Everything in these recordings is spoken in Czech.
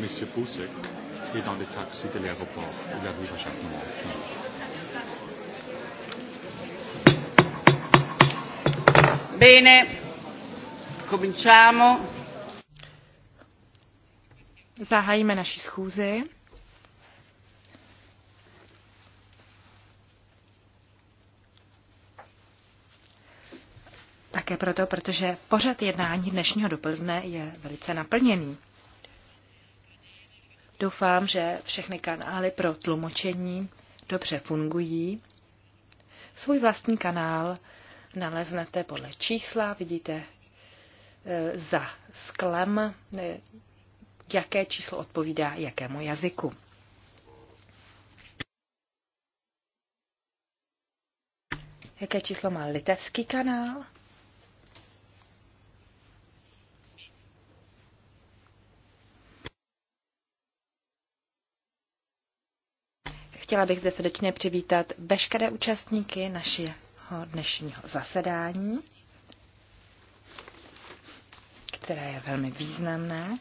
Monsieur Poussek est dans le taxi de l'aéroport. Il arrive à chaque moment. Bene, cominciamo. Zahajíme naši schůzi. Také proto, protože pořad jednání dnešního dopoledne je velice naplněný. Doufám, že všechny kanály pro tlumočení dobře fungují. Svůj vlastní kanál naleznete podle čísla, vidíte e, za sklem, e, jaké číslo odpovídá jakému jazyku. Jaké číslo má litevský kanál? Chtěla bych zde srdečně přivítat veškeré účastníky našeho dnešního zasedání, které je velmi významné.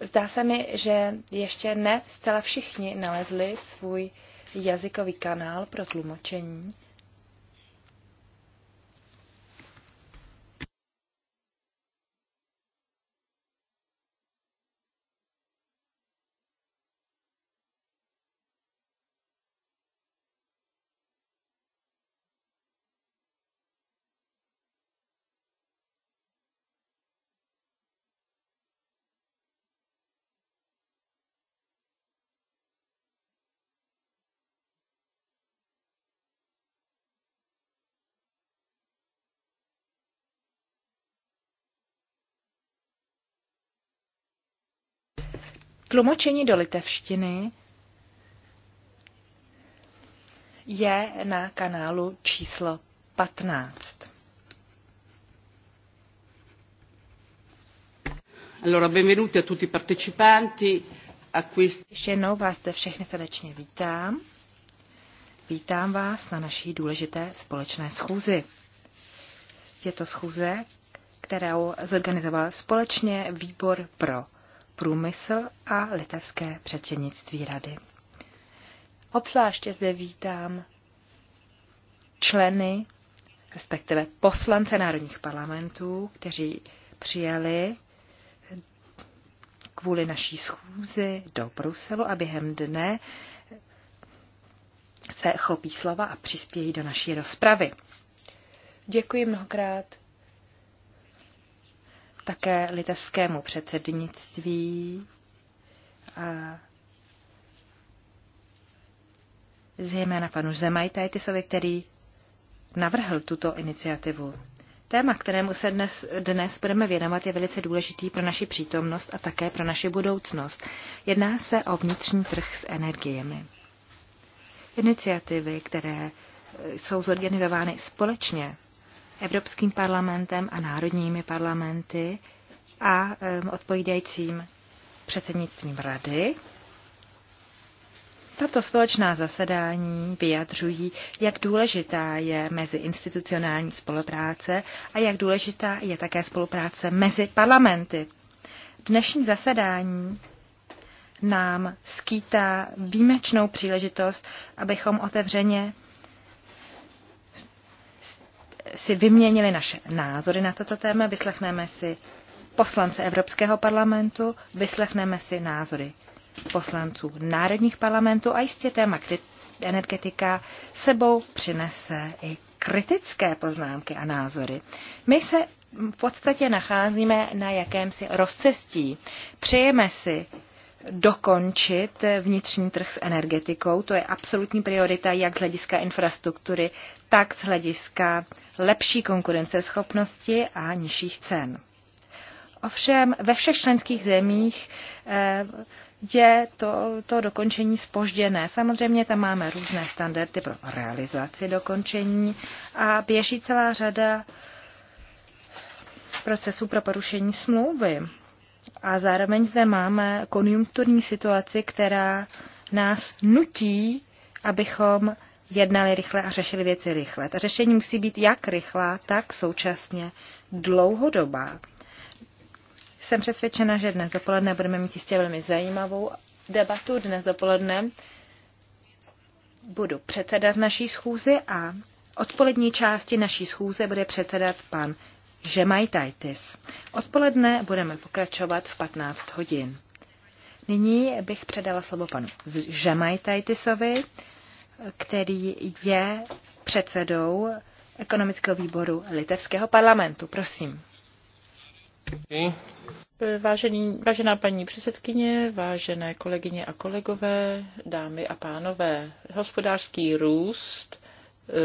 Zdá se mi, že ještě ne zcela všichni nalezli svůj jazykový kanál pro tlumočení. Tlumočení do litevštiny je na kanálu číslo 15. Allora, benvenuti a tutti i partecipanti a questo... Ještě jednou vás zde všechny srdečně vítám. Vítám vás na naší důležité společné schůzi. Je to schůze, kterou zorganizoval společně výbor pro průmysl a litevské předsednictví rady. Obzvláště zde vítám členy, respektive poslance národních parlamentů, kteří přijali kvůli naší schůzi do Bruselu a během dne se chopí slova a přispějí do naší rozpravy. Děkuji mnohokrát také litevskému předsednictví a zejména panu Zemajtajtisovi, který navrhl tuto iniciativu. Téma, kterému se dnes, dnes budeme věnovat, je velice důležitý pro naši přítomnost a také pro naši budoucnost. Jedná se o vnitřní trh s energiemi. Iniciativy, které jsou zorganizovány společně Evropským parlamentem a národními parlamenty a odpovídajícím předsednictvím rady. Tato společná zasedání vyjadřují, jak důležitá je meziinstitucionální spolupráce a jak důležitá je také spolupráce mezi parlamenty. Dnešní zasedání nám skýtá výjimečnou příležitost, abychom otevřeně si vyměnili naše názory na toto téma, vyslechneme si poslance Evropského parlamentu, vyslechneme si názory poslanců národních parlamentů a jistě téma energetika sebou přinese i kritické poznámky a názory. My se v podstatě nacházíme na jakémsi rozcestí. Přejeme si dokončit vnitřní trh s energetikou. To je absolutní priorita jak z hlediska infrastruktury, tak z hlediska lepší konkurenceschopnosti a nižších cen. Ovšem ve všech členských zemích eh, je to, to dokončení spožděné. Samozřejmě tam máme různé standardy pro realizaci dokončení a běží celá řada procesů pro porušení smlouvy. A zároveň zde máme konjunkturní situaci, která nás nutí, abychom jednali rychle a řešili věci rychle. Ta řešení musí být jak rychlá, tak současně dlouhodobá. Jsem přesvědčena, že dnes dopoledne budeme mít jistě velmi zajímavou debatu. Dnes dopoledne budu předsedat naší schůzi a odpolední části naší schůze bude předsedat pan Žemajtajtis. Odpoledne budeme pokračovat v 15 hodin. Nyní bych předala slovo panu Žemajtajtisovi, který je předsedou ekonomického výboru Litevského parlamentu. Prosím. Vážený, vážená paní předsedkyně, vážené kolegyně a kolegové, dámy a pánové, hospodářský růst E,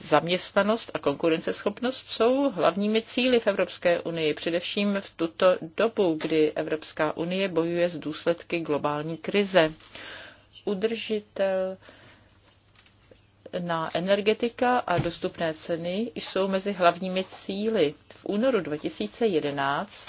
zaměstnanost a konkurenceschopnost jsou hlavními cíly v Evropské unii, především v tuto dobu, kdy Evropská unie bojuje s důsledky globální krize. Udržitel na energetika a dostupné ceny jsou mezi hlavními cíly. V únoru 2011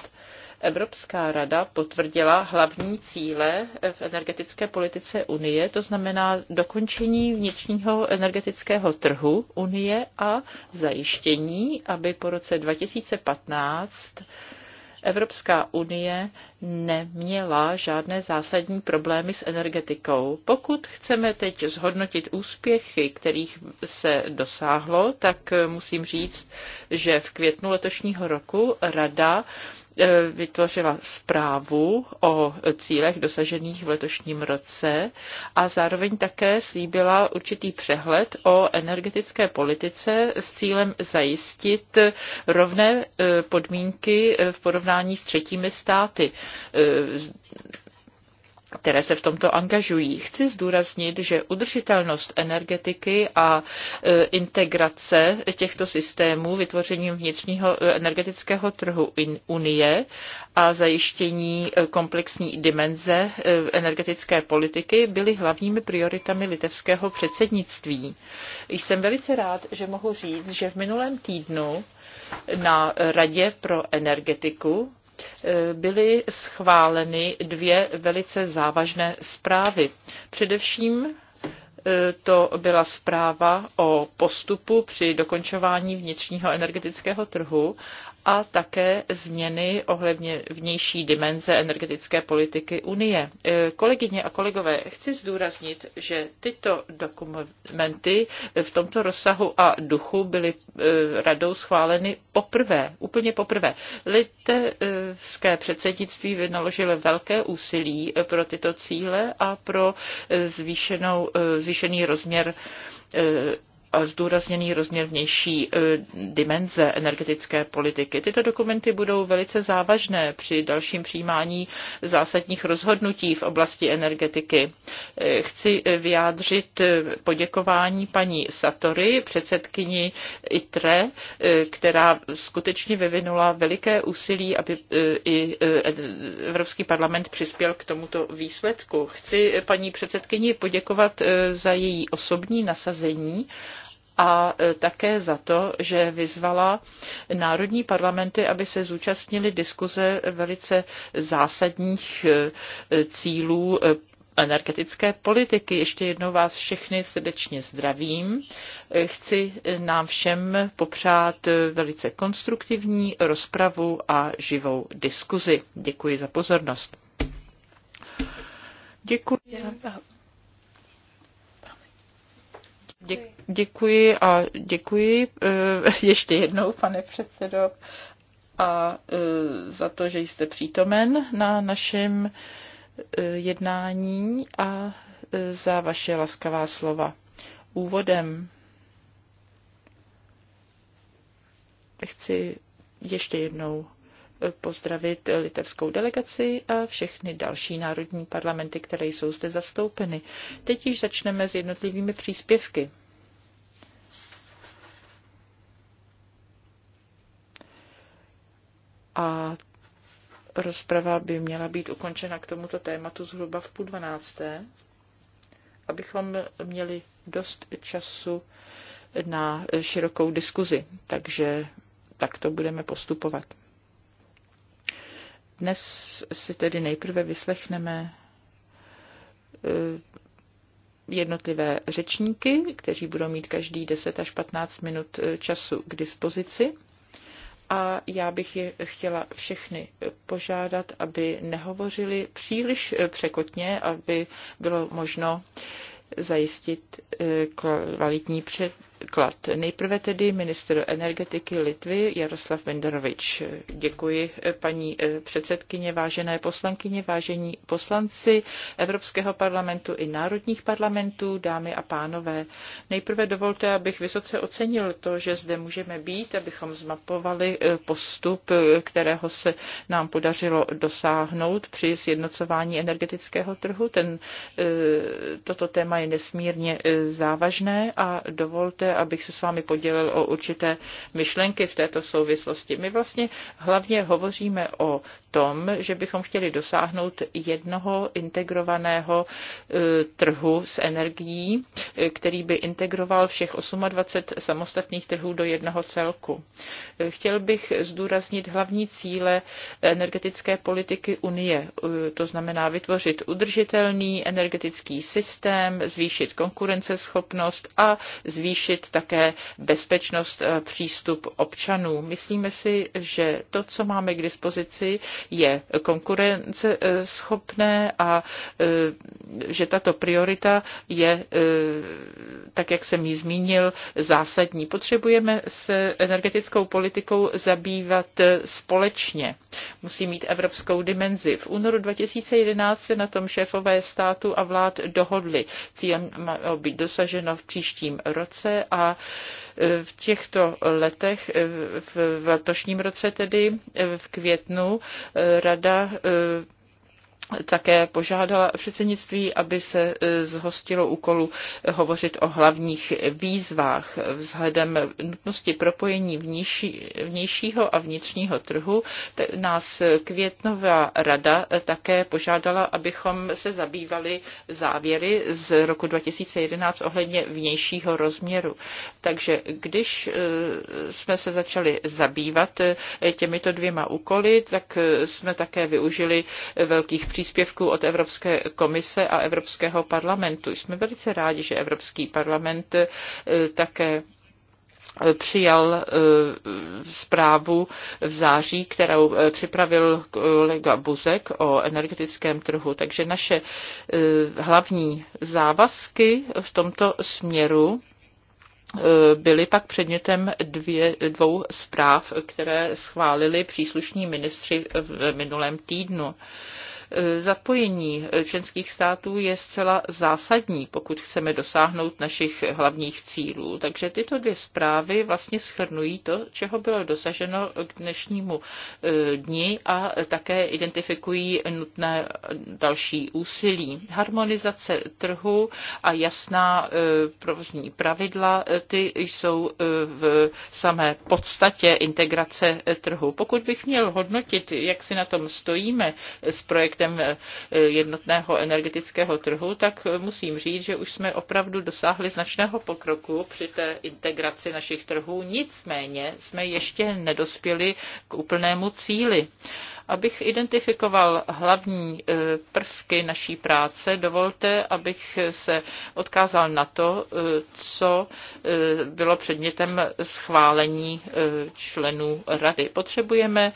Evropská rada potvrdila hlavní cíle v energetické politice Unie, to znamená dokončení vnitřního energetického trhu Unie a zajištění, aby po roce 2015 Evropská unie neměla žádné zásadní problémy s energetikou. Pokud chceme teď zhodnotit úspěchy, kterých se dosáhlo, tak musím říct, že v květnu letošního roku Rada Eh, vytvořila zprávu o cílech dosažených v letošním roce a zároveň také slíbila určitý přehled o energetické politice s cílem zajistit rovné eh, podmínky eh, v porovnání s třetími státy které se v tomto angažují. Chci zdůraznit, že udržitelnost energetiky a e, integrace těchto systémů vytvořením vnitřního e, energetického trhu Unie a zajištění e, komplexní dimenze energetické politiky byly hlavními prioritami litevského předsednictví. Jsem velice rád, že mohu říct, že v minulém týdnu na Radě pro energetiku E, byly schváleny dvě velice závažné zprávy. Především e, to byla zpráva o postupu při dokončování vnitřního energetického trhu a také změny ohledně vnější dimenze energetické politiky Unie. E, kolegyně a kolegové, chci zdůraznit, že tyto dokumenty v tomto rozsahu a duchu byly e, radou schváleny poprvé, úplně poprvé. Litevské předsednictví vynaložilo velké úsilí pro tyto cíle a pro e, zvýšenou, zvýšený rozměr zdůrazněný rozměr vnější e, dimenze energetické politiky. Tyto dokumenty budou velice závažné při dalším přijímání zásadních rozhodnutí v oblasti energetiky. E, chci e, vyjádřit poděkování paní Satory, předsedkyni ITRE, která skutečně vyvinula veliké úsilí, aby i Evropský parlament přispěl k tomuto výsledku. Chci paní předsedkyni poděkovat za její osobní nasazení a e, také za to, že vyzvala národní parlamenty, aby se zúčastnili diskuze velice zásadních e, e, cílů energetické politiky. Ještě jednou vás všechny srdečně zdravím. Chci nám všem popřát velice konstruktivní rozpravu a živou diskuzi. Děkuji za pozornost. Děkuji. Děkuji a děkuji eh, ještě jednou, pane předsedo, a eh, za to, že jste přítomen na našem eh, jednání a za vaše laskavá slova. Úvodem chci ještě jednou pozdravit litevskou delegaci a všechny další národní parlamenty, které jsou zde zastoupeny. Teď již začneme s jednotlivými příspěvky. A rozprava by měla být ukončena k tomuto tématu zhruba v půl dvanácté, abychom měli dost času na širokou diskuzi. Takže takto budeme postupovat. Dnes si tedy nejprve vyslechneme eh, jednotlivé řečníky, kteří budou mít každý 10 až 15 minut eh, času k dispozici. A já bych je chtěla všechny eh, požádat, aby nehovořili příliš překotně, aby bylo možno zajistit kvalitní před klad. Nejprve tedy minister energetiky Litvy Jaroslav Vendorovič. Děkuji paní eh, předsedkyně, vážené poslankyně, vážení poslanci Evropského parlamentu i národních parlamentů, dámy a pánové. Nejprve dovolte, abych vysoce ocenil to, že zde můžeme být, abychom zmapovali eh, postup, kterého se nám podařilo dosáhnout při sjednocování energetického trhu. Ten, eh, toto téma je nesmírně závažné a dovolte, abych se s vámi podělil o určité myšlenky v této souvislosti. My vlastně hlavně hovoříme o tom, že bychom chtěli dosáhnout jednoho integrovaného e, trhu s energií, e, který by integroval všech 28 samostatných trhů do jednoho celku. E, chtěl bych zdůraznit hlavní cíle energetické politiky Unie, to znamená vytvořit udržitelný energetický systém, zvýšit konkurenceschopnost a zvýšit zajistit také bezpečnost eh, přístup občanů. Myslíme si, že to, co máme k dispozici, je konkurenceschopné eh, a eh, že tato priorita je, tak jak jsem ji zmínil, zásadní. Potřebujeme se energetickou politikou zabývat společně. Musí mít evropskou dimenzi. V únoru 2011 se na tom šéfové státu a vlád dohodli. Cílem má být dosaženo v příštím roce a e, v těchto letech, e, v letošním roce tedy, e, v květnu, rada také požádala předsednictví, aby se e, zhostilo úkolu e, hovořit o hlavních výzvách vzhledem nutnosti propojení vnější, vnějšího a vnitřního trhu. Nás květnová rada e, také požádala, abychom se zabývali závěry z roku 2011 ohledně vnějšího rozměru. Takže když jsme se začali zabývat těmito dvěma úkoly, tak jsme také využili velkých příspěvků od Evropské komise a Evropského parlamentu. Jsme velice rádi, že Evropský parlament eh, také eh, přijal eh, zprávu v září, kterou připravil kolega Buzek o energetickém trhu. Takže naše hlavní závazky v tomto směru byly pak předmětem dvě, dvou zpráv, které schválili příslušní ministři v minulém týdnu. Eh, zapojení eh, členských států je zcela zásadní, pokud chceme dosáhnout našich hlavních cílů. Takže tyto dvě zprávy vlastně schrnují to, čeho bylo dosaženo k dnešnímu eh, dni a také identifikují nutné další úsilí. Harmonizace trhu a jasná provozní pravidla, ty jsou v samé podstatě integrace trhu. Pokud bych měl hodnotit, jak si na tom stojíme s projektem, projektem eh, jednotného energetického trhu, tak eh, musím říct, že už jsme opravdu dosáhli značného pokroku při té integraci našich trhů. Nicméně jsme ještě nedospěli k úplnému cíli. Abych identifikoval hlavní eh, prvky naší práce, dovolte, abych se odkázal na to, co bylo předmětem schválení členů rady. Potřebujeme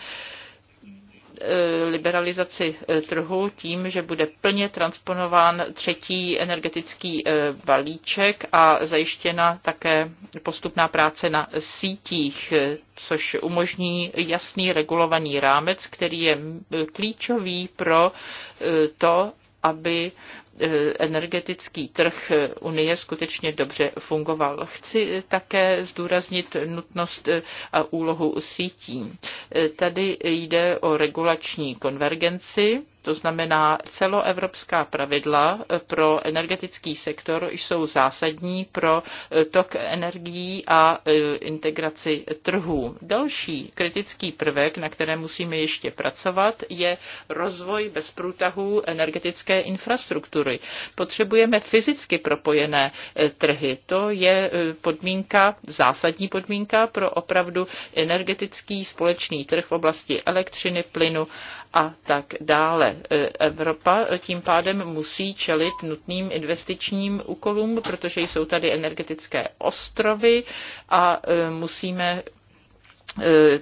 Eh, liberalizaci eh, trhu tím, že bude plně transponován třetí energetický eh, balíček a zajištěna také postupná práce na sítích, což umožní jasný regulovaný rámec, který je klíčový pro to, aby Eh, energetický trh Unie skutečně dobře fungoval. Chci také zdůraznit nutnost eh, a úlohu sítí. Eh, tady jde o regulační konvergenci to znamená, celoevropská pravidla pro energetický sektor jsou zásadní pro eh, tok energií a eh, integraci trhů. Další kritický prvek, na kterém musíme ještě pracovat, je rozvoj bez průtahů energetické infrastruktury. Potřebujeme fyzicky propojené eh, trhy. To je podmínka, zásadní podmínka pro opravdu energetický společný trh v oblasti elektřiny, plynu a tak dále Evropa tím pádem musí čelit nutným investičním úkolům, protože jsou tady energetické ostrovy a e, musíme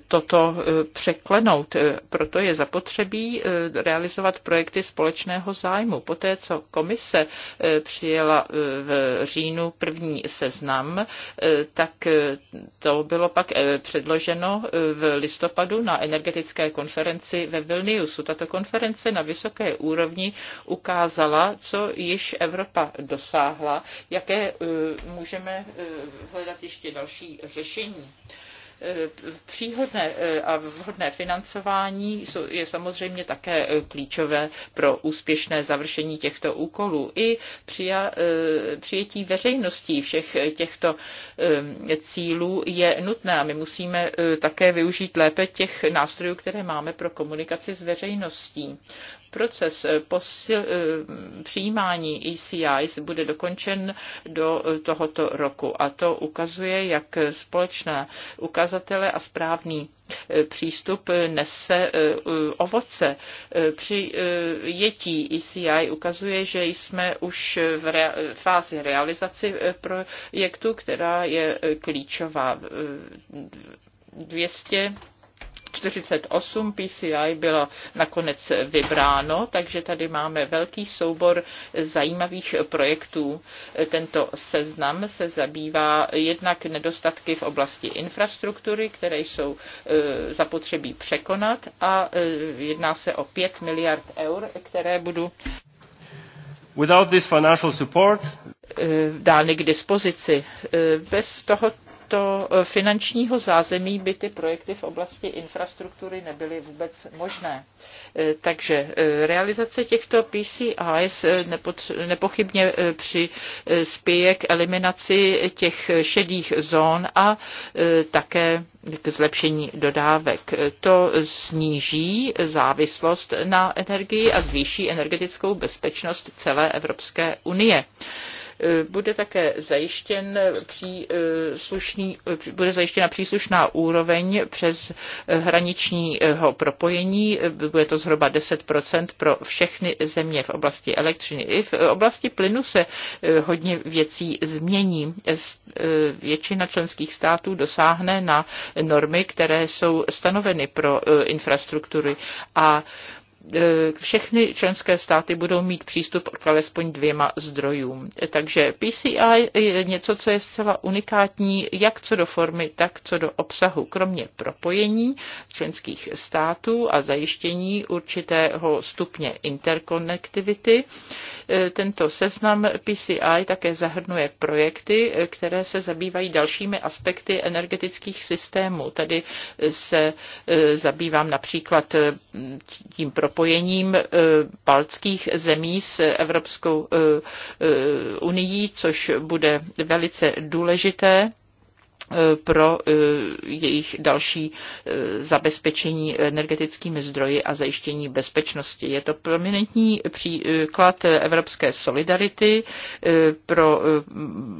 toto e, překlenout. E, proto je zapotřebí e, realizovat projekty společného zájmu. Poté, co komise přijela v říjnu první seznam, tak to bylo pak předloženo v listopadu na energetické konferenci ve Vilniusu. Tato konference na vysoké úrovni ukázala, co již Evropa dosáhla, jaké můžeme hledat ještě další řešení. Příhodné eh, a vhodné financování je samozřejmě také eh, klíčové pro úspěšné završení těchto úkolů. I eh, přijetí veřejností všech těchto cílů je nutné a my musíme také využít lépe těch nástrojů, které máme pro komunikaci s veřejností proces eh, posil, eh, přijímání ECI bude dokončen do eh, tohoto roku a to ukazuje, jak společné ukazatele a správný přístup nese ovoce. Při jetí ECI ukazuje, že jsme už v rea- fázi realizaci projektu, která je klíčová. 200 48 PCI bylo nakonec vybráno, takže tady máme velký soubor zajímavých projektů. Tento seznam se zabývá jednak nedostatky v oblasti infrastruktury, které jsou e, zapotřebí překonat a e, jedná se o 5 miliard eur, které budu Without this financial support, e, dány k dispozici. Bez toho to eh, finančního zázemí by ty projekty v oblasti infrastruktury nebyly vůbec možné. Eh, takže eh, realizace těchto PCIs nepochybně přispěje k eliminaci těch šedých zón a také k zlepšení dodávek. To sníží závislost na energii a zvýší energetickou bezpečnost celé Evropské unie. E, bude také zajištěn příslušný, e, e, bude zajištěna příslušná úroveň přes hraničního propojení. Bude to zhruba 10% pro všechny země v oblasti elektřiny. I v oblasti plynu se hodně věcí změní. Většina členských států dosáhne na normy, které jsou stanoveny pro infrastruktury a E, všechny členské státy budou mít přístup k alespoň dvěma zdrojům. Takže PCI je něco, co je zcela unikátní, jak co do formy, tak co do obsahu, kromě propojení členských států a zajištění určitého stupně interkonektivity. E, tento seznam PCI také zahrnuje projekty, které se zabývají dalšími aspekty energetických systémů. Tady se e, zabývám například tím propojením propojením eh, baltských zemí s Evropskou eh, eh, unii, což bude velice důležité E, pro e, jejich další e, zabezpečení energetickými zdroji a zajištění bezpečnosti. Je to prominentní příklad evropské solidarity pro,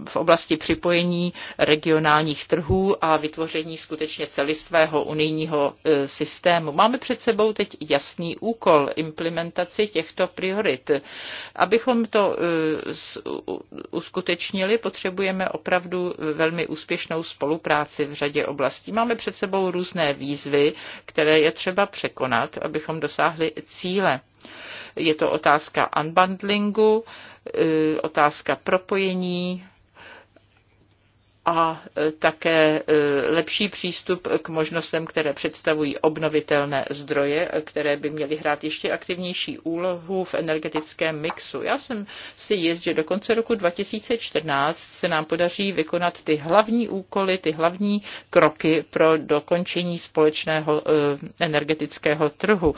v oblasti připojení regionálních trhů a vytvoření skutečně celistvého unijního systému. Máme před sebou teď jasný úkol implementaci těchto priorit. Abychom to uskutečnili, potřebujeme opravdu velmi úspěšnou spolupráci v řadě oblastí. Máme před sebou různé výzvy, které je třeba překonat, abychom dosáhli cíle. Je to otázka unbundlingu, eh, otázka propojení a e, také e, lepší přístup k možnostem, které představují obnovitelné zdroje, e, které by měly hrát ještě aktivnější úlohu v energetickém mixu. Já jsem si jist, že do konce roku 2014 se nám podaří vykonat ty hlavní úkoly, ty hlavní kroky pro dokončení společného energetického trhu.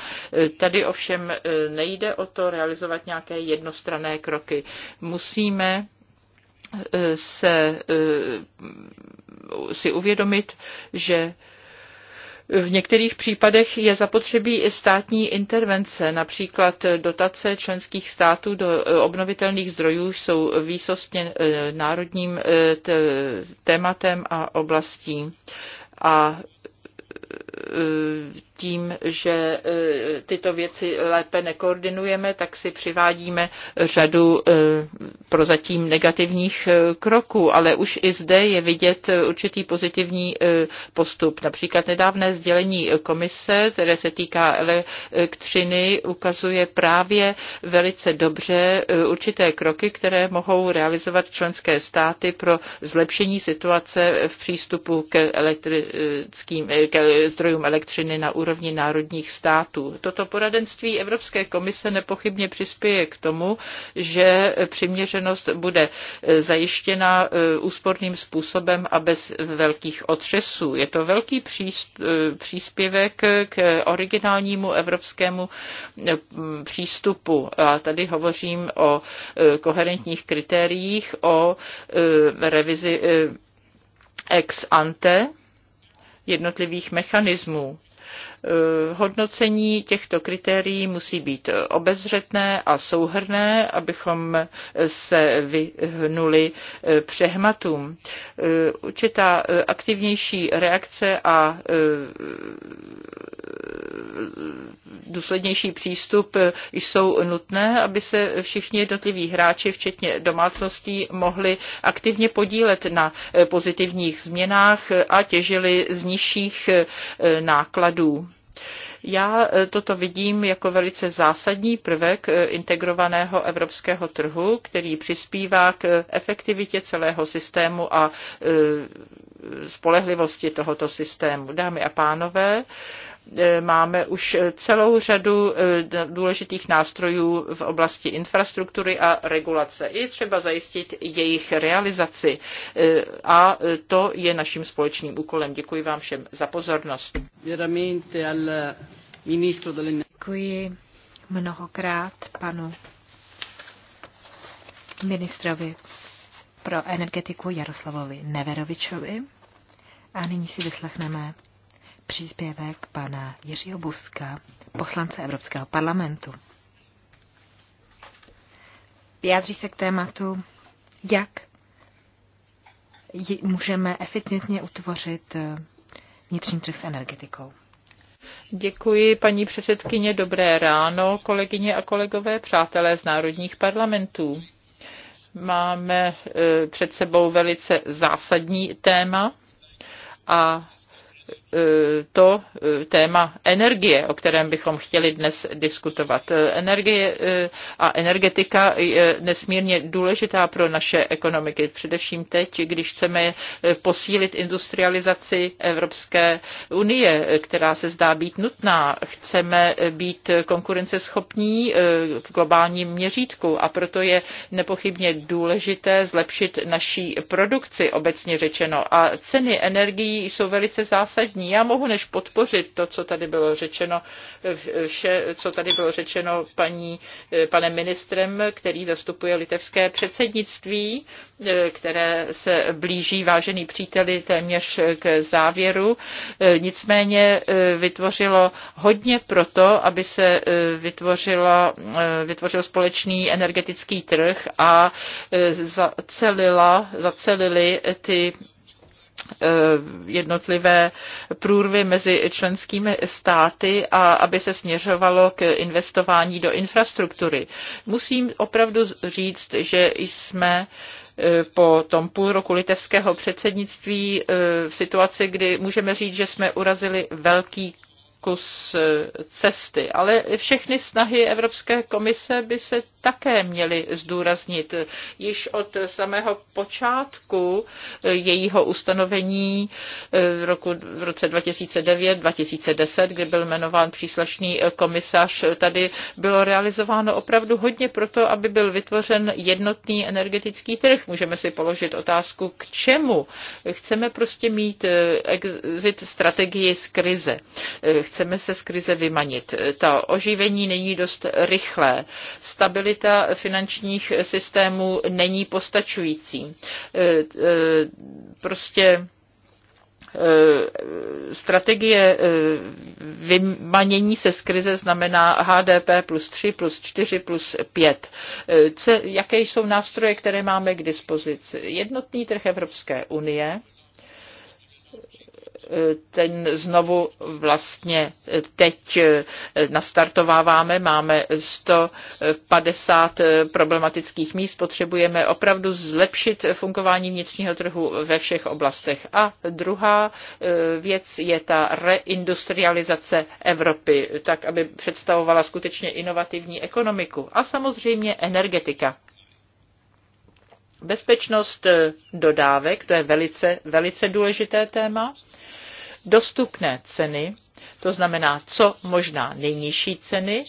Tady ovšem nejde o to realizovat nějaké jednostranné kroky. Musíme Eh, se eh, si uvědomit, že v některých případech je zapotřebí i státní intervence, například dotace členských států do eh, obnovitelných zdrojů jsou výsostně národním tématem a oblastí. A tím, že e, tyto věci lépe nekoordinujeme, tak si přivádíme řadu e, prozatím negativních e, kroků, ale už i zde je vidět určitý pozitivní postup. Například nedávné sdělení komise, které se týká elektřiny, ukazuje právě velice dobře určité kroky, které mohou realizovat členské státy pro zlepšení situace v přístupu k, elektrickým, k zdrojům elektřiny na úrovni úrovni národních států. Toto poradenství Evropské komise nepochybně přispěje k tomu, že přiměřenost bude eh, zajištěna eh, úsporným způsobem a bez velkých otřesů. Je to velký eh, příspěvek k originálnímu evropskému přístupu. A tady hovořím o koherentních kritériích, o revizi ex ante jednotlivých mechanismů. Eh, hodnocení těchto kritérií musí být obezřetné a souhrné, abychom se vyhnuli eh, přehmatům. Eh, určitá aktivnější reakce a důslednější přístup jsou nutné, aby se všichni jednotliví hráči, včetně domácností, mohli aktivně podílet na pozitivních změnách a těžili z nižších nákladů odpadů. Já e, toto vidím jako velice zásadní prvek e, integrovaného evropského trhu, který přispívá k efektivitě celého systému a e, spolehlivosti tohoto systému. Dámy a pánové, E, máme už celou řadu e, důležitých nástrojů v oblasti infrastruktury a regulace. Je třeba zajistit jejich realizaci e, a to je naším společným úkolem. Děkuji vám všem za pozornost. Děkuji mnohokrát panu ministrovi pro energetiku Jaroslavovi Neverovičovi. A nyní si vyslechneme příspěvek pana Jiřího Buska, poslance Evropského parlamentu. Vyjádří se k tématu, jak můžeme efektivně utvořit eh, vnitřní trh s energetikou. Děkuji, paní předsedkyně. Dobré ráno, kolegyně a kolegové, přátelé z národních parlamentů. Máme eh, před sebou velice zásadní téma a E, to e, téma energie, o kterém bychom chtěli dnes diskutovat. E, energie a energetika je nesmírně důležitá pro naše ekonomiky, především teď, když chceme posílit industrializaci Evropské unie, která se zdá být nutná. Chceme být konkurenceschopní v globálním měřítku a proto je nepochybně důležité zlepšit naší produkci obecně řečeno. A ceny energií jsou velice zásadní relevantní. Já mohu než podpořit to, co tady bylo řečeno, vše, co tady bylo řečeno paní, panem ministrem, který zastupuje litevské předsednictví, které se blíží, vážený příteli, téměř k závěru. Nicméně eh, vytvořilo hodně proto, aby se eh, vytvořilo, eh, vytvořil společný energetický trh a zacelila, zacelili ty Eh, jednotlivé průrvy mezi členskými státy a aby se směřovalo k investování do infrastruktury. Musím opravdu říct, že jsme eh, po tom půl roku litevského předsednictví eh, v situaci, kdy můžeme říct, že jsme urazili velký kus eh, cesty. Ale všechny snahy Evropské komise by se také měly zdůraznit. Již od samého počátku eh, jejího ustanovení eh, roku, v roce 2009-2010, kdy byl jmenován příslušný komisař, tady bylo realizováno opravdu hodně proto, aby byl vytvořen jednotný energetický trh. Můžeme si položit otázku, k čemu. Chceme prostě mít exit strategii z krize chceme se z krize vymanit. Ta oživení není dost rychlé. Stabilita finančních systémů není postačující. E, e, prostě e, strategie vymanění se z krize znamená HDP plus 3, plus 4, plus 5. Jaké jsou nástroje, které máme k dispozici? Jednotný trh Evropské unie, ten znovu vlastně teď nastartováváme. Máme 150 problematických míst, potřebujeme opravdu zlepšit fungování vnitřního trhu ve všech oblastech. A druhá e, věc je ta reindustrializace Evropy, tak aby představovala skutečně inovativní ekonomiku. A samozřejmě energetika. Bezpečnost dodávek, to je velice, velice důležité téma dostupné ceny, to znamená co možná nejnižší ceny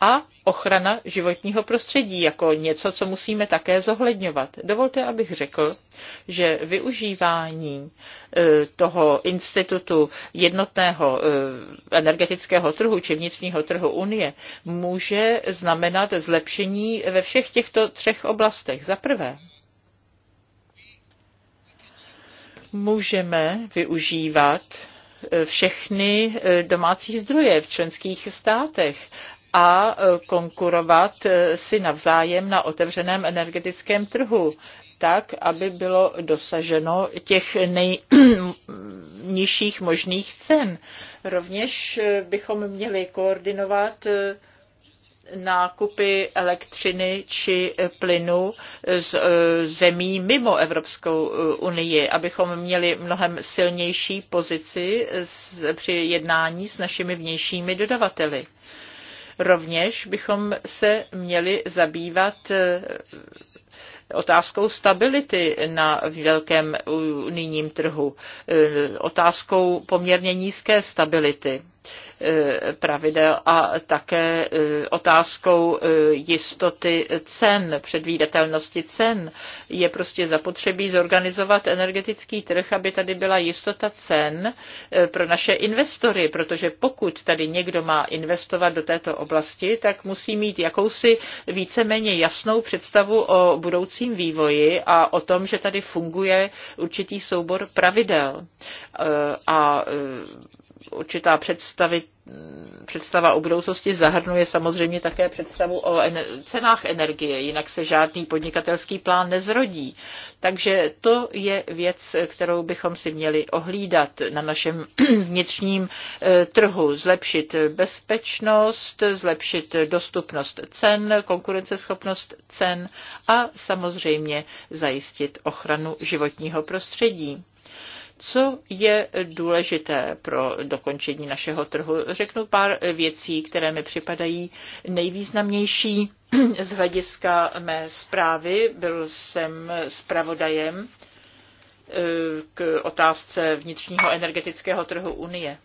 a ochrana životního prostředí jako něco, co musíme také zohledňovat. Dovolte, abych řekl, že využívání e, toho institutu jednotného e, energetického trhu či vnitřního trhu Unie může znamenat zlepšení ve všech těchto třech oblastech. Za prvé, můžeme využívat všechny eh, domácí zdroje v členských státech a eh, konkurovat eh, si navzájem na otevřeném energetickém trhu tak, aby bylo dosaženo těch nejnižších možných cen. Rovněž bychom měli koordinovat nákupy elektřiny či plynu z e, zemí mimo Evropskou e, unii, abychom měli mnohem silnější pozici při jednání s našimi vnějšími dodavateli. Rovněž bychom se měli zabývat e, otázkou stability na velkém unijním trhu, otázkou poměrně nízké stability. E, pravidel a také e, otázkou e, jistoty cen, předvídatelnosti cen. Je prostě zapotřebí zorganizovat energetický trh, aby tady byla jistota cen pro naše investory, protože pokud tady někdo má investovat do této oblasti, tak musí mít jakousi víceméně jasnou představu o budoucím vývoji a o tom, že tady funguje určitý soubor pravidel. A určitá představy, představa o budoucnosti zahrnuje samozřejmě také představu o ener- cenách energie, jinak se žádný podnikatelský plán nezrodí. Takže to je věc, kterou bychom si měli ohlídat na našem vnitřním eh, trhu, zlepšit bezpečnost, zlepšit dostupnost cen, konkurenceschopnost cen a samozřejmě zajistit ochranu životního prostředí co je důležité pro dokončení našeho trhu. Řeknu pár věcí, které mi připadají nejvýznamnější z hlediska mé zprávy. Byl jsem zpravodajem eh, k otázce vnitřního energetického trhu Unie.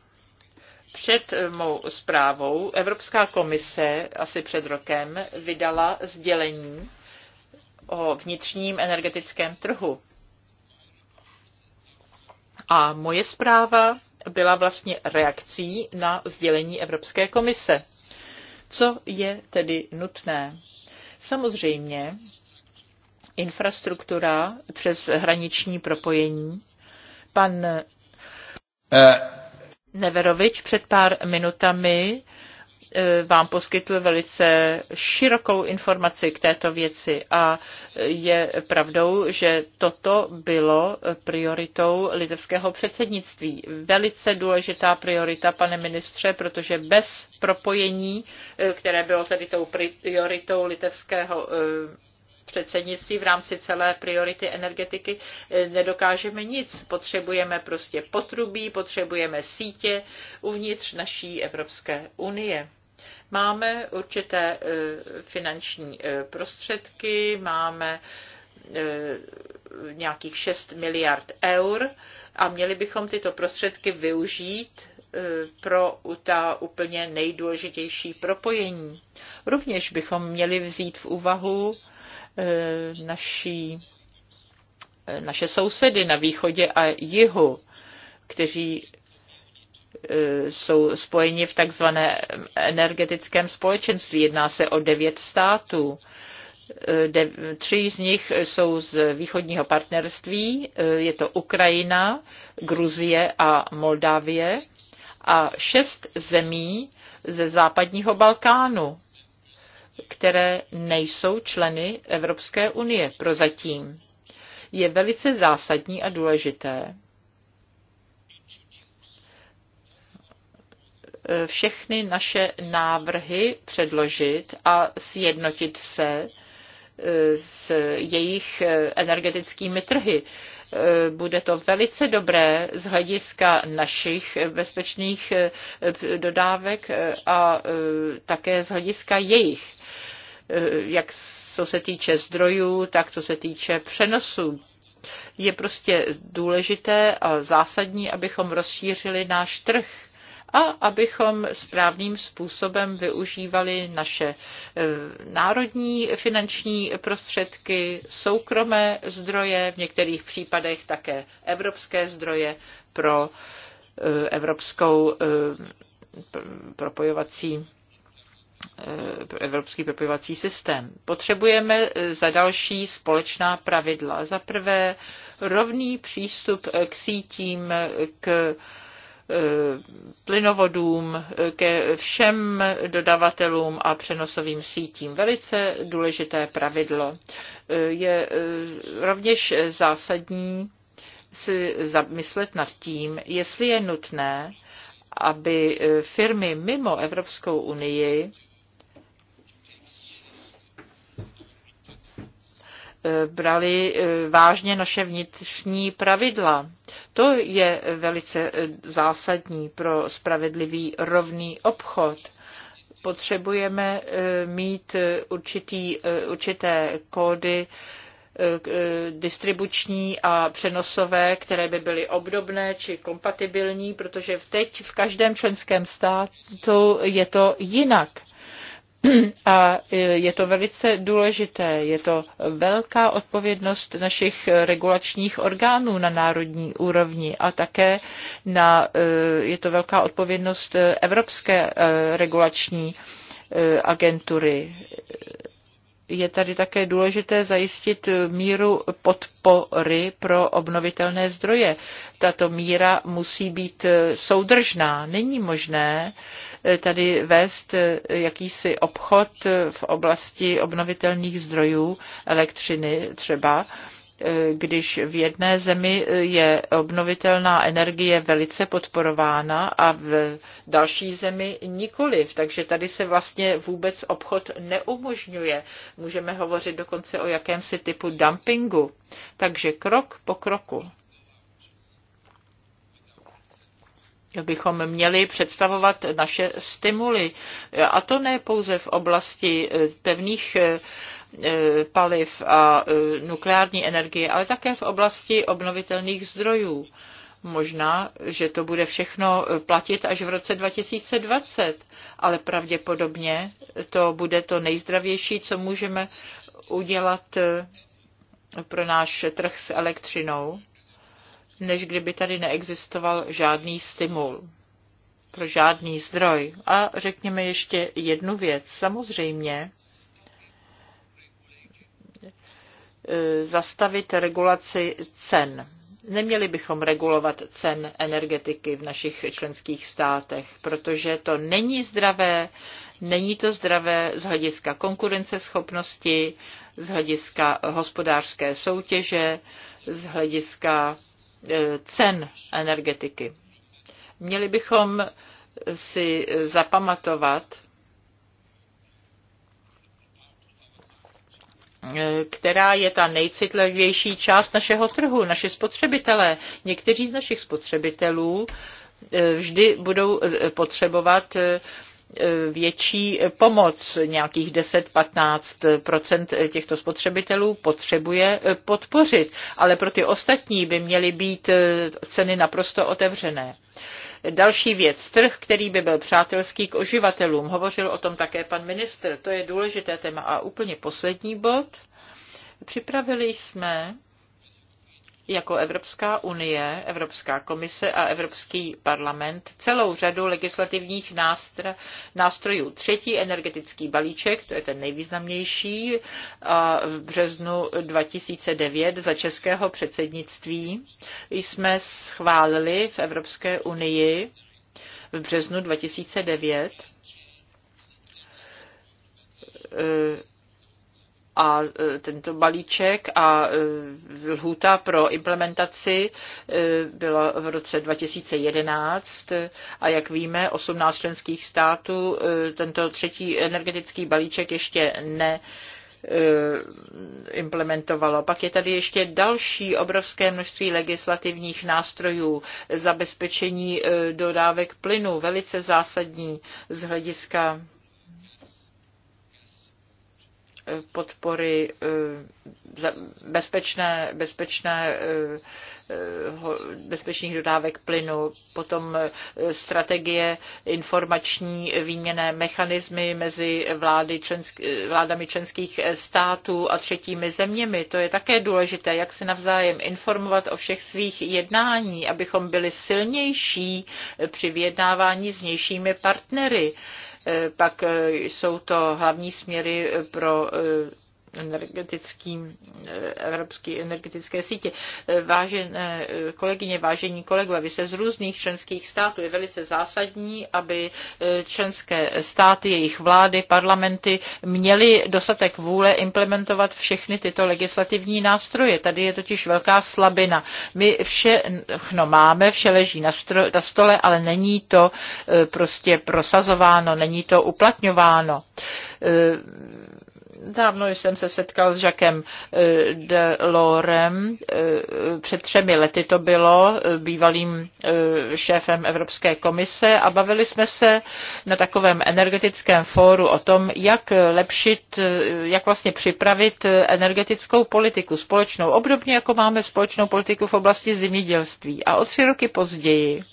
Před mou zprávou Evropská komise asi před rokem vydala sdělení o vnitřním energetickém trhu. A moje zpráva byla vlastně reakcí na sdělení Evropské komise. Co je tedy nutné? Samozřejmě infrastruktura přes hraniční propojení. Pan eh. Neverovič před pár minutami Eh, vám poskytl velice širokou informaci k této věci a eh, je pravdou, že toto bylo eh, prioritou litevského předsednictví. Velice důležitá priorita, pane ministře, protože bez propojení, které bylo tedy tou prioritou litevského předsednictví v rámci celé priority energetiky nedokážeme nic. Potřebujeme prostě potrubí, potřebujeme sítě uvnitř naší Evropské unie. Máme určité e, finanční e, prostředky, máme e, nějakých 6 miliard eur a měli bychom tyto prostředky využít pro ta úplně nejdůležitější propojení. Rovněž bychom měli vzít v úvahu naší, naše sousedy na východě a jihu, kteří Eh, jsou spojeni v takzvané energetickém společenství. Jedná se o devět států. Eh, tři z nich jsou z východního partnerství, eh, je to Ukrajina, Gruzie a Moldávie a šest zemí ze západního Balkánu, které nejsou členy Evropské unie prozatím. Je velice zásadní a důležité, Eh, všechny naše návrhy předložit a sjednotit se eh, s jejich eh, energetickými trhy. Bude to velice dobré z hlediska našich bezpečných dodávek a také z hlediska jejich, jak co se týče zdrojů, tak co se týče přenosů je prostě důležité a zásadní, abychom rozšířili náš trh a abychom správným způsobem využívali naše eh, národní finanční prostředky, soukromé zdroje, v některých případech také evropské zdroje pro eh, evropskou eh, propojovací evropský propojovací systém. Potřebujeme za další společná pravidla. Za prvé rovný přístup k sítím, k plynovodům, ke všem dodavatelům a přenosovým sítím. Velice důležité pravidlo. Je eh, rovněž zásadní si zamyslet nad tím, jestli je nutné, aby eh, firmy mimo Evropskou unii Eh, brali eh, vážně naše vnitřní pravidla. To je velice eh, zásadní pro spravedlivý rovný obchod potřebujeme mít určitý, určité kódy distribuční a přenosové, které by byly obdobné či kompatibilní, protože teď v každém členském státu je to jinak. A e, je to velice důležité, je to velká odpovědnost našich regulačních orgánů na národní úrovni a také na, e, je to velká odpovědnost Evropské e, regulační agentury. Je tady také důležité zajistit míru podpory pro obnovitelné zdroje. Tato míra musí být soudržná. Není možné, Eh, tady vést eh, jakýsi obchod eh, v oblasti obnovitelných zdrojů elektřiny třeba, když v jedné zemi je obnovitelná energie velice podporována a v další zemi nikoliv. Takže tady se vlastně vůbec obchod neumožňuje. Můžeme hovořit dokonce o jakémsi typu dumpingu. Takže krok po kroku bychom měli představovat naše stimuly. A to ne pouze v oblasti eh, pevných eh, eh, paliv a nukleární energie, ale také v oblasti obnovitelných zdrojů. Možná, že to bude všechno platit až v roce 2020, ale pravděpodobně to bude to nejzdravější, co můžeme udělat pro náš trh s elektřinou než kdyby tady neexistoval žádný stimul pro žádný zdroj. A řekněme ještě jednu věc. Samozřejmě e, zastavit regulaci cen. Neměli bychom regulovat cen energetiky v našich členských státech, protože to není zdravé, není to zdravé z hlediska konkurenceschopnosti, z hlediska hospodářské soutěže, z hlediska E, cen energetiky. Měli bychom si zapamatovat, e, která je ta nejcitlivější část našeho trhu, naše spotřebitelé. Někteří z našich spotřebitelů e, vždy budou potřebovat Eh, větší pomoc. Nějakých 10-15 těchto spotřebitelů potřebuje eh, podpořit, ale pro ty ostatní by měly být eh, ceny naprosto otevřené. Další věc, trh, který by byl přátelský k oživatelům. Hovořil o tom také pan ministr. To je důležité téma. A úplně poslední bod. Připravili jsme jako Evropská unie, Evropská komise a Evropský parlament celou řadu legislativních nástrojů. Třetí energetický balíček, to je ten nejvýznamnější, v březnu 2009 za českého předsednictví jsme schválili v Evropské unii v březnu 2009 a e, tento balíček a e, lhůta pro implementaci e, byla v roce 2011 a jak víme, 18 členských států tento třetí energetický balíček ještě ne implementovalo. Pak je tady ještě další obrovské množství legislativních nástrojů, zabezpečení dodávek plynu, velice zásadní z hlediska podpory eh, bezpečné, bezpečné, eh, eh, bezpečných dodávek plynu, potom strategie informační výměné mechanismy mezi vlády člensk, vládami členských států a třetími zeměmi. To je také důležité, jak se navzájem informovat o všech svých jednání, abychom byli silnější při vyjednávání s vnějšími partnery. Eh, pak eh, jsou to hlavní směry pro eh, energetickým evropské energetické sítě. Vážené kolegyně, vážení kolegové, vy se z různých členských států je velice zásadní, aby členské státy, jejich vlády, parlamenty měly dostatek vůle implementovat všechny tyto legislativní nástroje. Tady je totiž velká slabina. My všechno máme, vše leží na, stro, na stole, ale není to eh, prostě prosazováno, není to uplatňováno eh, Dávno jsem se setkal s Jacquem eh, Delorem, eh, před třemi lety to bylo, eh, bývalým šéfem Evropské komise a bavili jsme se na takovém energetickém fóru o tom, jak lepšit, jak vlastně připravit energetickou politiku společnou, obdobně jako máme společnou politiku v oblasti zemědělství. A o tři roky později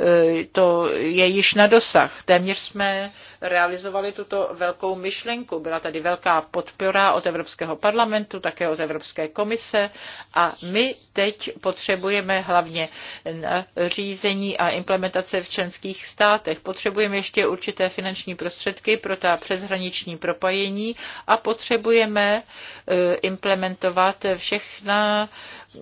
Eh, to je již na dosah. Téměř jsme realizovali tuto velkou myšlenku. Byla tady velká podpora od Evropského parlamentu, také od Evropské komise a my teď potřebujeme hlavně řízení a implementace v členských státech. Potřebujeme ještě určité finanční prostředky pro ta přeshraniční propojení a potřebujeme eh, implementovat všechna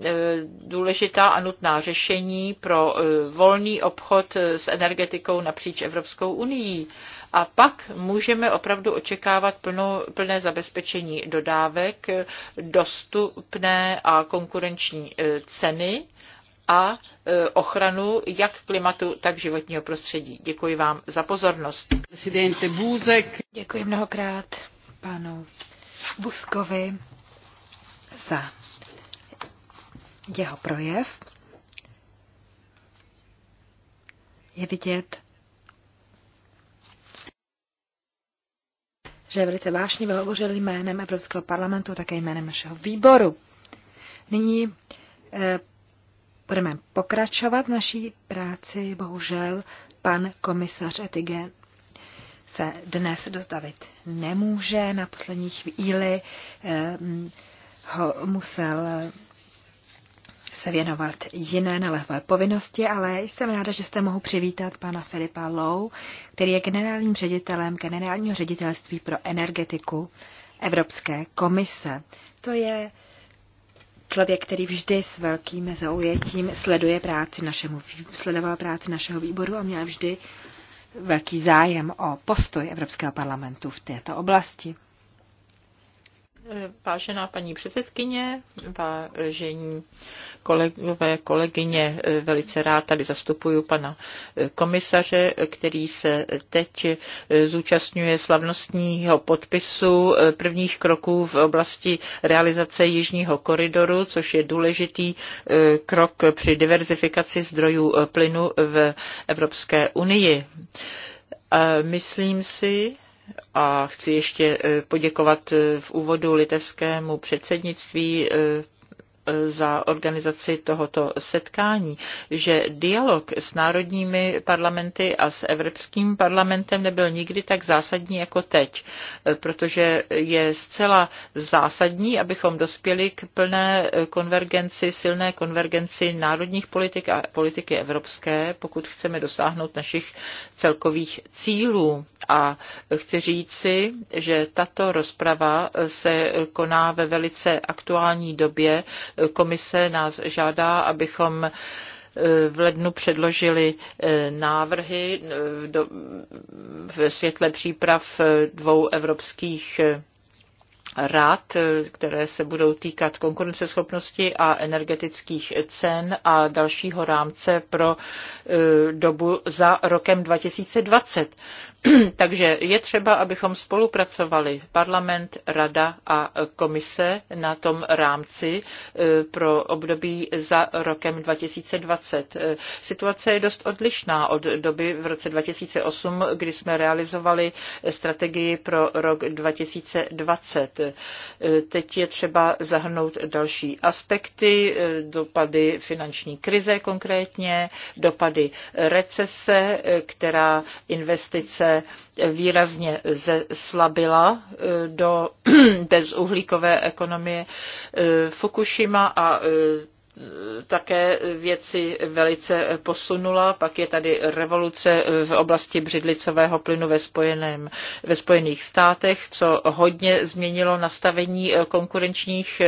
Eh, důležitá a nutná řešení pro eh, volný obchod eh, s energetikou napříč Evropskou unii. A pak můžeme opravdu očekávat plno, plné zabezpečení dodávek, dostupné a konkurenční ceny a ochranu jak klimatu, tak životního prostředí. Děkuji vám za pozornost. Buzek. Děkuji mnohokrát panu Buskovi za jeho projev, je vidět, že je velice vášnivě hovořil jménem Evropského parlamentu, také jménem našeho výboru. Nyní e, budeme pokračovat v naší práci. Bohužel pan komisař Etigen se dnes dostavit nemůže. Na poslední chvíli e, ho musel se věnovat jiné nelehvé povinnosti, ale jsem ráda, že jste mohu přivítat pana Filipa Lou, který je generálním ředitelem generálního ředitelství pro energetiku Evropské komise. To je člověk, který vždy s velkým zaujetím sleduje práci našemu, sledoval práci našeho výboru a měl vždy velký zájem o postoj Evropského parlamentu v této oblasti. Vážená paní předsedkyně, vážení kolegové, kolegyně, velice rád tady zastupuju pana komisaře, který se teď zúčastňuje slavnostního podpisu prvních kroků v oblasti realizace Jižního koridoru, což je důležitý eh, krok při diverzifikaci zdrojů eh, plynu v Evropské unii. A myslím si, a chci ještě eh, poděkovat eh, v úvodu litevskému předsednictví eh, za organizaci tohoto setkání, že dialog s národními parlamenty a s Evropským parlamentem nebyl nikdy tak zásadní jako teď, protože je zcela zásadní, abychom dospěli k plné konvergenci, silné konvergenci národních politik a politiky evropské, pokud chceme dosáhnout našich celkových cílů. A chci říci, že tato rozprava se koná ve velice aktuální době, Komise nás žádá, abychom e, v lednu předložili e, návrhy ve světle příprav e, dvou evropských rád, které se budou týkat konkurenceschopnosti a energetických cen a dalšího rámce pro dobu za rokem 2020. Takže je třeba, abychom spolupracovali parlament, rada a komise na tom rámci eh, pro období za rokem 2020. Eh, situace je dost odlišná od doby v roce 2008, kdy jsme realizovali strategii pro rok 2020. Eh, teď je třeba zahrnout další aspekty, dopady finanční krize konkrétně, dopady recese, která investice výrazně zeslabila eh, do bezuhlíkové ekonomie eh, Fukushima a eh, také věci velice posunula. Pak je tady revoluce v oblasti břidlicového plynu ve, spojeném, ve Spojených státech, co hodně změnilo nastavení konkurenčních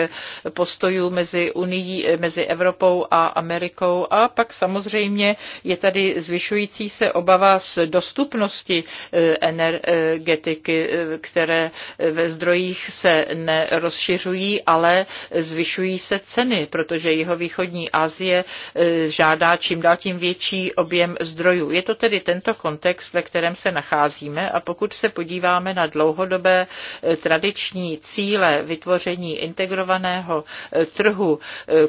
postojů mezi Unii, mezi Evropou a Amerikou. A pak samozřejmě je tady zvyšující se obava z dostupnosti eh, energetiky, eh, které ve zdrojích se nerozšiřují, ale zvyšují se ceny, protože jeho jihovýchodní Asie eh, žádá čím dál tím větší objem zdrojů. Je to tedy tento kontext, ve kterém se nacházíme a pokud se podíváme na dlouhodobé eh, tradiční cíle vytvoření integrovaného eh, trhu,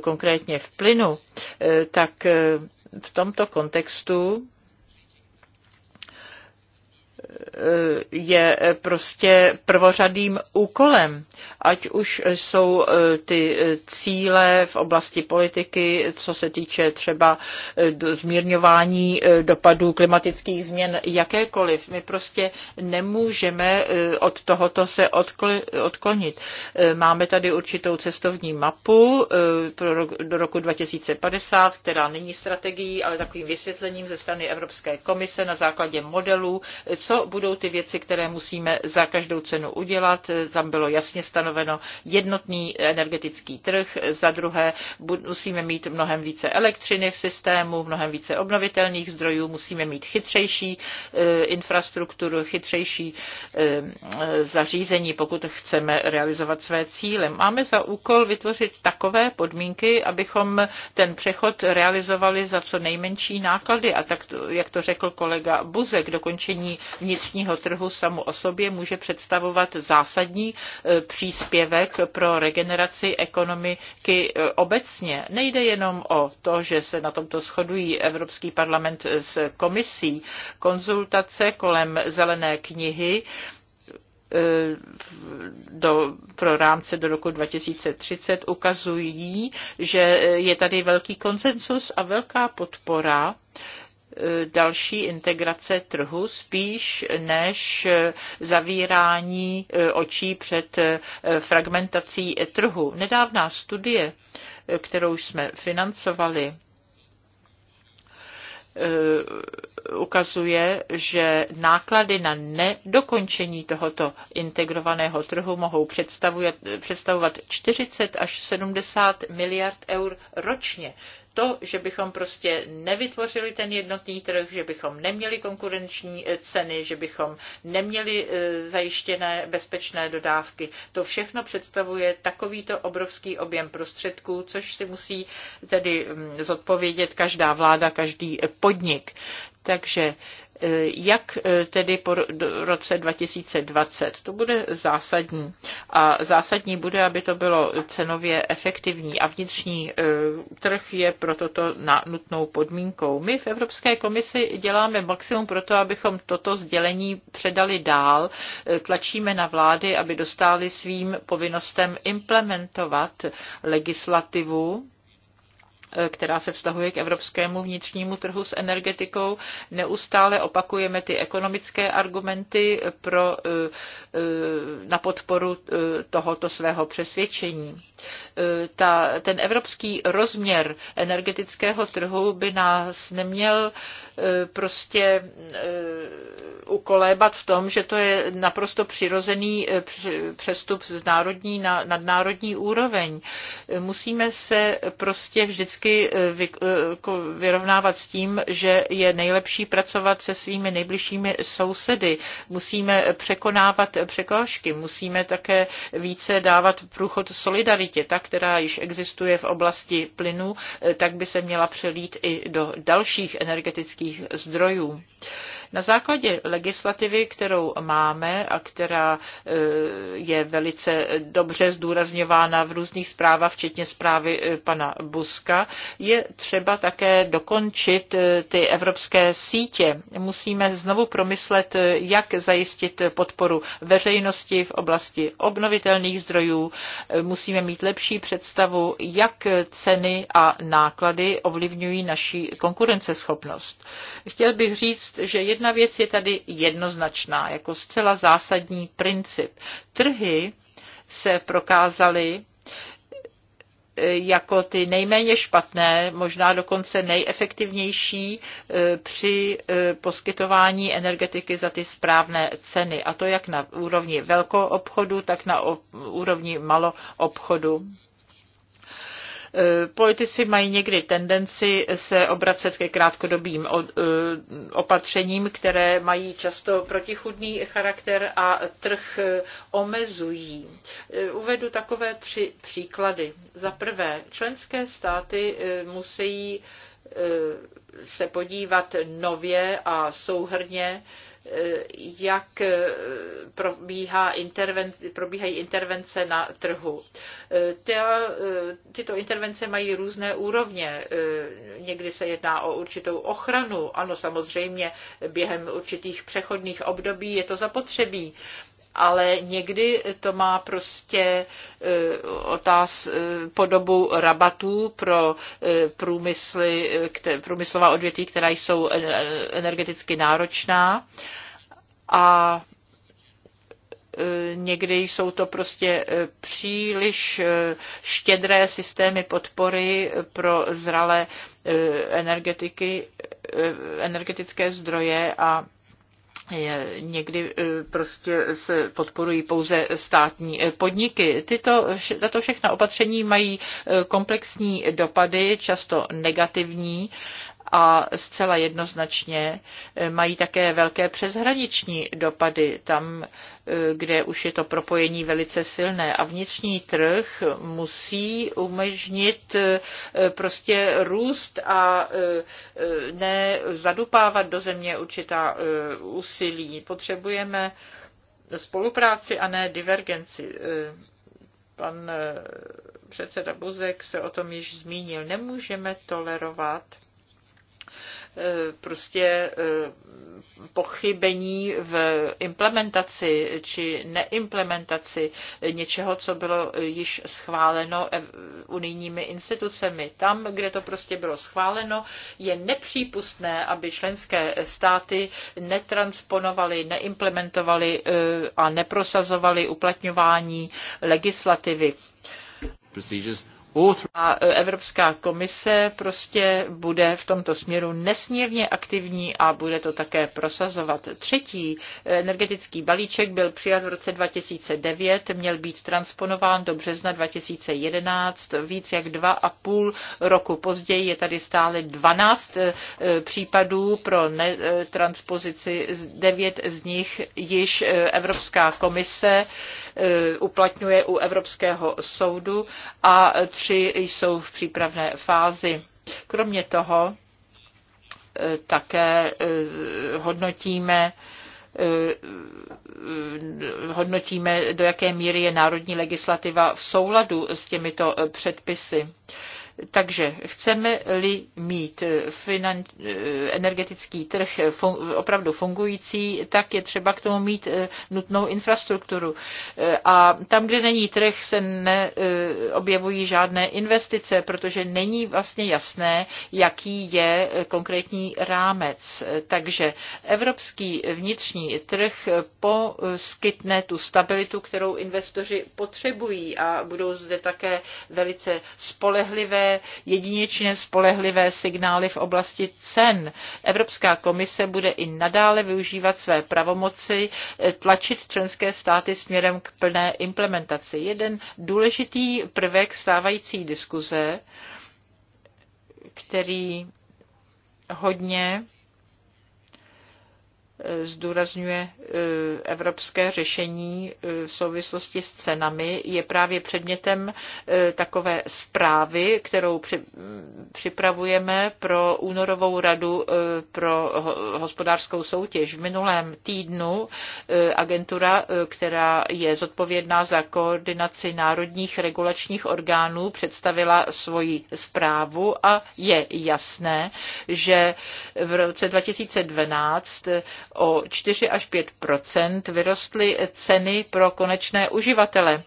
konkrétně v plynu, tak v tomto kontextu je prostě prvořadým úkolem, ať už jsou e, ty e, cíle v oblasti politiky, co se týče třeba e, zmírňování dopadů klimatických změn, jakékoliv. My prostě nemůžeme od tohoto se odklonit. Máme tady určitou cestovní mapu do roku 2050, která není strategií, ale takovým vysvětlením ze strany Evropské komise na základě modelů, co budou ty věci, které musíme za každou cenu udělat. Tam bylo jasně stanoveno jednotný energetický trh. Za druhé musíme mít mnohem více elektřiny v systému, mnohem více obnovitelných zdrojů, musíme mít chytřejší e, infrastrukturu, chytřejší e, e, zařízení, pokud chceme realizovat své cíle. Máme za úkol vytvořit takové podmínky, abychom ten přechod realizovali za co nejmenší náklady a tak, jak to řekl kolega Buzek, dokončení vnitř vnitřního trhu samo o sobě může představovat zásadní e, příspěvek pro regeneraci ekonomiky e, obecně. Nejde jenom o to, že se na tomto shodují Evropský parlament s komisí. Konzultace kolem zelené knihy e, do, pro rámce do roku 2030 ukazují, že je tady velký konsensus a velká podpora Eh, další integrace trhu spíš než zavírání eh, očí před eh, fragmentací trhu. Nedávná studie, kterou jsme financovali, ukazuje, že náklady na nedokončení tohoto integrovaného trhu mohou představovat 40 až 70 miliard eur ročně to, že bychom prostě nevytvořili ten jednotný trh, že bychom neměli konkurenční eh, ceny, že bychom neměli eh, zajištěné bezpečné dodávky. To všechno představuje takovýto obrovský objem prostředků, což si musí tedy mm, zodpovědět každá vláda, každý eh, podnik. Takže jak e, tedy po roce 2020. To bude zásadní. A zásadní bude, aby to bylo cenově efektivní a vnitřní e, trh je pro toto nutnou podmínkou. My v Evropské komisi děláme maximum pro to, abychom toto sdělení předali dál. E, tlačíme na vlády, aby dostály svým povinnostem implementovat legislativu Eh, která se vztahuje k evropskému vnitřnímu trhu s energetikou. Neustále opakujeme ty ekonomické argumenty pro, eh, eh, na podporu tohoto svého přesvědčení. Ta, ten evropský rozměr energetického trhu by nás neměl prostě ukolébat v tom, že to je naprosto přirozený přestup z národní na nadnárodní úroveň. Musíme se prostě vždycky vždycky eh, eh, vyrovnávat s tím, že je nejlepší pracovat se svými nejbližšími sousedy. Musíme překonávat překážky, musíme také více dávat průchod solidaritě, ta, která již existuje v oblasti plynu, eh, tak by se měla přelít i do dalších energetických zdrojů. Na základě legislativy, kterou máme a která e, je velice dobře zdůrazňována v různých zprávách, včetně zprávy e, pana Buska, je třeba také dokončit e, ty evropské sítě. Musíme znovu promyslet, jak zajistit podporu veřejnosti v oblasti obnovitelných zdrojů. Musíme mít lepší představu, jak ceny a náklady ovlivňují naši konkurenceschopnost. Chtěl bych říct, že jedna věc je tady jednoznačná, jako zcela zásadní princip. Trhy se prokázaly eh, jako ty nejméně špatné, možná dokonce nejefektivnější eh, při eh, poskytování energetiky za ty správné ceny. A to jak na úrovni velkou obchodu, tak na úrovni malo obchodu. Eh, politici mají někdy tendenci se obracet ke krátkodobým eh, opatřením, které mají často protichudný charakter a trh eh, omezují. Uvedu takové tři příklady. Za prvé, členské státy musí se podívat nově a souhrně Eh, jak eh, probíhá intervence, probíhají intervence na trhu. Eh, tyto intervence mají různé úrovně. Někdy se jedná o určitou ochranu. Ano, samozřejmě během určitých přechodných období je to zapotřebí ale někdy to má prostě e, otáz e, podobu rabatů pro e, průmysly, průmyslová odvětví, která jsou energeticky náročná. A někdy jsou to prostě příliš štědré systémy podpory pro zralé energetiky, energetické zdroje a někdy e, prostě se podporují pouze státní e, podniky. Tyto, tato všechna opatření mají e, komplexní dopady, často negativní a zcela jednoznačně eh, mají také velké přeshraniční dopady tam, eh, kde už je to propojení velice silné. A vnitřní trh musí umožnit eh, prostě růst a ne zadupávat do země určitá úsilí. Potřebujeme spolupráci a ne divergenci. Pan předseda Buzek se o tom již zmínil. Nemůžeme tolerovat Eh, prostě eh, pochybení v implementaci či neimplementaci něčeho, co bylo již schváleno unijními institucemi. Tam, kde to prostě bylo schváleno, je nepřípustné, aby členské státy netransponovaly, neimplementovaly eh, a neprosazovaly uplatňování legislativy. Procedures a e, Evropská komise prostě bude v tomto směru nesmírně aktivní a bude to také prosazovat. Třetí e, energetický balíček byl přijat v roce 2009, měl být transponován do března 2011, víc jak dva a půl roku později je tady stále 12 e, případů pro transpozici, devět z nich již Evropská komise uplatňuje u Evropského soudu a tři jsou v přípravné fázi. Kromě toho eh, také eh, hodnotíme eh, hodnotíme, do jaké míry je národní legislativa v souladu s těmito předpisy. Takže chceme-li mít eh, finan, eh, energetický trh fun, opravdu fungující, tak je třeba k tomu mít eh, nutnou infrastrukturu. A tam, kde není trh, se neobjevují žádné investice, protože není vlastně jasné, jaký je konkrétní rámec. Takže evropský vnitřní trh poskytne tu stabilitu, kterou investoři potřebují a budou zde také velice spolehlivé jedinečně spolehlivé signály v oblasti cen. Evropská komise bude i nadále využívat své pravomoci eh, tlačit členské státy směrem k plné implementaci. Jeden důležitý prvek stávající diskuze, který hodně zdůrazňuje eh, evropské řešení eh, v souvislosti s cenami, je právě předmětem eh, takové zprávy, kterou mm, připravujeme pro únorovou radu pro hospodářskou soutěž. V minulém týdnu agentura, která je zodpovědná za koordinaci národních regulačních orgánů, představila svoji zprávu a je jasné, že v roce 2012 o 4 až 5 vyrostly ceny pro konečné uživatele e,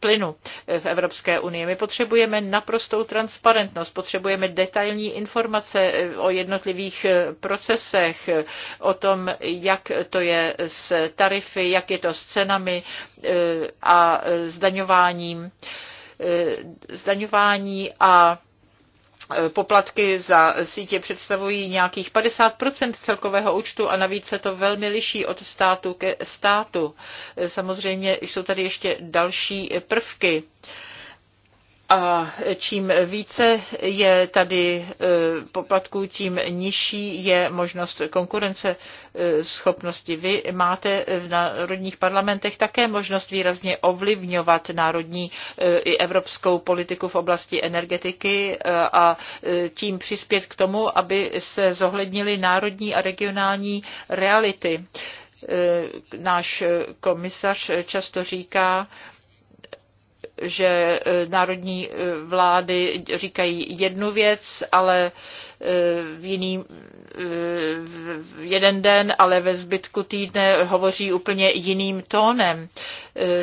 plynu v Evropské unii. My potřebujeme naprostou transparentnost, potřebujeme detailní informace e, o jednotlivých e, procesech, o tom, jak to je s tarify, jak je to s cenami a zdaňováním zdaňování a Eh, poplatky za sítě představují nějakých 50 celkového účtu a navíc se to velmi liší od státu ke státu. Eh, samozřejmě jsou tady ještě další prvky a čím více je tady e, poplatků, tím nižší je možnost konkurence e, schopnosti. Vy máte v národních parlamentech také možnost výrazně ovlivňovat národní e, i evropskou politiku v oblasti energetiky a tím přispět k tomu, aby se zohlednily národní a regionální reality náš komisař často říká, že eh, národní eh, vlády říkají jednu věc, ale v jiný, v jeden den, ale ve zbytku týdne hovoří úplně jiným tónem.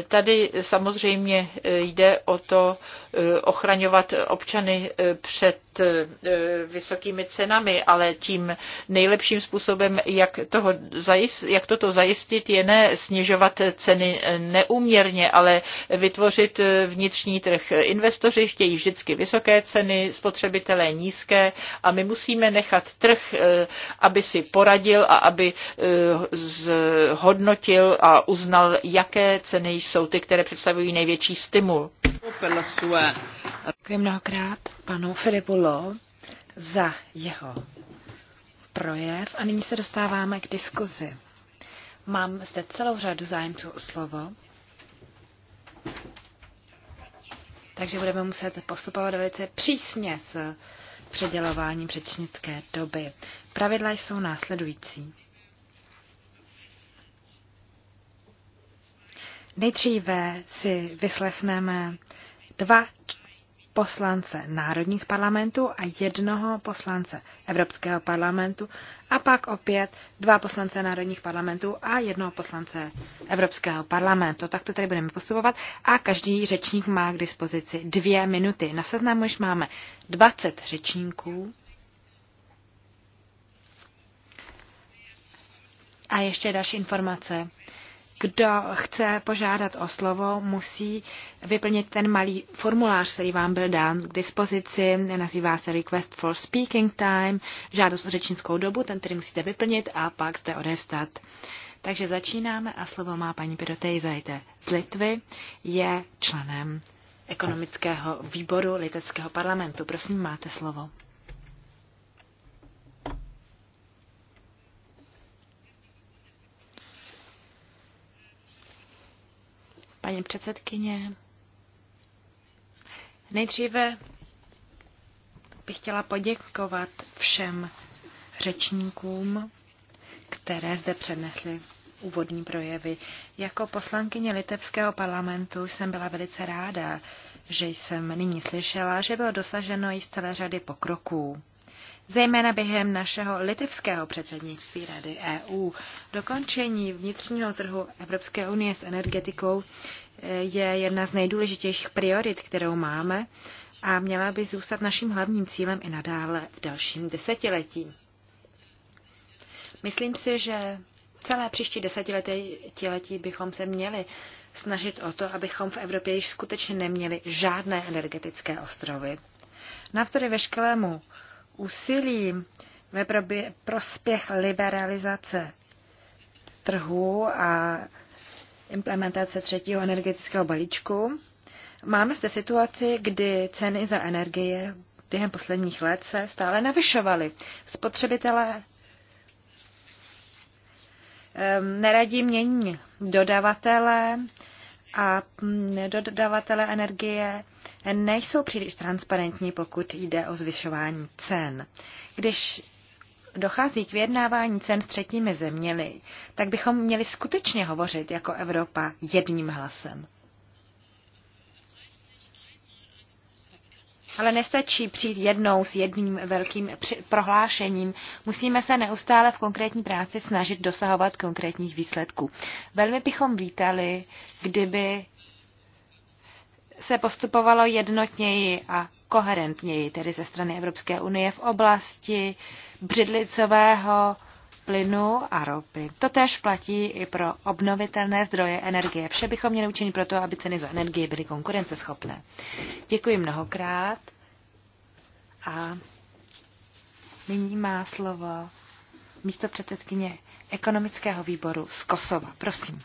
Tady samozřejmě jde o to eh, ochraňovat občany eh, před eh, vysokými cenami, ale tím nejlepším způsobem, jak, toho zajist, jak toto zajistit, je ne snižovat ceny neuměrně, ale vytvořit vnitřní trh. Investoři chtějí vždycky vysoké ceny, spotřebitelé nízké a my musíme nechat trh, eh, aby si poradil a aby eh, zhodnotil a uznal, jaké ceny jsou ty, které představují největší stimul. Děkuji mnohokrát panu Filipu Lo za jeho projev a nyní se dostáváme k diskuzi. Mám zde celou řadu zájemců o slovo, takže budeme muset postupovat velice přísně s předělování řečnické doby. Pravidla jsou následující. Nejdříve si vyslechneme dva poslance národních parlamentů a jednoho poslance Evropského parlamentu a pak opět dva poslance národních parlamentů a jednoho poslance Evropského parlamentu. Tak to tady budeme postupovat a každý řečník má k dispozici dvě minuty. Na seznamu už máme 20 řečníků. A ještě další informace kdo chce požádat o slovo, musí vyplnit ten malý formulář, který vám byl dán k dispozici. Nazývá se Request for Speaking Time, žádost o řečnickou dobu, ten tedy musíte vyplnit a pak zde odevstat. Takže začínáme a slovo má paní Zajte z Litvy, je členem ekonomického výboru litevského parlamentu. Prosím, máte slovo. paní předsedkyně. Nejdříve bych chtěla poděkovat všem řečníkům, které zde přednesly úvodní projevy. Jako poslankyně litevského parlamentu jsem byla velice ráda, že jsem nyní slyšela, že bylo dosaženo i z celé řady pokroků zejména během našeho litevského předsednictví Rady EU. Dokončení vnitřního trhu Evropské unie s energetikou eh, je jedna z nejdůležitějších priorit, kterou máme a měla by zůstat naším hlavním cílem i nadále v dalším desetiletí. Myslím si, že celé příští desetiletí bychom se měli snažit o to, abychom v Evropě již skutečně neměli žádné energetické ostrovy. Navzdory veškerému úsilím ve prospěch liberalizace trhu a implementace třetího energetického balíčku, máme zde situaci, kdy ceny za energie během posledních let se stále navyšovaly. Spotřebitelé ehm, neradí mění dodavatele a dodavatele energie nejsou příliš transparentní, pokud jde o zvyšování cen. Když dochází k vyjednávání cen s třetími zeměmi, tak bychom měli skutečně hovořit jako Evropa jedním hlasem. Ale nestačí přijít jednou s jedním velkým prohlášením. Musíme se neustále v konkrétní práci snažit dosahovat konkrétních výsledků. Velmi bychom vítali, kdyby se postupovalo jednotněji a koherentněji, tedy ze strany Evropské unie v oblasti břidlicového plynu a ropy. To též platí i pro obnovitelné zdroje energie. Vše bychom měli učinit proto, aby ceny za energie byly konkurenceschopné. Děkuji mnohokrát a nyní má slovo místo předsedkyně ekonomického výboru z Kosova. Prosím.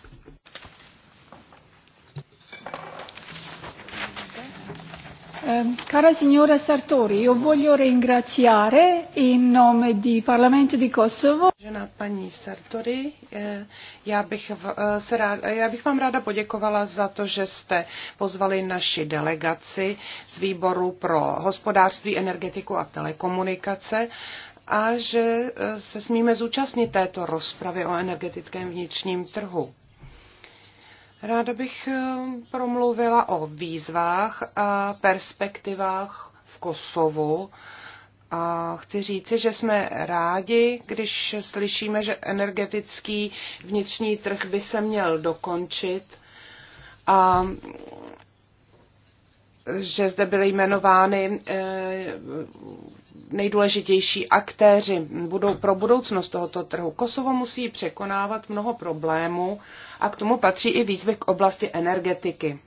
Ehm, cara signora Sartori, io voglio ringraziare in nome di Parlamento di Kosovo. Žena paní Sartori, eh, já bych, eh, se rád, eh, já bych vám ráda poděkovala za to, že jste pozvali naši delegaci z výboru pro hospodářství, energetiku a telekomunikace a že se smíme zúčastnit této rozpravy o energetickém vnitřním trhu. Ráda bych eh, promluvila o výzvách a perspektivách v Kosovu. A chci říci, že jsme rádi, když slyšíme, že energetický vnitřní trh by se měl dokončit a že zde byly jmenovány eh, nejdůležitější aktéři budou pro budoucnost tohoto trhu. Kosovo musí překonávat mnoho problémů a k tomu patří i výzvy k oblasti energetiky.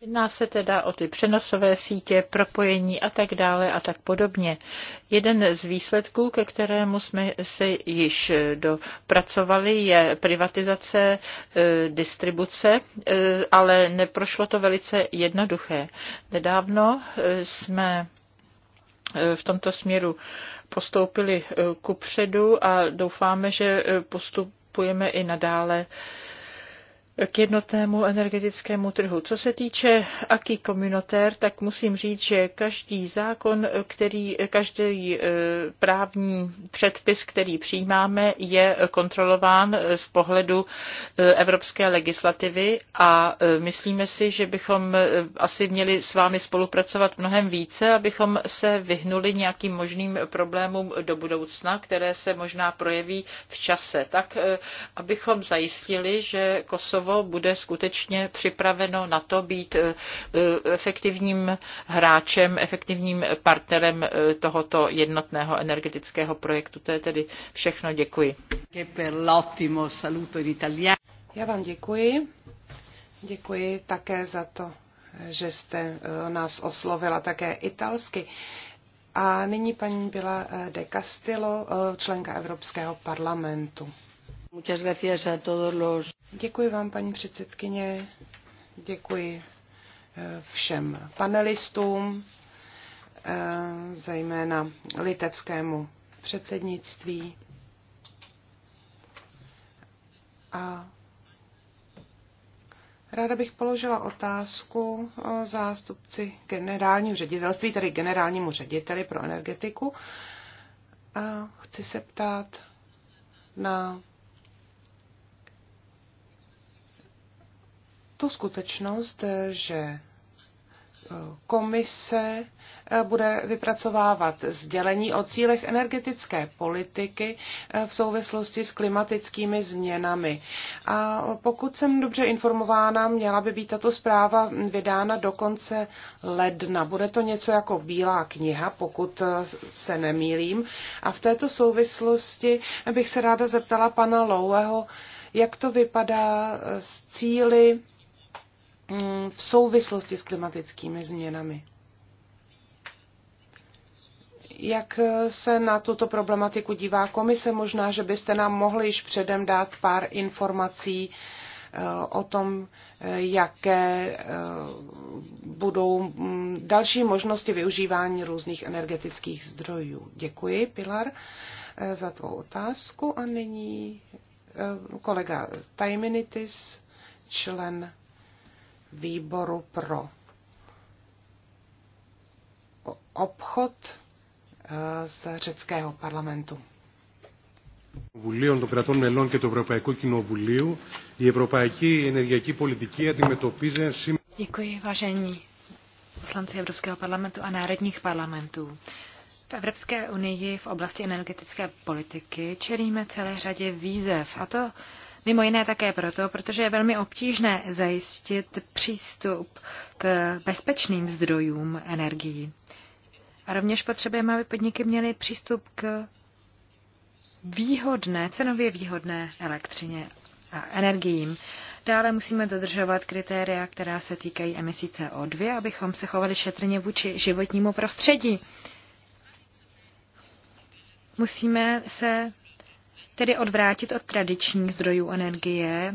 Jedná se teda o ty přenosové sítě, propojení a tak dále a tak podobně. Jeden z výsledků, ke kterému jsme se již dopracovali, je privatizace e, distribuce, e, ale neprošlo to velice jednoduché. Nedávno e, jsme Eh, v tomto směru postoupili eh, kupředu a doufáme, že eh, postupujeme i nadále k jednotnému energetickému trhu. Co se týče aký komunitér, tak musím říct, že každý zákon, který, každý e, právní předpis, který přijímáme, je kontrolován z pohledu e, evropské legislativy a e, myslíme si, že bychom asi měli s vámi spolupracovat mnohem více, abychom se vyhnuli nějakým možným problémům do budoucna, které se možná projeví v čase, tak abychom zajistili, že Kosovo Kosovo bude skutečně připraveno na to být eh, eh, efektivním hráčem, efektivním partnerem eh, tohoto jednotného energetického projektu. To je tedy všechno. Děkuji. Já vám děkuji. Děkuji také za to, že jste nás oslovila také italsky. A nyní paní byla De Castillo, členka Evropského parlamentu. Děkuji vám, paní předsedkyně. Děkuji eh, všem panelistům, eh, zejména litevskému předsednictví. A ráda bych položila otázku eh, zástupci generálního ředitelství, tedy generálnímu řediteli pro energetiku. A chci se ptát na tu skutečnost, že eh, komise eh, bude vypracovávat sdělení o cílech energetické politiky eh, v souvislosti s klimatickými změnami. A pokud jsem dobře informována, měla by být tato zpráva vydána do konce ledna. Bude to něco jako bílá kniha, pokud se nemýlím. A v této souvislosti bych se ráda zeptala pana Loueho, jak to vypadá s cíly Mm, v souvislosti s klimatickými změnami. Jak se na tuto problematiku dívá komise? Možná, že byste nám mohli již předem dát pár informací eh, o tom, eh, jaké eh, budou mm, další možnosti využívání různých energetických zdrojů. Děkuji, Pilar, za tvou otázku. A nyní kolega Tajminitis, člen výboru pro obchod eh, z řeckého parlamentu. Βουλίων των κρατών μελών και του Ευρωπαϊκού Κοινοβουλίου, η ευρωπαϊκή ενεργειακή πολιτική αντιμετωπίζει σήμερα. Děkuji, vážení poslanci Evropského parlamentu a národních parlamentů. V Evropské unii v oblasti energetické politiky čelíme celé řadě výzev, a to Mimo jiné také proto, protože je velmi obtížné zajistit přístup k bezpečným zdrojům energií. A rovněž potřebujeme, aby podniky měly přístup k výhodné, cenově výhodné elektřině a energiím. Dále musíme dodržovat kritéria, která se týkají emisí CO2, abychom se chovali šetrně vůči životnímu prostředí. Musíme se tedy odvrátit od tradičních zdrojů energie,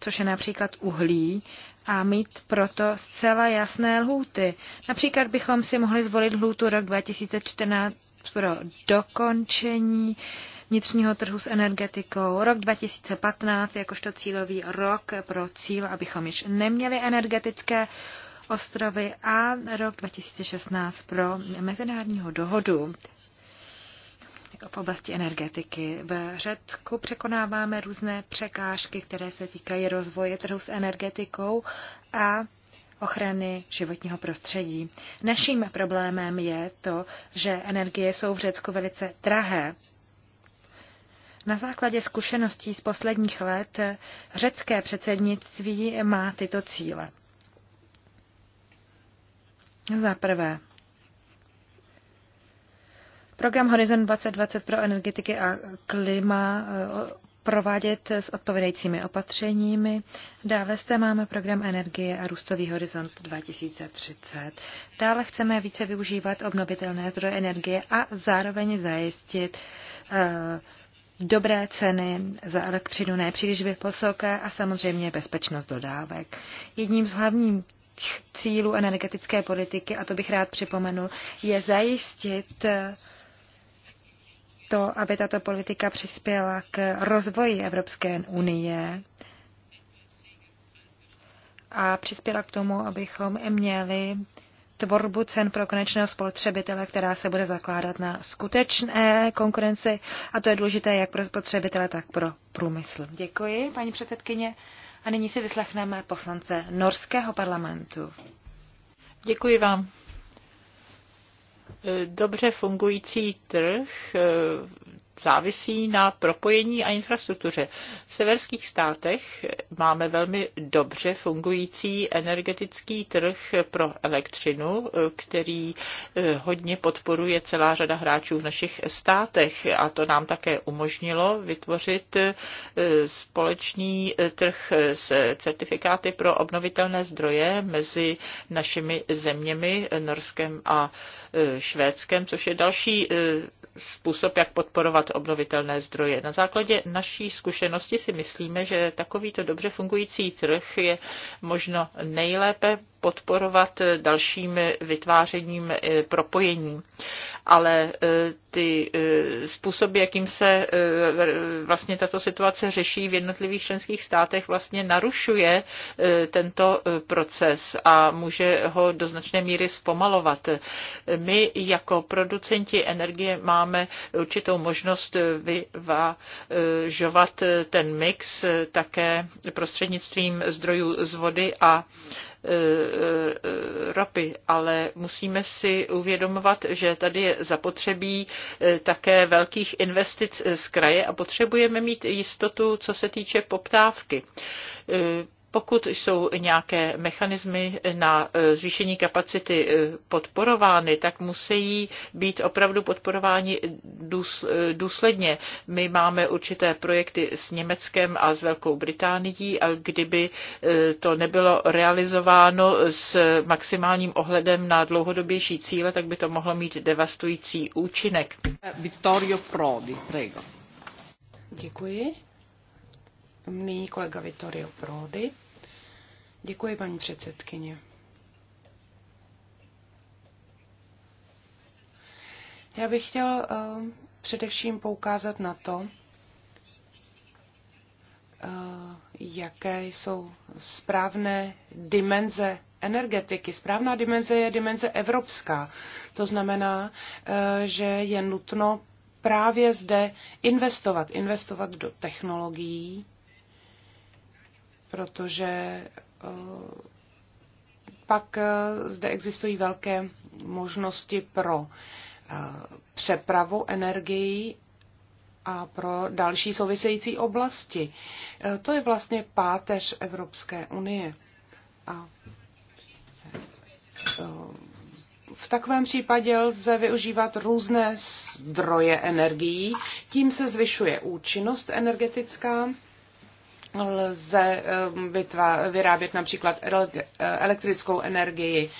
což je například uhlí, a mít proto zcela jasné lhůty. Například bychom si mohli zvolit lhůtu rok 2014 pro dokončení vnitřního trhu s energetikou, rok 2015 jakožto cílový rok pro cíl, abychom již neměli energetické ostrovy a rok 2016 pro mezinárodního dohodu, v oblasti energetiky. V Řecku překonáváme různé překážky, které se týkají rozvoje trhu s energetikou a ochrany životního prostředí. Naším problémem je to, že energie jsou v Řecku velice drahé. Na základě zkušeností z posledních let řecké předsednictví má tyto cíle. Za prvé, Program Horizon 2020 pro energetiky a klima eh, provádět s odpovědajícími opatřeními. Dále zde máme program Energie a růstový horizont 2030. Dále chceme více využívat obnovitelné zdroje energie a zároveň zajistit eh, dobré ceny za elektřinu, ne příliš vysoké a samozřejmě bezpečnost dodávek. Jedním z hlavních cílů energetické politiky, a to bych rád připomenul, je zajistit eh, to, aby tato politika přispěla k rozvoji Evropské unie a přispěla k tomu, abychom měli tvorbu cen pro konečného spotřebitele, která se bude zakládat na skutečné konkurenci. A to je důležité jak pro spotřebitele, tak pro průmysl. Děkuji, paní předsedkyně. A nyní si vyslechneme poslance norského parlamentu. Děkuji vám dobře fungující trh závisí na propojení a infrastruktuře. V severských státech máme velmi dobře fungující energetický trh pro elektřinu, který eh, hodně podporuje celá řada hráčů v našich státech a to nám také umožnilo vytvořit eh, společný eh, trh s certifikáty pro obnovitelné zdroje mezi našimi zeměmi, Norskem a Švédskem, což je další způsob, jak podporovat obnovitelné zdroje. Na základě naší zkušenosti si myslíme, že takovýto dobře fungující trh je možno nejlépe podporovat dalším vytvářením eh, propojení. Ale eh, ty eh, způsoby, jakým se vlastně tato situace řeší v jednotlivých členských státech, vlastně narušuje tento proces a může ho do značné míry zpomalovat. My jako producenti energie máme určitou možnost vyvažovat ten mix také prostřednictvím zdrojů z vody a E, e, ropy, ale musíme si uvědomovat, že tady je zapotřebí e, také velkých investic z kraje a potřebujeme mít jistotu, co se týče poptávky pokud jsou nějaké mechanismy na e, zvýšení kapacity e, podporovány, tak musí být opravdu podporováni e, důsledně. My máme určité projekty s Německem a s Velkou Británií a kdyby to nebylo realizováno s maximálním ohledem na dlouhodobější cíle, tak by to mohlo mít devastující účinek. Vittorio Prodi, prego. Děkuji. Nyní kolega Vittorio Prodi. Děkuji, paní předsedkyně. Já bych chtěl uh, především poukázat na to, uh, jaké jsou správné dimenze energetiky. Správná dimenze je dimenze evropská. To znamená, eh, že je nutno právě zde investovat. Investovat do technologií, protože eh, pak eh, zde existují velké možnosti pro eh, přepravu energií a pro další související oblasti. To je vlastně páteř Evropské unie. A v takovém případě lze využívat různé zdroje energií, tím se zvyšuje účinnost energetická lze um, vytvá, vyrábět například elektrickou energii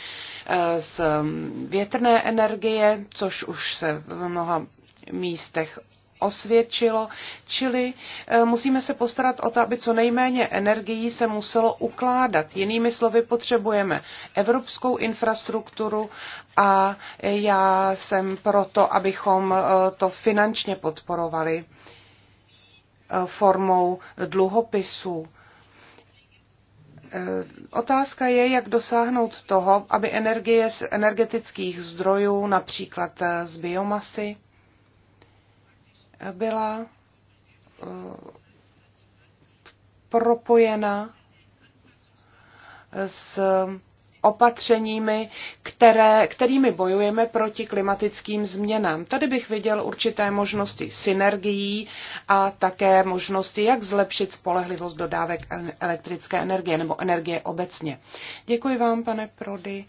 eh, z um, větrné energie, což už se v mnoha místech osvědčilo, čili eh, musíme se postarat o to, aby co nejméně energií se muselo ukládat. Jinými slovy, potřebujeme evropskou infrastrukturu a já jsem proto, abychom eh, to finančně podporovali formou dluhopisů. Eh, otázka je, jak dosáhnout toho, aby energie z energetických zdrojů, například eh, z biomasy, byla eh, propojena s opatřeními, které, kterými bojujeme proti klimatickým změnám. Tady bych viděl určité možnosti synergií a také možnosti, jak zlepšit spolehlivost dodávek elektrické energie nebo energie obecně. Děkuji vám, pane Prody.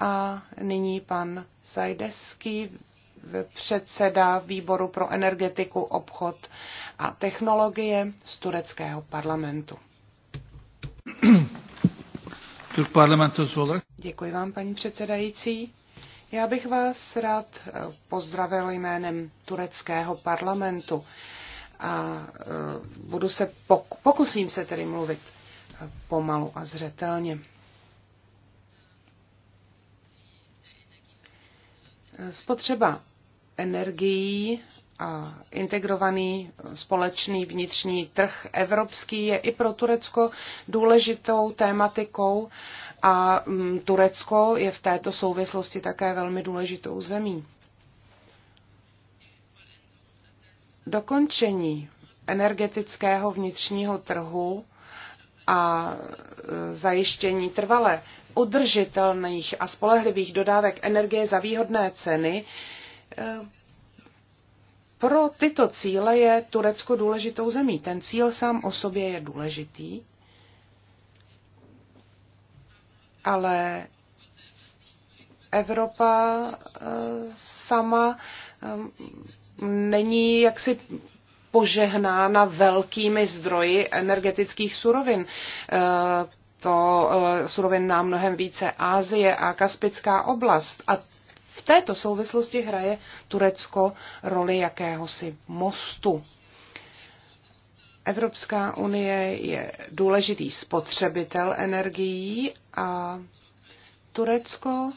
A nyní pan Zajdeský, předseda výboru pro energetiku, obchod a technologie z tureckého parlamentu. Děkuji vám, paní předsedající. Já bych vás rád eh, pozdravil jménem tureckého parlamentu a eh, budu se pokusím se tedy mluvit eh, pomalu a zřetelně. Spotřeba energií integrovaný společný vnitřní trh evropský je i pro Turecko důležitou tématikou a mm, Turecko je v této souvislosti také velmi důležitou zemí. Dokončení energetického vnitřního trhu a e, zajištění trvale udržitelných a spolehlivých dodávek energie za výhodné ceny e, pro tyto cíle je Turecko důležitou zemí. Ten cíl sám o sobě je důležitý, ale Evropa eh, sama eh, není jaksi požehnána velkými zdroji energetických surovin. Eh, to surovin nám mnohem více Ázie a Kaspická oblast. A této souvislosti hraje Turecko roli jakéhosi mostu. Evropská unie je důležitý spotřebitel energií a Turecko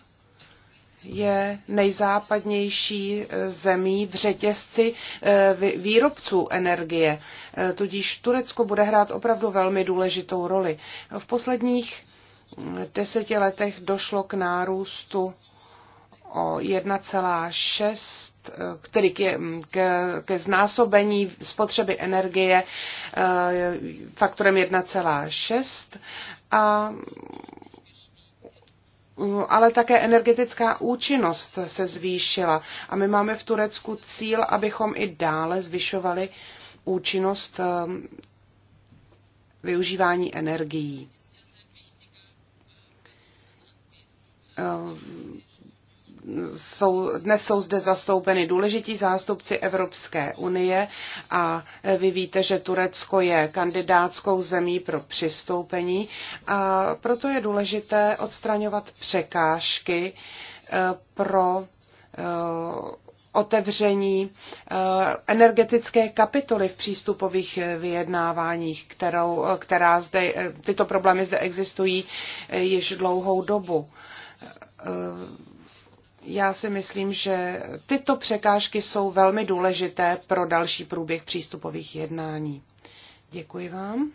je nejzápadnější eh, zemí v řetězci eh, výrobců energie. Eh, tudíž Turecko bude hrát opravdu velmi důležitou roli. V posledních hm, deseti letech došlo k nárůstu o 1,6 eh, který ke, mm, ke, ke znásobení spotřeby energie eh, faktorem 1,6 a mm, ale také energetická účinnost se zvýšila a my máme v Turecku cíl, abychom i dále zvyšovali účinnost eh, využívání energií jsou, dnes jsou zde zastoupeny důležití zástupci Evropské unie a vy víte, že Turecko je kandidátskou zemí pro přistoupení a proto je důležité odstraňovat překážky eh, pro eh, otevření eh, energetické kapitoly v přístupových vyjednáváních, kterou, která zde, tyto problémy zde existují již dlouhou dobu já si myslím, že tyto překážky jsou velmi důležité pro další průběh přístupových jednání. Děkuji vám.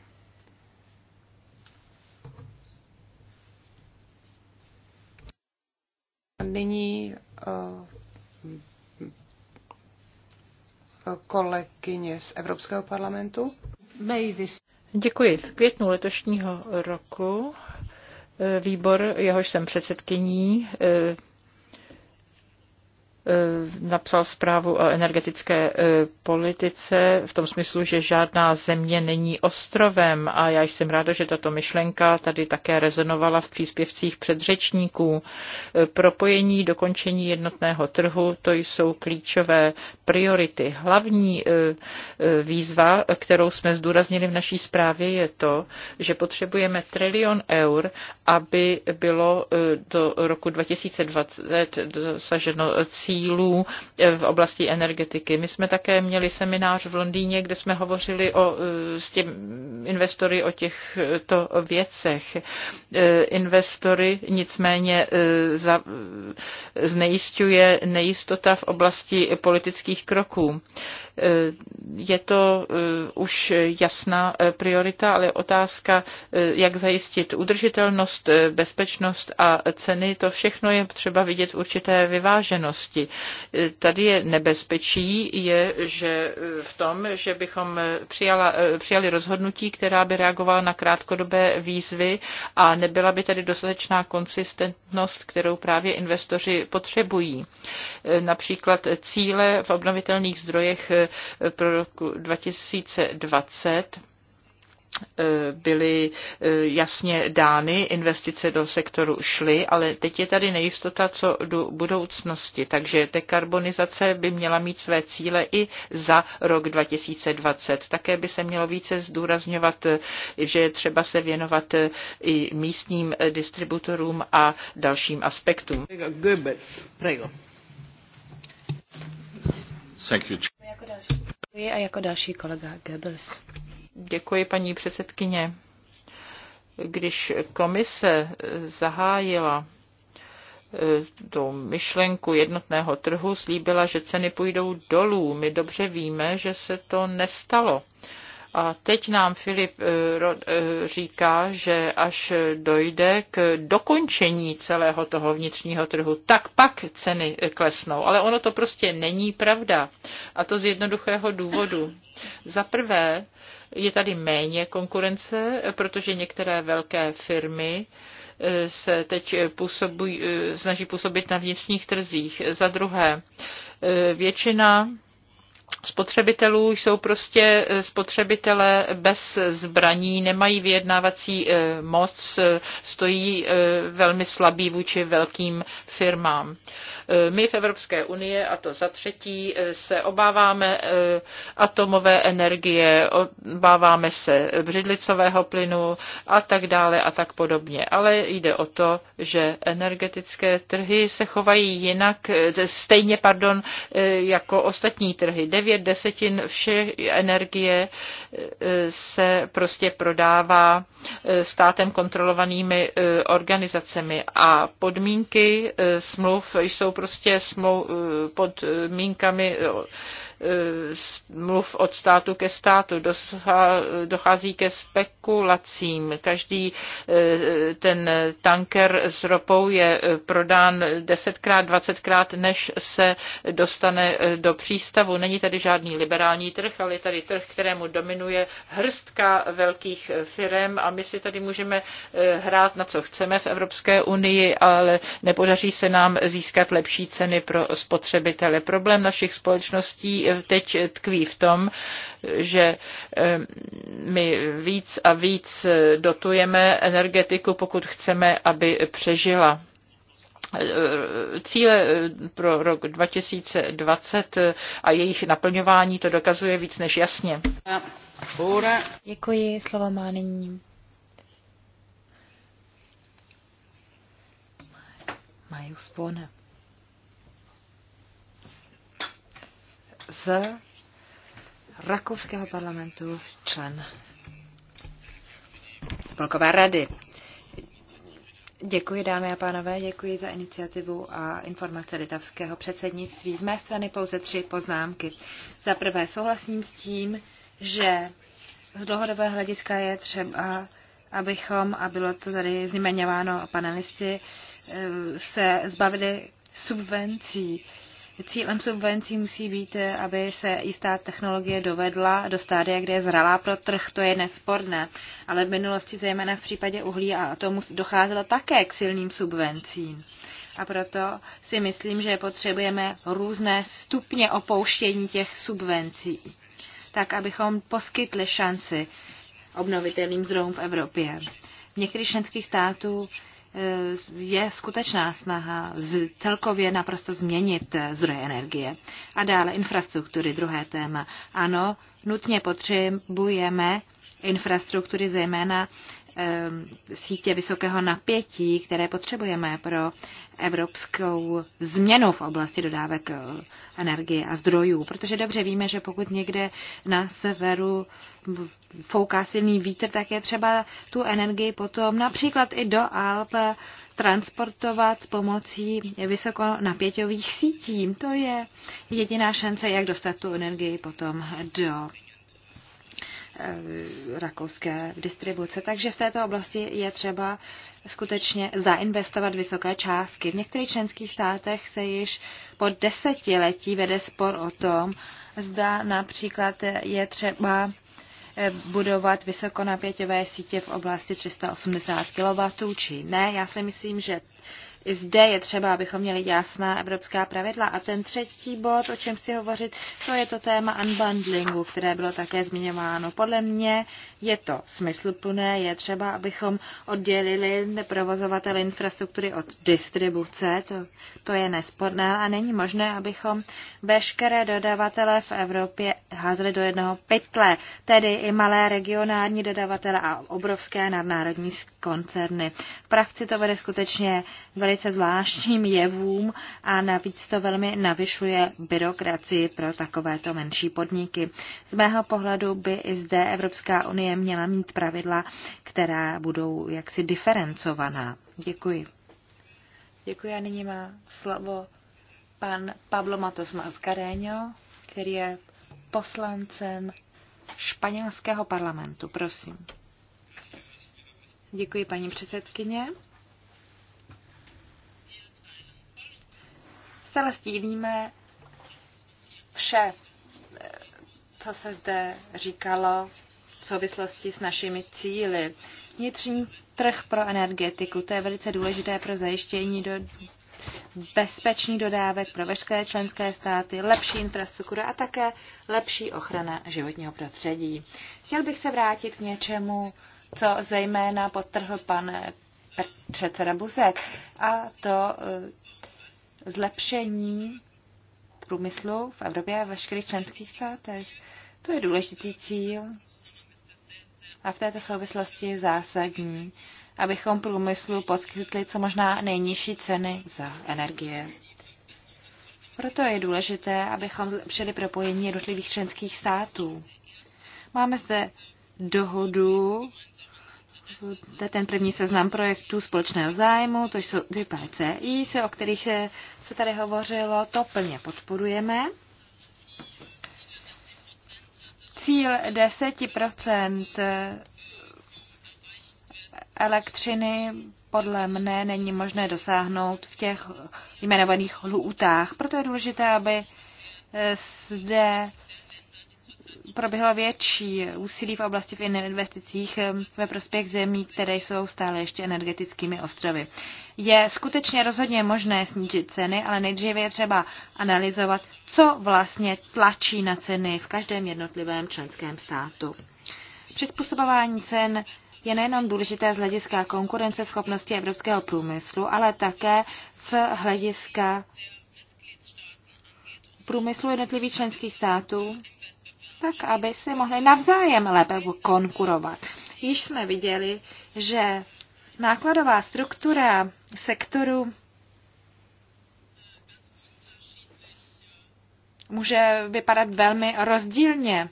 Nyní eh, kolegyně z Evropského parlamentu. Děkuji. V květnu letošního roku eh, výbor, jehož jsem předsedkyní, eh, Eh, napsal zprávu o energetické eh, politice v tom smyslu, že žádná země není ostrovem a já jsem ráda, že tato myšlenka tady také rezonovala v příspěvcích předřečníků. Eh, propojení, dokončení jednotného trhu, to jsou klíčové priority. Hlavní výzva, kterou jsme zdůraznili v naší zprávě, je to, že potřebujeme trilion eur, aby bylo do roku 2020 dosaženo cíl cílů eh, v oblasti energetiky. My jsme také měli seminář v Londýně, kde jsme hovořili o, eh, s těm investory o těchto věcech. Eh, investory nicméně za, znejistuje nejistota v oblasti politických kroků. Je to už jasná priorita, ale otázka, jak zajistit udržitelnost, bezpečnost a ceny, to všechno je třeba vidět v určité vyváženosti. Tady je nebezpečí, je, že v tom, že bychom přijala, přijali rozhodnutí, která by reagovala na krátkodobé výzvy a nebyla by tady dostatečná konsistentnost, kterou právě investoři potřebují. Například cíle v obnovitelných zdrojech pro roku 2020 Eh, byly eh, jasně dány, investice do sektoru šly, ale teď je tady nejistota co do budoucnosti, takže dekarbonizace by měla mít své cíle i za rok 2020. Také by se mělo více zdůrazňovat, eh, že je třeba se věnovat i místním distributorům a dalším aspektům. Goebbels, Thank you. a jako další kolega Goebbels. Děkuji, paní předsedkyně. Když komise zahájila eh, tu myšlenku jednotného trhu, slíbila, že ceny půjdou dolů. My dobře víme, že se to nestalo. A teď nám Filip eh, eh, říká, že až dojde k dokončení celého toho vnitřního trhu, tak pak ceny klesnou. Ale ono to prostě není pravda. A to z jednoduchého důvodu. Za prvé, je tady méně konkurence, protože některé velké firmy eh, se teď působují, eh, snaží působit na vnitřních trzích. Za druhé, eh, většina spotřebitelů jsou prostě eh, spotřebitelé bez zbraní, nemají vyjednávací eh, moc, eh, stojí velmi slabí vůči velkým firmám. My v Evropské unii, a to za třetí, se obáváme atomové energie, obáváme se břidlicového plynu a tak dále a tak podobně. Ale jde o to, že energetické trhy se chovají jinak, stejně pardon, jako ostatní trhy 9 desetin vše energie eh, se prostě prodává eh, státem kontrolovanými eh, organizacemi a podmínky smluv jsou prostě smluv, podmínkami Eh, mluv od státu ke státu, dochází ke spekulacím. Každý eh, ten tanker s ropou je eh, prodán desetkrát, dvacetkrát, než se dostane do přístavu. Není tady žádný liberální trh, ale je tady trh, kterému dominuje hrstka velkých firm a my si tady můžeme hrát na co chceme v Evropské unii, ale nepodaří se nám získat lepší ceny pro spotřebitele. Problém našich společností teď tkví v tom, že eh, my víc a víc dotujeme energetiku, pokud chceme, aby přežila eh, cíle eh, pro rok 2020 a jejich naplňování to dokazuje víc než jasně. Děkuji, slovo má nyní. Majus Bone. z rakouského parlamentu člen spolkové rady. Děkuji, dámy a pánové, děkuji za iniciativu a informace litavského předsednictví. Z mé strany pouze tři poznámky. Za prvé souhlasím s tím, že z dlouhodobého hlediska je třeba, abychom, a bylo to tady znimeňováno panelisti, eh, se zbavili subvencí Cílem subvencí musí být, aby se jistá technologie dovedla do stádia, kde je zralá pro trh, to je nesporné. Ale v minulosti, zejména v případě uhlí a atomu, docházelo také k silným subvencím. A proto si myslím, že potřebujeme různé stupně opouštění těch subvencí, tak abychom poskytli šanci obnovitelným zdrojům v Evropě. V některých členských států je skutečná snaha z, celkově naprosto změnit zdroje energie. A dále infrastruktury, druhé téma. Ano, nutně potřebujeme infrastruktury, zejména Eh, sítě vysokého napětí, které potřebujeme pro evropskou změnu v oblasti dodávek eh, energie a zdrojů. Protože dobře víme, že pokud někde na severu fouká silný vítr, tak je třeba tu energii potom například i do Alp transportovat pomocí vysokonapěťových sítí. To je jediná šance, jak dostat tu energii potom do Eh, rakouské distribuce. Takže v této oblasti je třeba skutečně zainvestovat vysoké částky. V některých členských státech se již po desetiletí vede spor o tom, zda například je třeba eh, budovat vysokonapěťové sítě v oblasti 380 kW, či ne. Já si myslím, že i zde je třeba, abychom měli jasná evropská pravidla. A ten třetí bod, o čem si hovořit, to je to téma unbundlingu, které bylo také zmiňováno. Podle mě je to smysluplné, je třeba, abychom oddělili provozovatele infrastruktury od distribuce, to, to je nesporné a není možné, abychom veškeré dodavatele v Evropě házeli do jednoho pytle, tedy i malé regionální dodavatele a obrovské nadnárodní koncerny. V praxi to vede skutečně velice zvláštním jevům a navíc to velmi navyšuje byrokracii pro takovéto menší podniky. Z mého pohledu by i zde Evropská unie měla mít pravidla, která budou jaksi diferencovaná. Děkuji. Děkuji a nyní má slovo pan Pablo Matos Mascareño, který je poslancem španělského parlamentu. Prosím. Děkuji, paní předsedkyně. zcela sdílíme vše, eh, co se zde říkalo v souvislosti s našimi cíly. Vnitřní trh pro energetiku, to je velice důležité pro zajištění do bezpečný dodávek pro veškeré členské státy, lepší infrastruktura a také lepší ochrana životního prostředí. Chtěl bych se vrátit k něčemu, co zejména potrhl pan eh, předseda Buzek, a to eh, zlepšení průmyslu v Evropě a veškerých členských státech. To je důležitý cíl a v této souvislosti je zásadní, abychom průmyslu poskytli co možná nejnižší ceny za energie. Proto je důležité, abychom zlepšili propojení jednotlivých členských států. Máme zde dohodu ten první seznam projektů společného zájmu, to jsou ty PCI, se, o kterých se tady hovořilo, to plně podporujeme. Cíl 10% elektřiny podle mne není možné dosáhnout v těch jmenovaných lhůtách. Proto je důležité, aby zde proběhlo větší úsilí v oblasti v investicích ehm, ve prospěch zemí, které jsou stále ještě energetickými ostrovy. Je skutečně rozhodně možné snížit ceny, ale nejdříve je třeba analyzovat, co vlastně tlačí na ceny v každém jednotlivém členském státu. Přizpůsobování cen je nejenom důležité z hlediska konkurenceschopnosti evropského průmyslu, ale také z hlediska průmyslu jednotlivých členských států tak aby si mohli navzájem lépe konkurovat. Již jsme viděli, že nákladová struktura sektoru může vypadat velmi rozdílně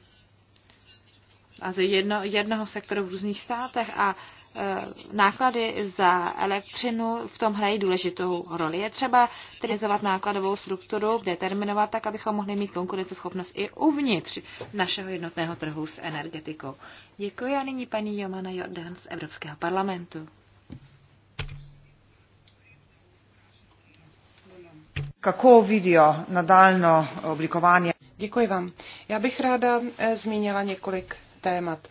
a z jedno, jednoho sektoru v různých státech a e, náklady za elektřinu v tom hrají důležitou roli. Je třeba trizovat nákladovou strukturu, determinovat tak, abychom mohli mít konkurenceschopnost i uvnitř našeho jednotného trhu s energetikou. Děkuji a nyní paní Jomana Jordan z Evropského parlamentu. Kako video? nadálno oblikování? Děkuji vám. Já bych ráda e, zmínila několik témat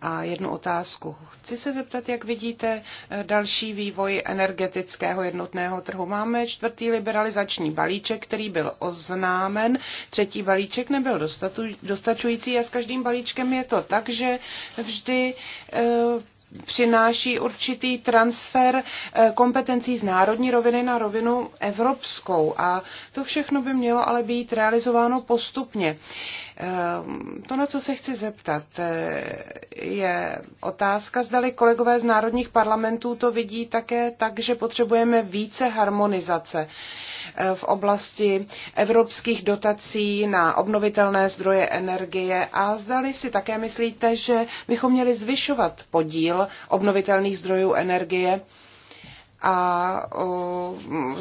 a jednu otázku. Chci se zeptat, jak vidíte eh, další vývoj energetického jednotného trhu. Máme čtvrtý liberalizační balíček, který byl oznámen. Třetí balíček nebyl dostatu, dostačující a s každým balíčkem je to tak, že vždy eh, přináší určitý transfer eh, kompetencí z národní roviny na rovinu evropskou. A to všechno by mělo ale být realizováno postupně. Eh, to, na co se chci zeptat, eh, je otázka, zdali kolegové z národních parlamentů to vidí také tak, že potřebujeme více harmonizace. Eh, v oblasti evropských dotací na obnovitelné zdroje energie a zdali si také myslíte, že bychom měli zvyšovat podíl obnovitelných zdrojů energie a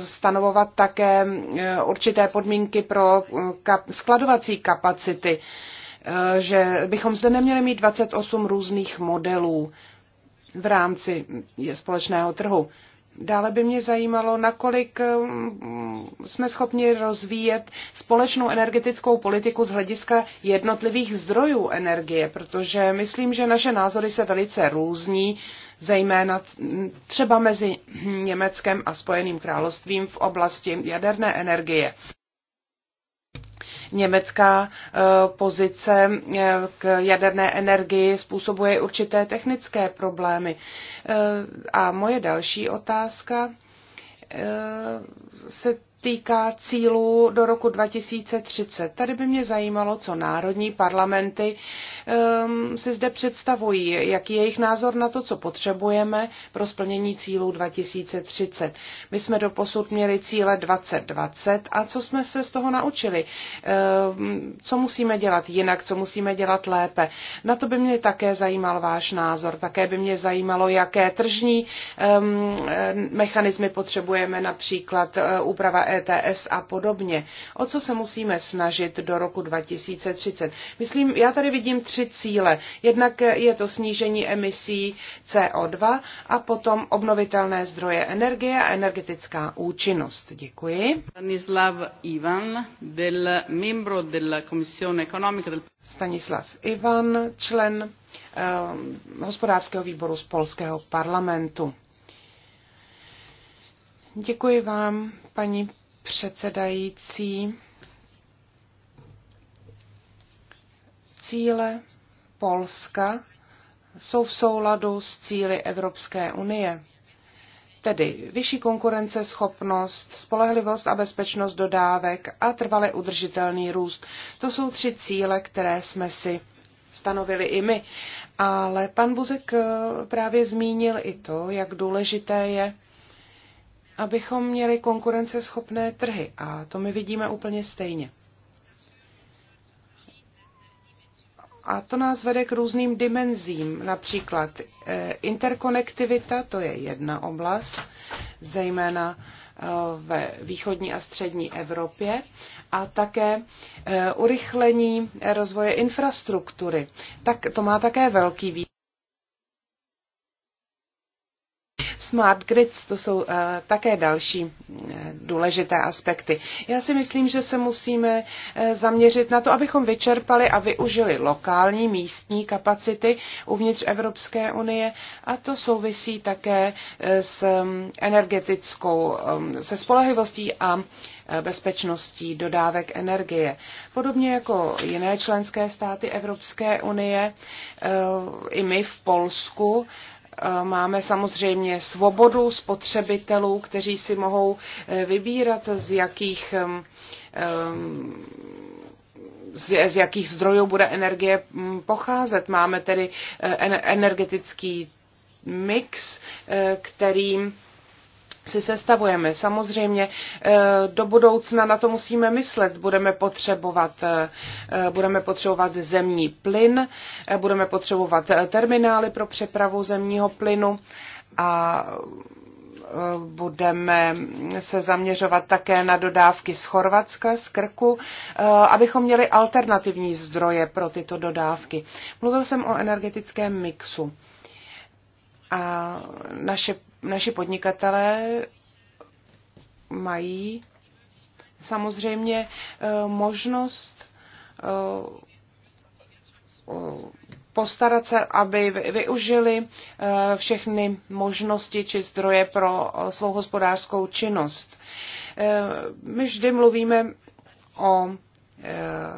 stanovovat také eh, určité podmínky pro eh, skladovací kapacity, že bychom zde neměli mít 28 různých modelů v rámci společného trhu. Dále by mě zajímalo, nakolik mm, jsme schopni rozvíjet společnou energetickou politiku z hlediska jednotlivých zdrojů energie, protože myslím, že naše názory se velice různí, zejména třeba mezi Německem a Spojeným královstvím v oblasti jaderné energie. Německá eh, pozice eh, k jaderné energii způsobuje určité technické problémy. Eh, a moje další otázka se týká cílů do roku 2030. Tady by mě zajímalo, co národní parlamenty um, si zde představují, jaký je jejich názor na to, co potřebujeme pro splnění cílů 2030. My jsme doposud měli cíle 2020 a co jsme se z toho naučili? Um, co musíme dělat jinak, co musíme dělat lépe? Na to by mě také zajímal váš názor. Také by mě zajímalo, jaké tržní um, mechanismy potřebujeme, například uh, úprava ETS a podobně. O co se musíme snažit do roku 2030? Myslím, já tady vidím tři cíle. Jednak je to snížení emisí CO2 a potom obnovitelné zdroje energie a energetická účinnost. Děkuji. Stanislav Ivan, del membro della Commissione Economica del... Stanislav Ivan, člen eh, hospodářského výboru z polského parlamentu. Děkuji vám, paní předsedající. Cíle Polska jsou v souladu s cíly Evropské unie tedy vyšší konkurenceschopnost, spolehlivost a bezpečnost dodávek a trvale udržitelný růst. To jsou tři cíle, které jsme si stanovili i my. Ale pan Buzek eh, právě zmínil i to, jak důležité je abychom měli konkurenceschopné trhy. A to my vidíme úplně stejně. A to nás vede k různým dimenzím, například eh, interkonektivita, to je jedna oblast, zejména eh, ve východní a střední Evropě, a také eh, urychlení rozvoje infrastruktury. Tak to má také velký význam. Smart grids, to jsou eh, také další eh, důležité aspekty. Já si myslím, že se musíme eh, zaměřit na to, abychom vyčerpali a využili lokální místní kapacity uvnitř Evropské unie a to souvisí také s mm, energetickou, mm, se spolehlivostí a bezpečností dodávek energie. Podobně jako jiné členské státy Evropské unie, i my v Polsku Eh, máme samozřejmě svobodu spotřebitelů, kteří si mohou eh, vybírat, z jakých, z jakých zdrojů bude energie mm, pocházet. Máme tedy eh, energetický mix, kterým si sestavujeme. Samozřejmě eh, do budoucna na to musíme myslet. Budeme potřebovat, eh, eh, budeme potřebovat zemní plyn, budeme potřebovat terminály pro přepravu zemního plynu a budeme se zaměřovat také na dodávky z Chorvatska, z Krku, abychom měli alternativní zdroje pro tyto dodávky. Mluvil jsem o energetickém mixu. A naše naši podnikatelé mají samozřejmě e, možnost e, e, postarat se, aby využili všechny možnosti či zdroje pro svou hospodářskou činnost. My vždy mluvíme o Eh,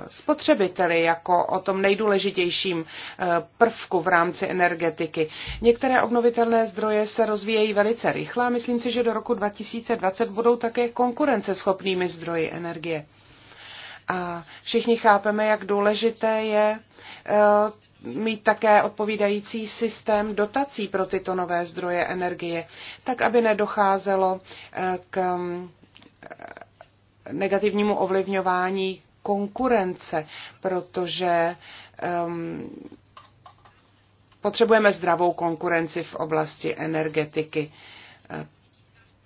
spotřebiteli jako o tom nejdůležitějším eh, prvku v rámci energetiky. Některé obnovitelné zdroje se rozvíjejí velice rychle a myslím si, že do roku 2020 budou také konkurenceschopnými zdroji energie. A všichni chápeme, jak důležité je eh, mít také odpovídající systém dotací pro tyto nové zdroje energie, tak aby nedocházelo k negativnímu ovlivňování konkurence, protože um, potřebujeme zdravou konkurenci v oblasti energetiky. E,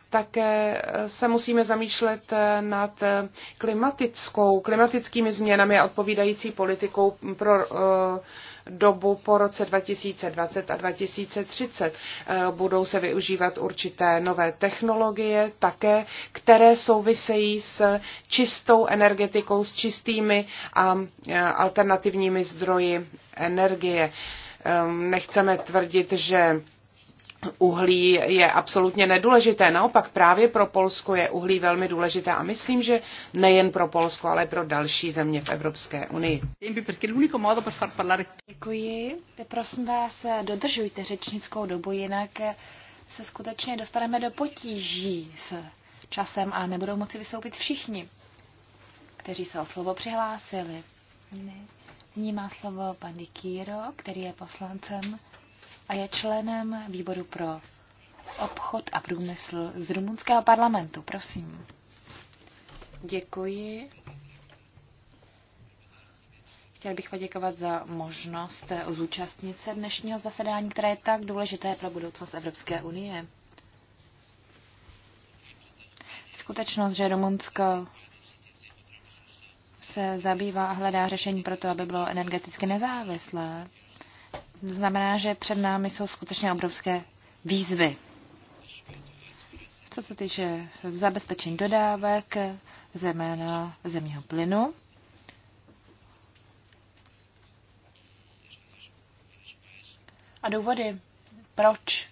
také e, se musíme zamýšlet e, nad klimatickou, klimatickými změnami a odpovídající politikou pro uh, dobu po roce 2020 a 2030. Eh, budou se využívat určité nové technologie také, které souvisejí s čistou energetikou, s čistými a eh, alternativními zdroji energie. Ehm, nechceme tvrdit, že uhlí je absolutně nedůležité. Naopak právě pro Polsko je uhlí velmi důležité a myslím, že nejen pro Polsko, ale pro další země v Evropské unii. Děkuji. Prosím vás, dodržujte řečnickou dobu, jinak se skutečně dostaneme do potíží s časem a nebudou moci vystoupit všichni, kteří se o slovo přihlásili. Nyní má slovo pan Dikýro, který je poslancem a je členem výboru pro obchod a průmysl z rumunského parlamentu. Prosím. Děkuji. Chtěl bych poděkovat za možnost zúčastnit se dnešního zasedání, které je tak důležité pro budoucnost Evropské unie. Skutečnost, že Rumunsko se zabývá a hledá řešení pro to, aby bylo energeticky nezávislé, znamená, že před námi jsou skutečně obrovské výzvy. Co se týče zabezpečení dodávek, zejména zemního plynu, a důvody, proč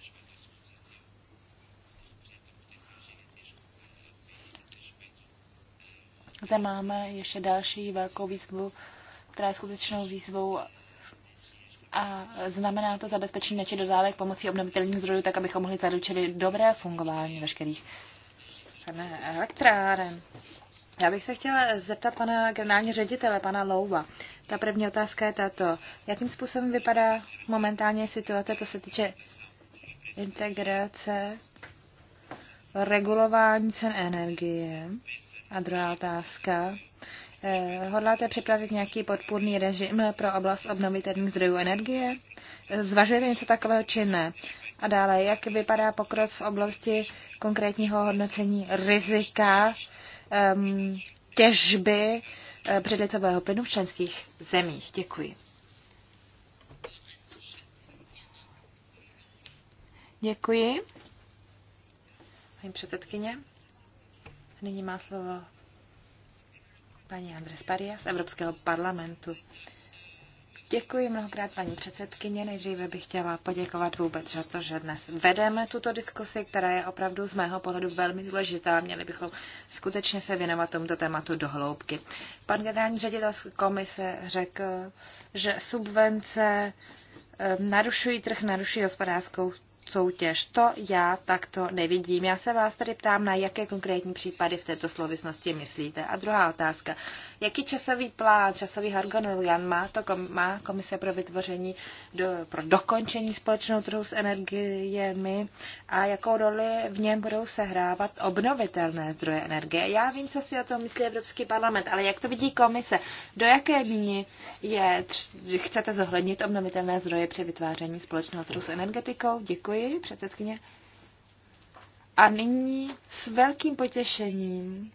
zde máme ještě další velkou výzvu, která je skutečnou výzvou a znamená to zabezpečení neči dodávek pomocí obnovitelných zdrojů, tak abychom mohli zaručit dobré fungování veškerých elektráren. Já bych se chtěla zeptat pana generálního ředitele, pana Louva. Ta první otázka je tato. Jakým způsobem vypadá momentálně situace, co se týče integrace, regulování cen energie? A druhá otázka. Eh, hodláte připravit nějaký podpůrný režim pro oblast obnovitelných zdrojů energie? Zvažujete něco takového či ne? A dále, jak vypadá pokrok v oblasti konkrétního hodnocení rizika um, těžby předlicového eh, plynu v členských zemích? Děkuji. Děkuji. Paní předsedkyně, nyní má slovo paní Andres Paria z Evropského parlamentu. Děkuji mnohokrát paní předsedkyně. Nejdříve bych chtěla poděkovat vůbec za to, že dnes vedeme tuto diskusi, která je opravdu z mého pohledu velmi důležitá. Měli bychom skutečně se věnovat tomuto tématu dohloubky. Pan generální ředitel komise řekl, že subvence eh, narušují trh, narušují hospodářskou soutěž. To já takto nevidím. Já se vás tady ptám, na jaké konkrétní případy v této slovisnosti myslíte. A druhá otázka. Jaký časový plán, časový harmonogram má, to kom, má komise pro vytvoření, do, pro dokončení společného trhu s energiemi a jakou roli v něm budou sehrávat obnovitelné zdroje energie? Já vím, co si o tom myslí Evropský parlament, ale jak to vidí komise? Do jaké míny je, tř, chcete zohlednit obnovitelné zdroje při vytváření společného trhu s energetikou? Děkuji. Děkuji, předsedkyně. A nyní s velkým potěšením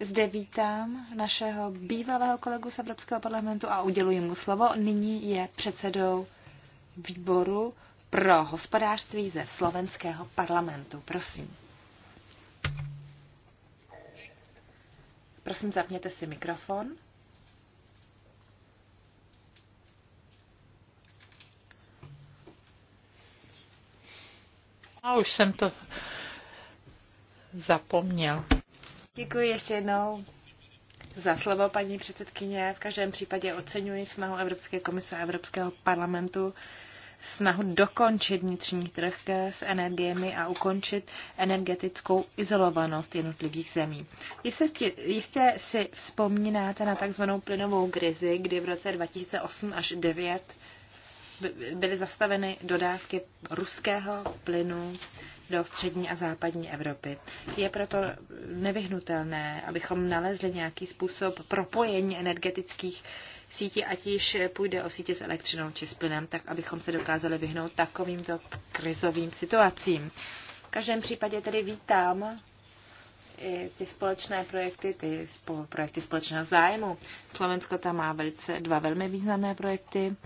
zde vítám našeho bývalého kolegu z Evropského parlamentu a uděluji mu slovo. Nyní je předsedou výboru pro hospodářství ze slovenského parlamentu. Prosím. Prosím, zapněte si mikrofon. A už jsem to zapomněl. Děkuji ještě jednou za slovo, paní předsedkyně. V každém případě oceňuji snahu Evropské komise a Evropského parlamentu snahu dokončit vnitřní trh s energiemi a ukončit energetickou izolovanost jednotlivých zemí. Jistě, jistě si vzpomínáte na takzvanou plynovou krizi, kdy v roce 2008 až 2009 byly zastaveny dodávky ruského plynu do střední a západní Evropy. Je proto nevyhnutelné, abychom nalezli nějaký způsob propojení energetických sítí, ať již půjde o sítě s elektřinou či s plynem, tak abychom se dokázali vyhnout takovýmto krizovým situacím. V každém případě tedy vítám i ty společné projekty, ty spol- projekty společného zájmu. Slovensko tam má velice, dva velmi významné projekty,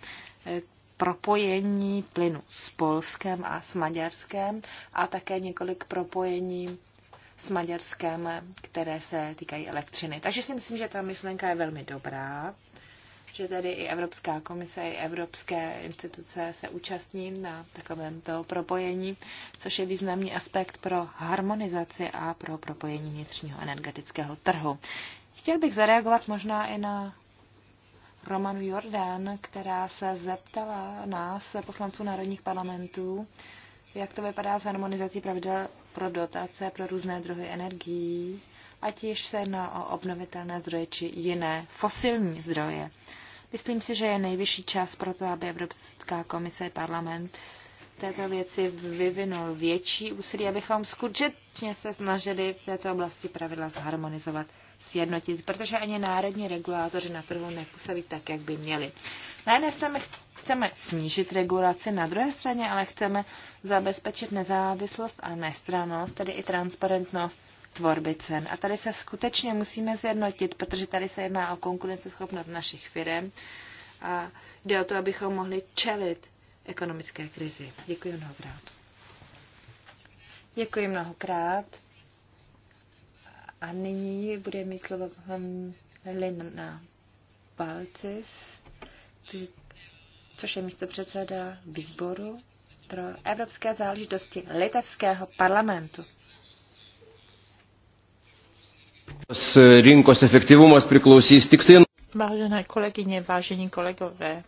propojení plynu s Polskem a s Maďarskem a také několik propojení s Maďarskem, které se týkají elektřiny. Takže si myslím, že ta myšlenka je velmi dobrá, že tedy i Evropská komise, i evropské instituce se účastní na takovémto propojení, což je významný aspekt pro harmonizaci a pro propojení vnitřního energetického trhu. Chtěl bych zareagovat možná i na Roman Jordan, která se zeptala nás, poslanců národních parlamentů, jak to vypadá s harmonizací pravidel pro dotace pro různé druhy energií, ať již se jedná o obnovitelné zdroje či jiné fosilní zdroje. Myslím si, že je nejvyšší čas pro to, aby Evropská komise parlament této věci vyvinul větší úsilí, abychom skutečně se snažili v této oblasti pravidla zharmonizovat, sjednotit, protože ani národní regulátoři na trhu nepůsobí tak, jak by měli. Na jedné straně chceme snížit regulaci, na druhé straně ale chceme zabezpečit nezávislost a nestranost, tedy i transparentnost tvorby cen. A tady se skutečně musíme zjednotit, protože tady se jedná o konkurenceschopnost našich firm a jde o to, abychom mohli čelit ekonomické krizi. Děkuji mnohokrát. Děkuji mnohokrát. A nyní bude mít slovo Helena Balcis, což je místo předseda výboru pro evropské záležitosti litevského parlamentu. Vážené kolegyně, vážení kolegové,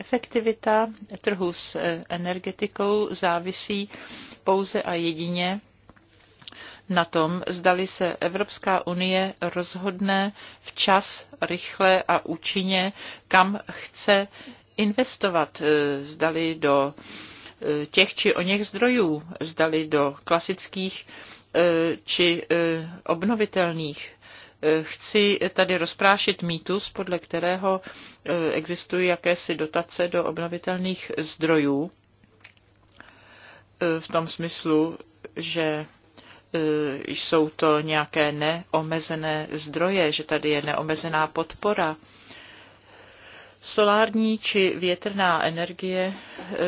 Efektivita trhu s eh, energetikou závisí pouze a jedině na tom, zdali se Evropská unie rozhodne včas, rychle a účinně, kam chce investovat, eh, zdali do eh, těch či o něch zdrojů, zdali do klasických či obnovitelných Chci tady rozprášit mýtus, podle kterého eh, existují jakési dotace do obnovitelných zdrojů eh, v tom smyslu, že eh, jsou to nějaké neomezené zdroje, že tady je neomezená podpora. Solární či větrná energie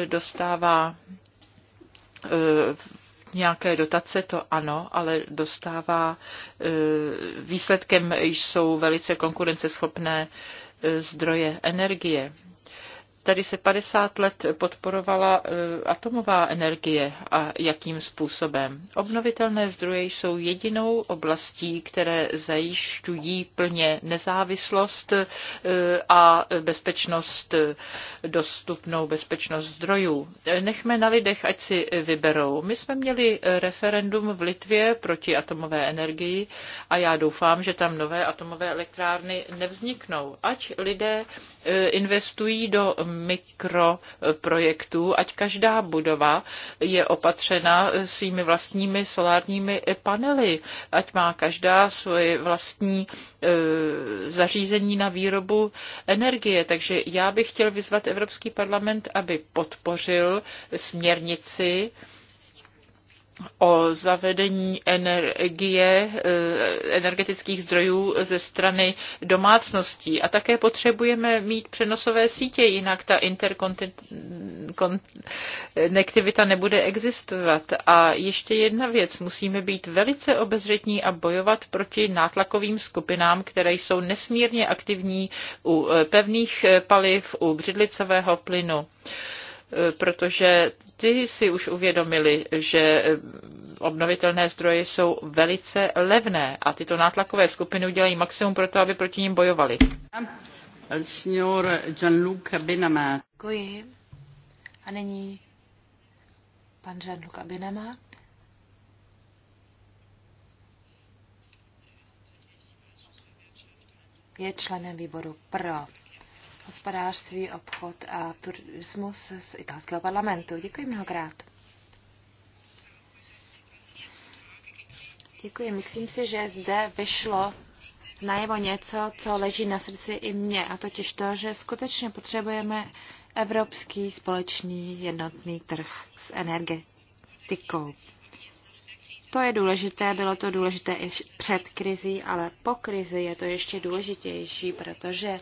dostává nějaké dotace, to ano, ale dostává, e, výsledkem jsou velice konkurenceschopné e, zdroje energie. Tady se 50 let podporovala eh, atomová energie a jakým způsobem. Obnovitelné zdroje jsou jedinou oblastí, které zajišťují plně nezávislost eh, a bezpečnost eh, dostupnou bezpečnost zdrojů. Nechme na lidech, ať si vyberou. My jsme měli referendum v Litvě proti atomové energii a já doufám, že tam nové atomové elektrárny nevzniknou. Ať lidé E, investují do mikroprojektů, ať každá budova je opatřena svými vlastními solárními panely, ať má každá svoje vlastní e, zařízení na výrobu energie. Takže já bych chtěl vyzvat Evropský parlament, aby podpořil směrnici, o zavedení energie, eh, energetických zdrojů ze strany domácností. A také potřebujeme mít přenosové sítě, jinak ta interkonektivita nebude existovat. A ještě jedna věc, musíme být velice obezřetní a bojovat proti nátlakovým skupinám, které jsou nesmírně aktivní u eh, pevných eh, paliv, u břidlicového plynu. Eh, protože ty si už uvědomili, že eh, obnovitelné zdroje jsou velice levné a tyto nátlakové skupiny udělají maximum pro to, aby proti ním bojovali. Děkuji. A nyní pan Gianluca Benama. Je členem výboru pro hospodářství, obchod a turismus z italského parlamentu. Děkuji mnohokrát. Děkuji. Myslím si, že zde vyšlo najevo něco, co leží na srdci i mně, a totiž to, že skutečně potřebujeme evropský společný jednotný trh s energetikou. To je důležité, bylo to důležité i před krizí, ale po krizi je to ještě důležitější, protože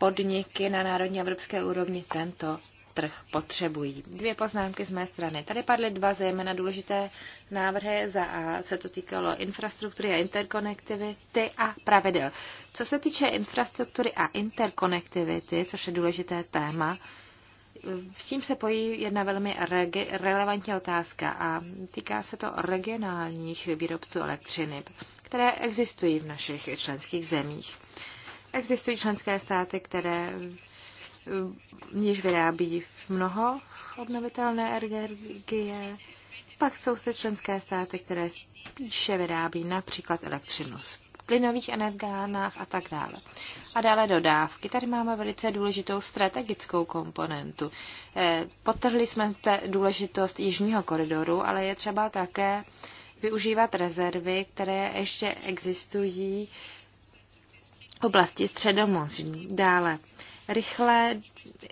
podniky na národní a evropské úrovni tento trh potřebují. Dvě poznámky z mé strany. Tady padly dva zejména důležité návrhy, za a se to týkalo infrastruktury a interkonektivity a pravidel. Co se týče infrastruktury a interkonektivity, což je důležité téma, s tím se pojí jedna velmi relevantní otázka a týká se to regionálních výrobců elektřiny, které existují v našich členských zemích. Existují členské státy, které již vyrábí mnoho obnovitelné energie, pak jsou se členské státy, které spíše vyrábí například elektřinu v plynových energánách a tak dále. A dále dodávky. Tady máme velice důležitou strategickou komponentu. Eh, potrhli jsme důležitost jižního koridoru, ale je třeba také využívat rezervy, které ještě existují oblasti středomoří. Dále rychlé,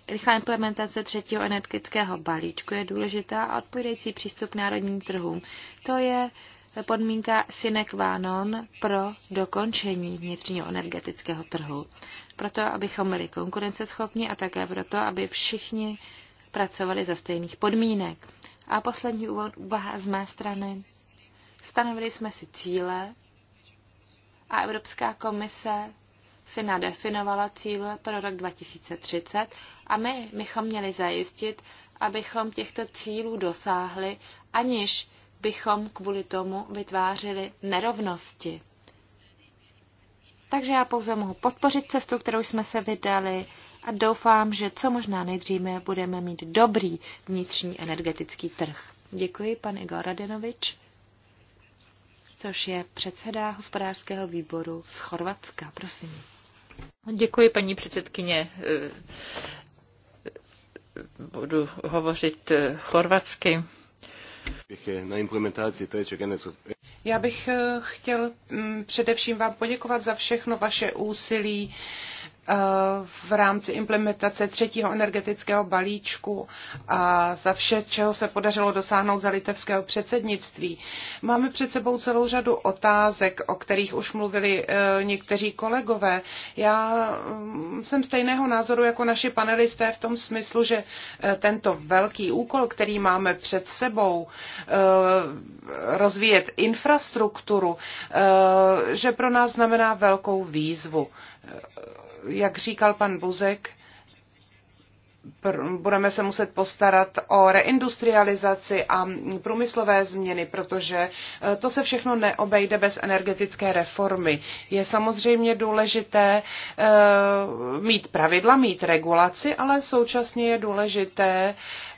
rychlá implementace třetího energetického balíčku je důležitá a odpovídající přístup k národním trhům. To je podmínka sine qua non pro dokončení vnitřního energetického trhu. Proto, abychom byli konkurenceschopní a také proto, aby všichni pracovali za stejných podmínek. A poslední úvaha z mé strany. Stanovili jsme si cíle a Evropská komise si nadefinovala cíl pro rok 2030 a my bychom měli zajistit, abychom těchto cílů dosáhli, aniž bychom kvůli tomu vytvářeli nerovnosti. Takže já pouze mohu podpořit cestu, kterou jsme se vydali a doufám, že co možná nejdříve budeme mít dobrý vnitřní energetický trh. Děkuji, pan Igor Radinovič, což je předseda hospodářského výboru z Chorvatska. Prosím. Děkuji, paní předsedkyně. Budu hovořit eh, chorvatsky. Na implementaci trećeg energetskog já bych eh, chtěl mm, především vám poděkovat za všechno vaše úsilí v rámci implementace třetího energetického balíčku a za vše, čeho se podařilo dosáhnout za litevského předsednictví. Máme před sebou celou řadu otázek, o kterých už mluvili eh, někteří kolegové. Já mm, jsem stejného názoru jako naši panelisté v tom smyslu, že eh, tento velký úkol, který máme před sebou, eh, rozvíjet infrastrukturu, že pro nás znamená velkou výzvu jak říkal pan Buzek, budeme se muset postarat o reindustrializaci a průmyslové změny, protože eh, to se všechno neobejde bez energetické reformy. Je samozřejmě důležité eh, mít pravidla, mít regulaci, ale současně je důležité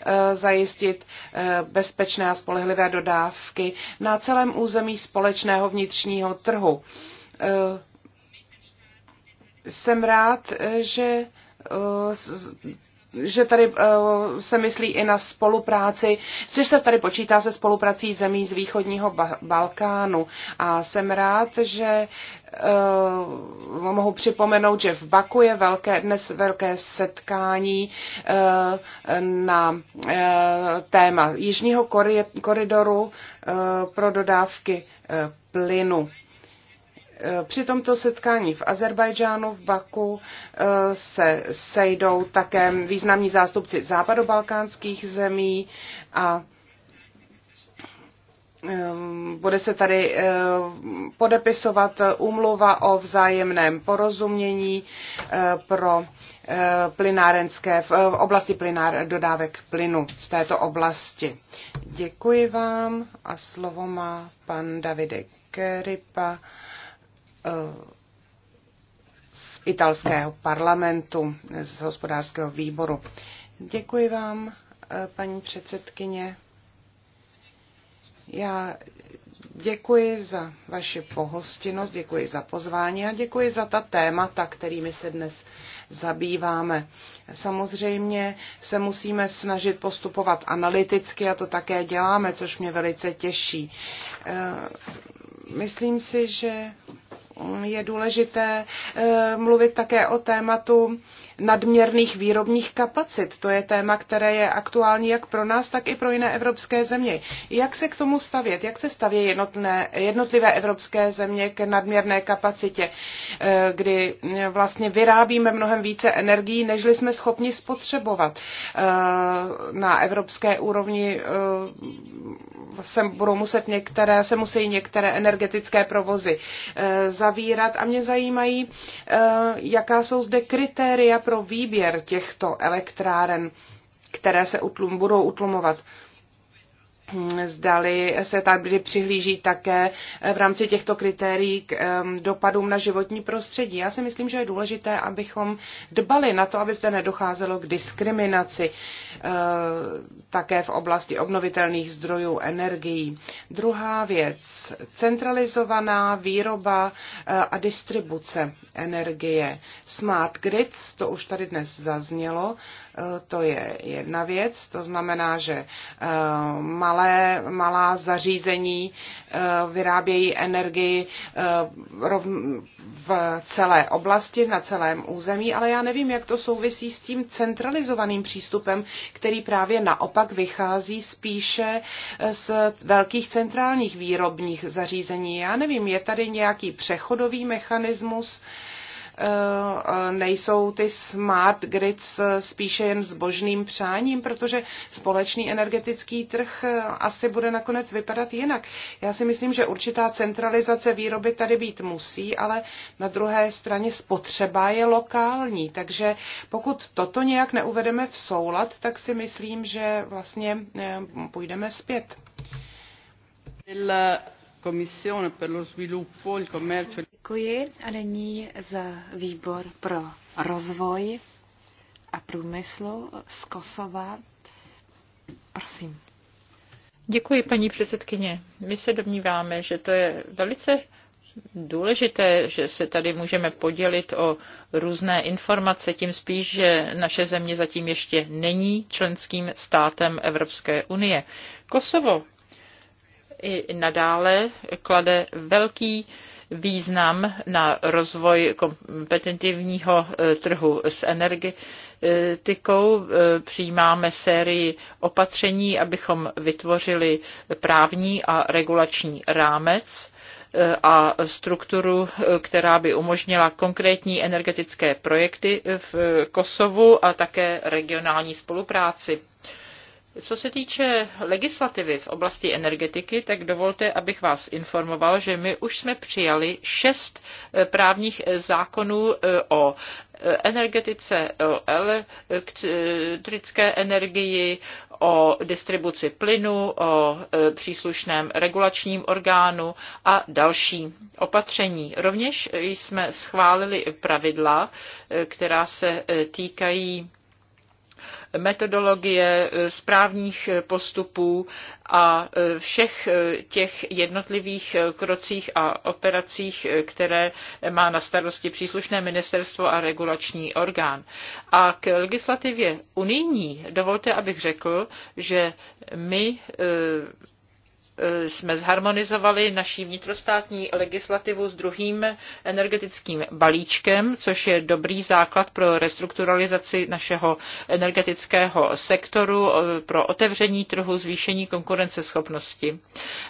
eh, zajistit bezpečné a spolehlivé dodávky na celém území společného vnitřního trhu jsem rád, eh, že eh, že tady eh, se myslí i na spolupráci, že se tady počítá se spoluprací zemí z východního Balkánu. A jsem rád, že uh, mohu připomenout, že v Baku je velké, dnes velké setkání uh, na uh, téma Jižního koridoru uh, pro dodávky uh, plynu. Eh, při tomto setkání v Azerbajdžánu v Baku eh, se sejdou také významní zástupci západobalkánských zemí a ehm, bude se tady eh, podepisovat úmluva o vzájemném porozumění pro plynárenské, v oblasti plinár, dodávek plynu z této oblasti. Děkuji vám a slovo má pan Davide Keripa z italského parlamentu, z hospodářského výboru. Děkuji vám, paní předsedkyně. Já děkuji za vaši pohostinnost, děkuji za pozvání a děkuji za ta témata, kterými se dnes zabýváme. Samozřejmě se musíme snažit postupovat analyticky a to také děláme, což mě velice těší. Myslím si, že je důležité eh, mluvit také o tématu nadměrných výrobních kapacit. To je téma, které je aktuální jak pro nás, tak i pro jiné evropské země. Jak se k tomu stavět? Jak se staví jednotné, jednotlivé evropské země k nadměrné kapacitě, eh, kdy eh, vlastně vyrábíme mnohem více energií, než jsme schopni spotřebovat? Eh, na evropské úrovni se budou muset některé, se musí některé energetické provozy zavírat a mě zajímají, jaká jsou zde kritéria pro výběr těchto elektráren, které se utlum, budou utlumovat zdali se tady přihlíží také v rámci těchto kritérií k dopadům na životní prostředí. Já si myslím, že je důležité, abychom dbali na to, aby zde nedocházelo k diskriminaci eh, také v oblasti obnovitelných zdrojů energií. Druhá věc, centralizovaná výroba eh, a distribuce energie. Smart grids, to už tady dnes zaznělo, eh, to je jedna věc, to znamená, že malé malé, malá zařízení eh, vyrábějí energii eh, v celé oblasti, na celém území, ale já nevím, jak to souvisí s tím centralizovaným přístupem, který právě naopak vychází spíše eh, z velkých centrálních výrobních zařízení. Já nevím, je tady nějaký přechodový mechanismus, Eh, nejsou ty smart grids eh, spíše jen zbožným přáním, protože společný energetický trh eh, asi bude nakonec vypadat jinak. Já si myslím, že určitá centralizace výroby tady být musí, ale na druhé straně spotřeba je lokální, takže pokud toto nějak neuvedeme v soulad, tak si myslím, že vlastně půjdeme zpět. La Commissione per lo sviluppo, il commercio Děkuji a nyní za výbor pro rozvoj a průmysl z Kosova. Prosím. Děkuji, paní předsedkyně. My se domníváme, že to je velice důležité, že se tady můžeme podělit o různé informace, tím spíš, že naše země zatím ještě není členským státem Evropské unie. Kosovo i nadále klade velký význam na rozvoj kompetitivního e, trhu s energií e, přijímáme sérii opatření, abychom vytvořili právní a regulační rámec e, a strukturu, která by umožnila konkrétní energetické projekty v Kosovu a také regionální spolupráci. Co se týče legislativy v oblasti energetiky, tak dovolte, abych vás informoval, že my už jsme přijali šest eh, právních eh, zákonů eh, o energetice, o elektrické energii, o distribuci plynu, o příslušném regulačním orgánu a další opatření. Rovněž jsme schválili pravidla, která se týkají metodologie, eh, správních postupů a eh, všech eh, těch jednotlivých krocích a operacích, které má na starosti příslušné ministerstvo a regulační orgán. A k legislativě unijní dovolte, abych řekl, že my Eh, jsme zharmonizovali naší vnitrostátní legislativu s druhým energetickým balíčkem, což je dobrý základ pro restrukturalizaci našeho energetického sektoru, eh, pro otevření trhu, zvýšení konkurenceschopnosti.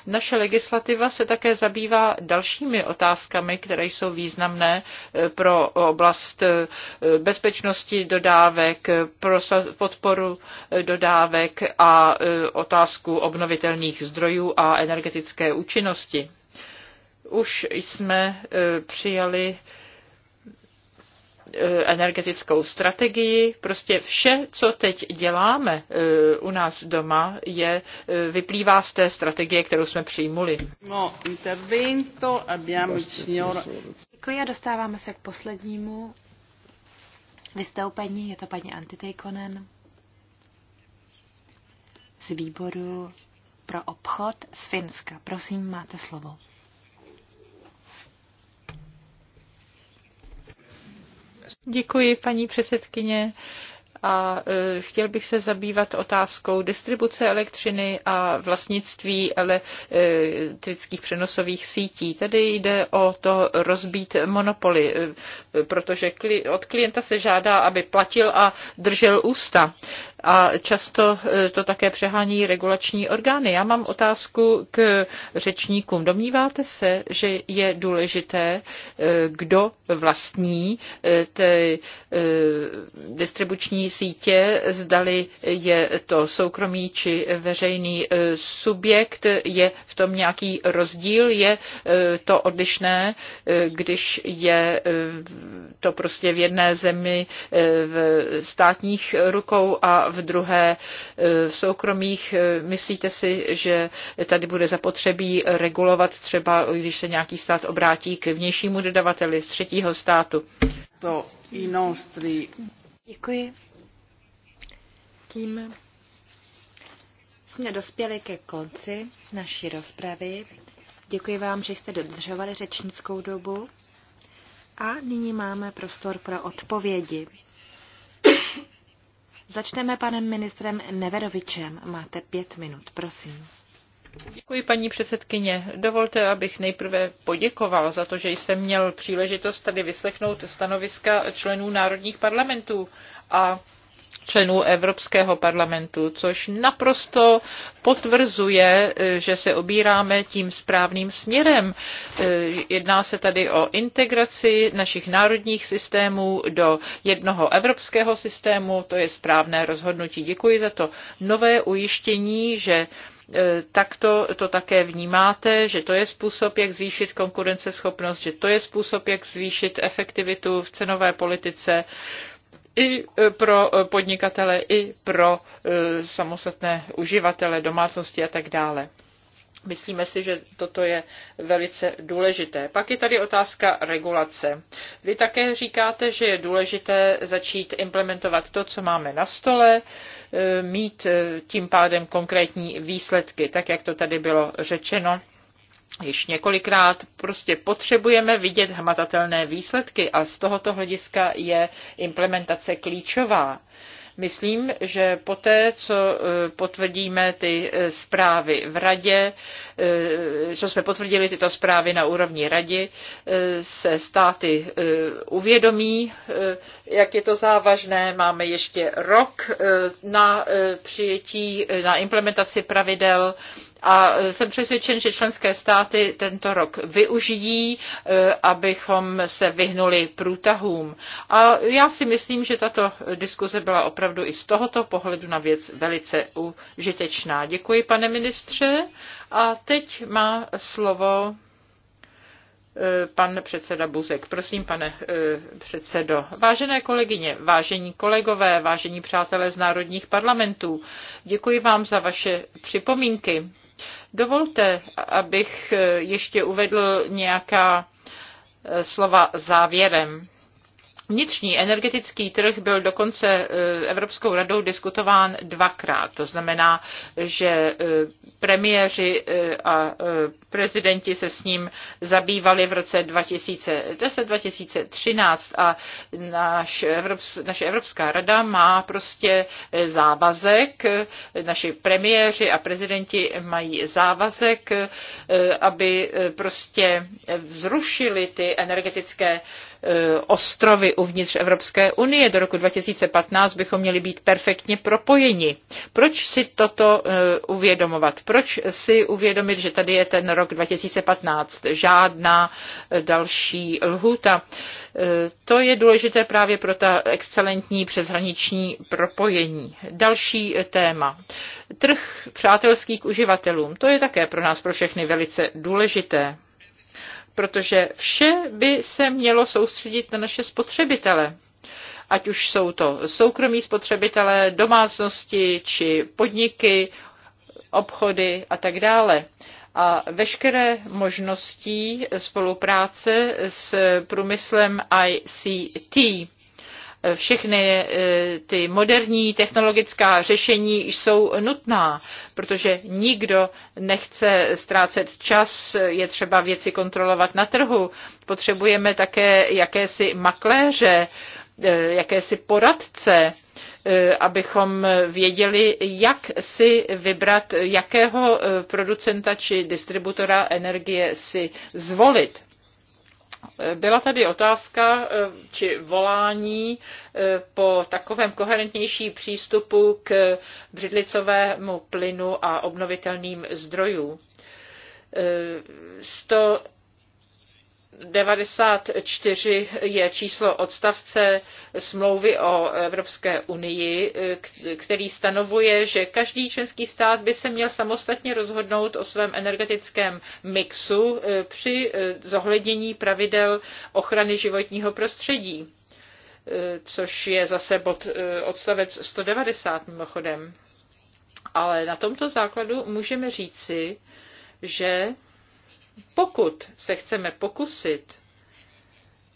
Naše legislativa se také zabývá dalšími otázkami, které jsou významné eh, pro oblast bezpečnosti dodávek, pro podporu dodávek a otázku obnovitelných zdrojů a energetické účinnosti. Už jsme e, přijali e, energetickou strategii. Prostě vše, co teď děláme e, u nás doma, je, vyplývá z té strategie, kterou jsme přijmuli. No, intervento, Děkuji a dostáváme se k poslednímu vystoupení. Je to paní Antitejkonen z výboru pro obchod z Finska. Prosím, máte slovo. Děkuji, paní předsedkyně a e, chtěl bych se zabývat otázkou distribuce elektřiny a vlastnictví elektrických e, přenosových sítí. Tady jde o to rozbít monopoly, e, protože od klienta se žádá, aby platil a držel ústa a často e, to také přehání regulační orgány. Já mám otázku k řečníkům. Domníváte se, že je důležité, e, kdo vlastní e, ty distribuční sítě, zdali je to soukromý či veřejný subjekt, je v tom nějaký rozdíl, je to odlišné, když je to prostě v jedné zemi v státních rukou a v druhé eh, v soukromých. Eh, myslíte si, že tady bude zapotřebí regulovat třeba, když se nějaký stát obrátí k vnějšímu dodavateli z třetího státu? To i nostri. Děkuji. Tím jsme dospěli ke konci naší rozpravy. Děkuji vám, že jste dodržovali řečnickou dobu. A nyní máme prostor pro odpovědi. Začneme panem ministrem Neverovičem. Máte pět minut, prosím. Děkuji, paní předsedkyně. Dovolte, abych nejprve poděkoval za to, že jsem měl příležitost tady vyslechnout stanoviska členů národních parlamentů a členů Evropského parlamentu, což naprosto potvrzuje, eh, že se obíráme tím správným směrem. Eh, jedná se tady o integraci našich národních systémů do jednoho evropského systému. To je správné rozhodnutí. Děkuji za to nové ujištění, že eh, to, to také vnímáte, že to je způsob, jak zvýšit konkurenceschopnost, že to je způsob, jak zvýšit efektivitu v cenové politice i e, pro e, podnikatele, i pro e, samostatné uživatele, domácnosti a tak dále. Myslíme si, že toto je velice důležité. Pak je tady otázka regulace. Vy také říkáte, že je důležité začít implementovat to, co máme na stole, mít tím pádem konkrétní výsledky, tak jak to tady bylo řečeno již několikrát. Prostě potřebujeme vidět hmatatelné výsledky a z tohoto hlediska je implementace klíčová. Myslím, že poté, co e, potvrdíme ty e, zprávy v radě, e, co jsme potvrdili tyto zprávy na úrovni radě, se státy uvědomí, jak je to závažné. Máme ještě rok na přijetí, na implementaci pravidel a jsem přesvědčen, že členské státy tento rok využijí, eh, abychom se vyhnuli průtahům. A já si myslím, že tato diskuze byla opravdu i z tohoto pohledu na věc velice užitečná. Děkuji, pane ministře. A teď má slovo eh, pan předseda Buzek. Prosím, pane eh, předsedo. Vážené kolegyně, vážení kolegové, vážení přátelé z národních parlamentů, děkuji vám za vaše připomínky. Dovolte, abych ještě uvedl nějaká eh, slova závěrem. Vnitřní energetický trh byl dokonce e, Evropskou radou diskutován dvakrát. To znamená, že e, premiéři e, a prezidenti se s ním zabývali v roce 2010-2013 a naš Evrops- naše Evropská rada má prostě závazek, naši premiéři a prezidenti mají závazek, aby prostě vzrušili ty energetické E, ostrovy uvnitř Evropské unie. Do roku 2015 bychom měli být perfektně propojeni. Proč si toto e, uvědomovat? Proč si uvědomit, že tady je ten rok 2015? Žádná e, další lhůta. To je důležité právě pro ta excelentní přeshraniční propojení. Další téma. Trh přátelský uživatelům. To je také pro nás pro všechny velice důležité protože vše by se mělo soustředit na naše spotřebitele ať už jsou to soukromí spotřebitelé, domácnosti či podniky, obchody a tak dále. A veškeré možností spolupráce s průmyslem ICT. Všechny e, ty moderní technologická řešení jsou nutná, protože nikdo nechce ztrácet čas, je třeba věci kontrolovat na trhu. Potřebujeme také jakési makléře, e, jakési poradce, e, abychom věděli, jak si vybrat, jakého producenta či distributora energie si zvolit. Byla tady otázka eh, či volání eh, po takovém koherentnější přístupu k břidlicovému plynu a obnovitelným zdrojům. Eh, 94 je číslo odstavce smlouvy o Evropské unii, který stanovuje, že každý členský stát by se měl samostatně rozhodnout o svém energetickém mixu eh, při eh, zohlednění pravidel ochrany životního prostředí, eh, což je zase bod, odstavec 190 mimochodem. Ale na tomto základu můžeme říci, že pokud se chceme pokusit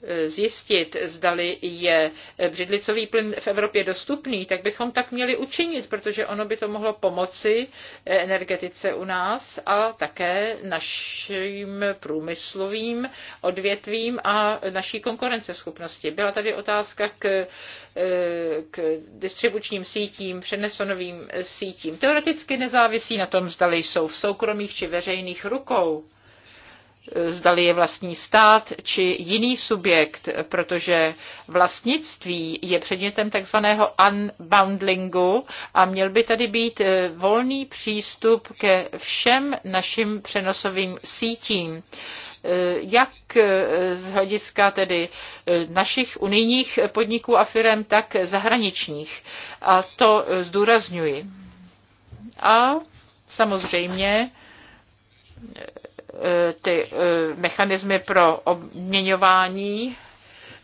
eh, zjistit, zdali je eh, břidlicový plyn v Evropě dostupný, tak bychom tak měli učinit, protože ono by to mohlo pomoci eh, energetice u nás a také našim průmyslovým odvětvím a naší konkurenceschopnosti. Byla tady otázka k, k distribučním sítím, přenesonovým sítím. Teoreticky nezávisí na tom, zdali jsou v soukromých či veřejných rukou zdali je vlastní stát či jiný subjekt, protože vlastnictví je předmětem takzvaného unbundlingu a měl by tady být eh, volný přístup ke všem našim přenosovým sítím eh, jak eh, z hlediska tedy našich unijních podniků a firm, tak zahraničních. A to zdůrazňuji. A samozřejmě Eh, ty eh, mechanismy pro obměňování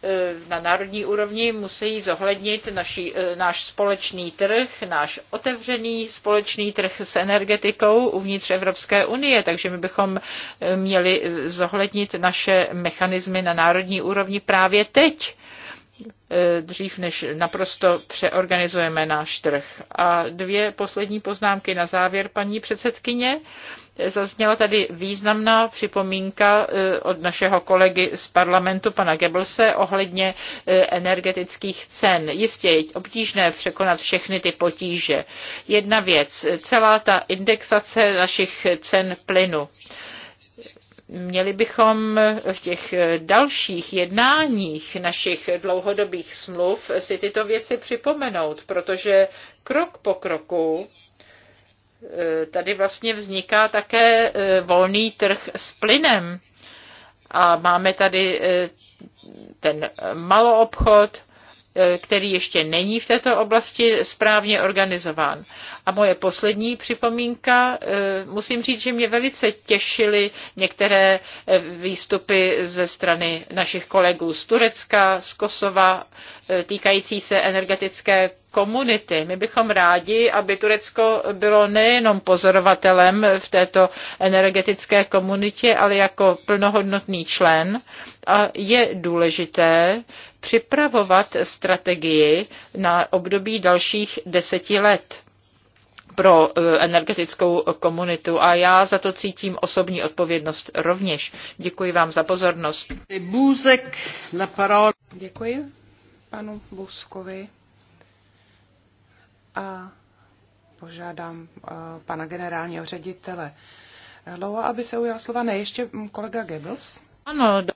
eh, na národní úrovni musí zohlednit naši, náš společný trh, náš otevřený společný trh s energetikou uvnitř Evropské unie, takže my bychom měli zohlednit naše mechanismy na národní úrovni právě teď. E, dřív než naprosto přeorganizujeme náš trh. A dvě poslední poznámky na závěr, paní předsedkyně. Zazněla tady významná připomínka e, od našeho kolegy z parlamentu, pana Gebelse, ohledně e, energetických cen. Jistě je obtížné překonat všechny ty potíže. Jedna věc, celá ta indexace našich cen plynu Měli bychom v těch dalších jednáních našich dlouhodobých smluv si tyto věci připomenout, protože krok po kroku eh, tady vlastně vzniká také eh, volný trh s plynem. A máme tady eh, ten maloobchod, který ještě není v této oblasti správně organizován. A moje poslední připomínka, eh, musím říct, že mě velice těšily některé eh, výstupy ze strany našich kolegů z Turecka, z Kosova, eh, týkající se energetické komunity. My bychom rádi, aby Turecko bylo nejenom pozorovatelem v této energetické komunitě, ale jako plnohodnotný člen. A je důležité připravovat strategii na období dalších deseti let pro e, energetickou komunitu a já za to cítím osobní odpovědnost rovněž. Děkuji vám za pozornost. Bůzek na parol. Děkuji panu Buskovi a požádám eh, pana generálního ředitele Loa, aby se ujal slova. Ne, ještě kolega Goebbels. Ano, do...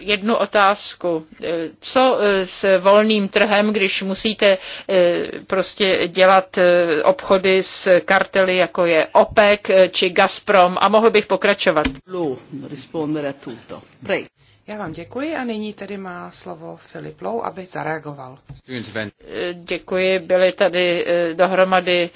Jednu otázku. Eh, co eh, s volným trhem, když musíte prostě dělat obchody s kartely, jako je OPEC či Gazprom? A mohl bych pokračovat. Já vám děkuji a nyní tedy má slovo Filip Lou, aby zareagoval. Děkuji, byly tady eh, dohromady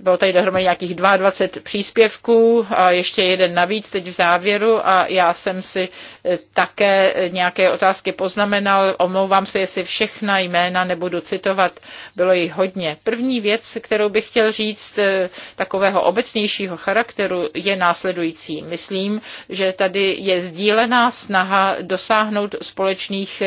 bylo tady dohromady nějakých 22 příspěvků a ještě jeden navíc teď v závěru a já jsem si eh, také eh, nějaké otázky poznamenal. Omlouvám se, jestli všechna jména nebudu citovat, bylo jich hodně. První věc, kterou bych chtěl říct eh, takového obecnějšího charakteru, je následující. Myslím, že tady je sdílená snaha dosáhnout společných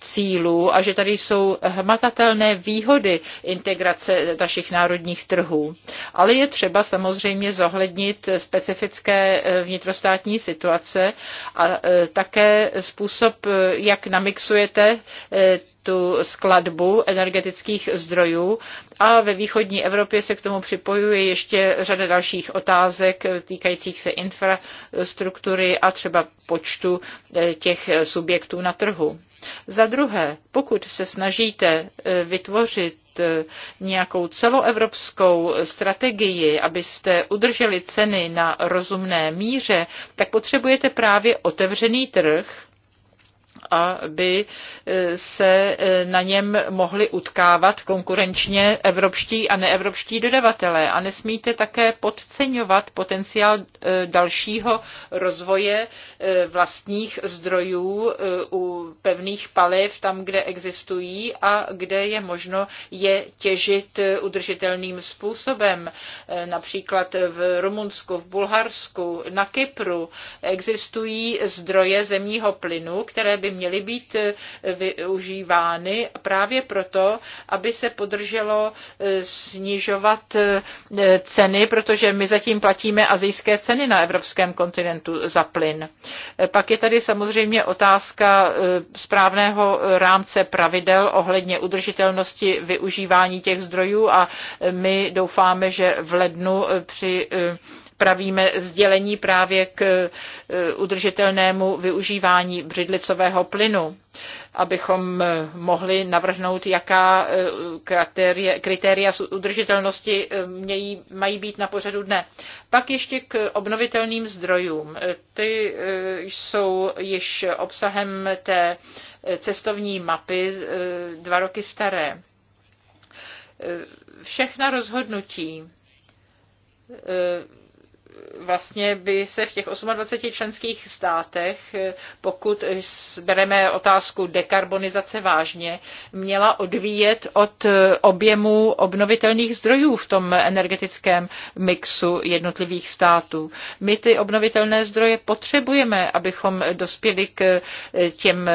cílů a že tady jsou hmatatelné výhody integrace našich národních národních trhů. Ale je třeba samozřejmě zohlednit specifické eh, vnitrostátní situace a eh, také způsob, eh, jak namixujete tu skladbu energetických zdrojů a ve východní Evropě se k tomu připojuje ještě řada dalších otázek týkajících se infrastruktury a třeba počtu těch subjektů na trhu. Za druhé, pokud se snažíte vytvořit Eh, nějakou celoevropskou strategii, abyste udrželi ceny na rozumné míře, tak potřebujete právě otevřený trh, aby eh, se eh, na něm mohli utkávat konkurenčně evropští a neevropští dodavatelé. A nesmíte také podceňovat potenciál eh, dalšího rozvoje vlastních zdrojů u pevných paliv tam, kde existují a kde je možno je těžit udržitelným způsobem. Například v Rumunsku, v Bulharsku, na Kypru existují zdroje zemního plynu, které by by měly být eh, využívány právě proto, aby se podrželo eh, snižovat eh, ceny, protože my zatím platíme azijské ceny na evropském kontinentu za plyn. Pak je tady samozřejmě otázka správného rámce pravidel ohledně udržitelnosti využívání těch zdrojů a my doufáme, že v lednu při pravíme sdělení právě k e, udržitelnému využívání břidlicového plynu, abychom e, mohli navrhnout, jaká e, kritéria, kritéria udržitelnosti mějí, mají být na pořadu dne. Pak ještě k obnovitelným zdrojům. Ty jsou již obsahem té cestovní mapy dva roky staré. Všechna rozhodnutí vlastně by se v těch 28 členských státech, eh, pokud bereme otázku dekarbonizace vážně, měla odvíjet od eh, objemu obnovitelných zdrojů v tom energetickém mixu jednotlivých států. My ty obnovitelné zdroje potřebujeme, abychom dospěli k eh, těm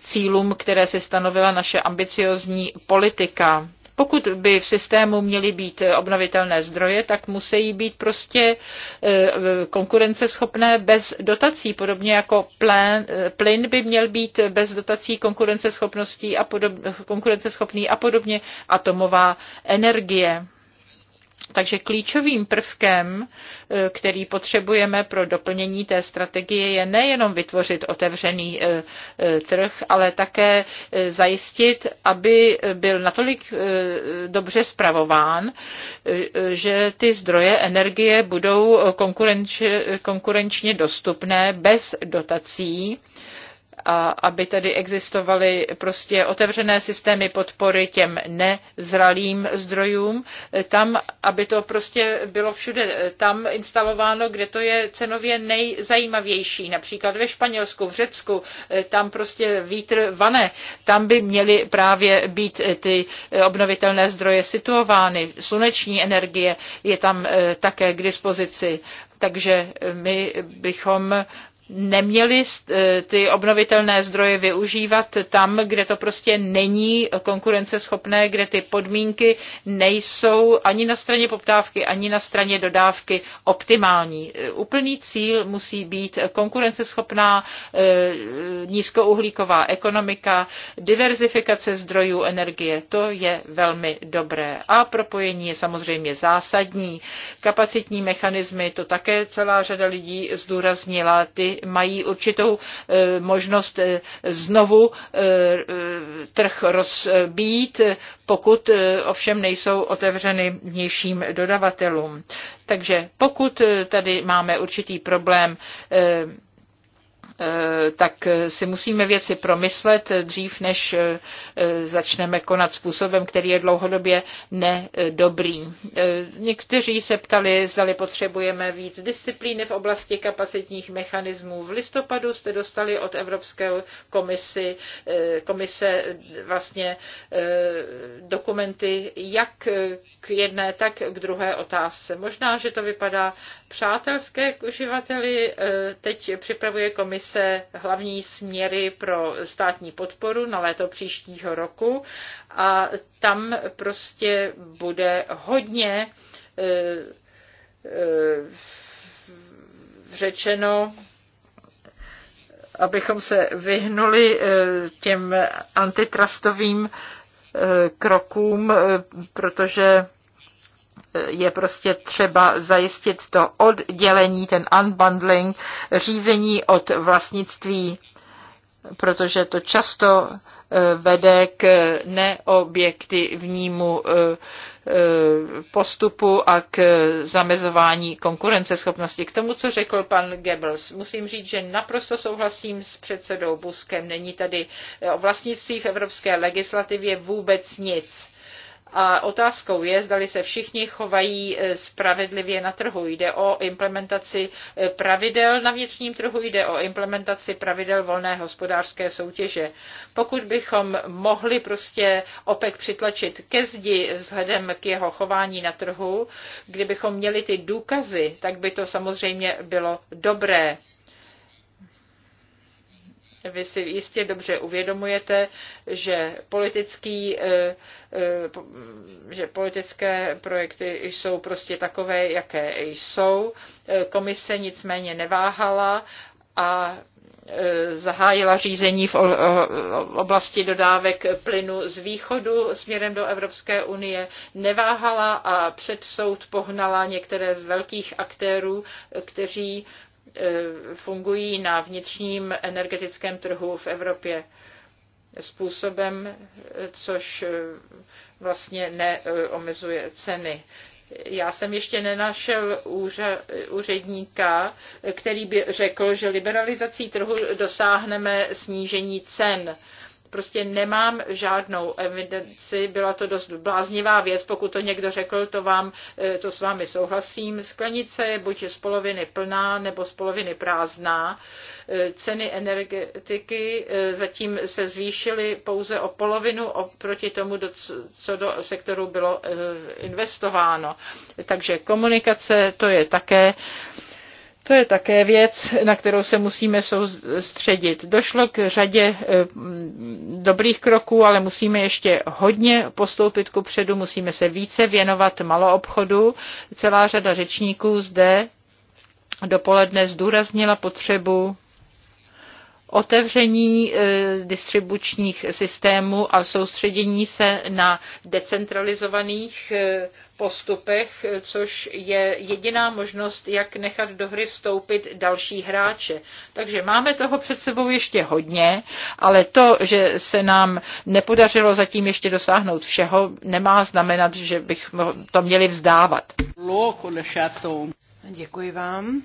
cílům, které si stanovila naše ambiciozní politika pokud by v systému měly být obnovitelné zdroje, tak musí být prostě e, konkurenceschopné bez dotací, podobně jako plén, e, plyn by měl být bez dotací konkurenceschopností a podob, konkurenceschopný a podobně atomová energie. Takže klíčovým prvkem, e, který potřebujeme pro doplnění té strategie, je nejenom vytvořit otevřený e, e, trh, ale také zajistit, aby byl natolik dobře spravován, že ty zdroje energie budou konkurenčně dostupné bez dotací a aby tedy existovaly prostě otevřené systémy podpory těm nezralým zdrojům, tam, aby to prostě bylo všude tam instalováno, kde to je cenově nejzajímavější, například ve Španělsku, v Řecku, eh, tam prostě vítr vane, tam by měly právě být eh, ty eh, obnovitelné zdroje situovány, sluneční energie je tam také k dispozici, takže my bychom neměli e, ty obnovitelné zdroje využívat tam, kde to prostě není konkurenceschopné, kde ty podmínky nejsou ani na straně poptávky, ani na straně dodávky optimální. E, úplný cíl musí být konkurenceschopná e, nízkouhlíková ekonomika, diverzifikace zdrojů energie. To je velmi dobré. A propojení je samozřejmě zásadní. Kapacitní mechanismy, to také celá řada lidí zdůraznila, ty mají určitou e, možnost e, znovu e, trh rozbít, pokud ovšem nejsou otevřeny vnějším dodavatelům. Takže pokud tady máme určitý problém Eh, tak si musíme věci promyslet dřív, než eh, začneme konat způsobem, který je dlouhodobě nedobrý. Eh, někteří se ptali, zdali potřebujeme víc disciplíny v oblasti kapacitních mechanismů. V listopadu jste dostali od Evropské komisi, komise vlastně dokumenty jak k jedné, tak k druhé otázce. Možná, že to vypadá přátelské k uživateli. Teď připravuje komise se hlavní směry pro státní podporu na léto příštího roku a tam prostě bude hodně eh, eh, řečeno, abychom se vyhnuli eh, těm antitrustovým krokům, protože je prostě třeba zajistit to oddělení, ten unbundling, řízení od vlastnictví, protože to často eh, vede k neobjektivnímu eh, eh, postupu a k zamezování konkurenceschopnosti. K tomu, co řekl pan Goebbels, musím říct, že naprosto souhlasím s předsedou Buskem. Není tady o vlastnictví v evropské legislativě vůbec nic a otázkou je, zdali se všichni chovají e, spravedlivě na trhu. Jde o implementaci e, pravidel na vnitřním trhu, jde o implementaci pravidel volné hospodářské soutěže. Pokud bychom mohli prostě OPEC přitlačit ke zdi vzhledem k jeho chování na trhu, kdybychom měli ty důkazy, tak by to samozřejmě bylo dobré. Vy si jistě dobře uvědomujete, že, politický, eh, eh, že politické projekty jsou prostě takové, jaké jsou. Eh, komise nicméně neváhala a zahájila řízení v oblasti dodávek plynu z východu směrem do Evropské unie, neváhala a před soud pohnala některé z velkých aktérů, kteří Eh, fungují na vnitřním energetickém trhu v Evropě způsobem, což eh, vlastně neomezuje ceny. Já jsem ještě nenašel úře, úředníka, který by řekl, že liberalizací trhu dosáhneme snížení cen prostě nemám žádnou evidenci, byla to dost bláznivá věc, pokud to někdo řekl, to, vám, eh, to s vámi souhlasím. Sklenice je buď z poloviny plná nebo z poloviny prázdná. Eh, ceny energetiky eh, zatím se zvýšily pouze o polovinu oproti tomu, co do sektoru bylo investováno. Takže komunikace, to je také to je také věc, na kterou se musíme soustředit. Došlo k řadě eh, dobrých kroků, ale musíme ještě hodně postoupit ku předu, musíme se více věnovat maloobchodu. Celá řada řečníků zde dopoledne zdůraznila potřebu otevření e, distribučních systémů a soustředění se na decentralizovaných e, postupech, e, což je jediná možnost, jak nechat do hry vstoupit další hráče. Takže máme toho před sebou ještě hodně, ale to, že se nám nepodařilo zatím ještě dosáhnout všeho, nemá znamenat, že bychom to měli vzdávat. Děkuji vám.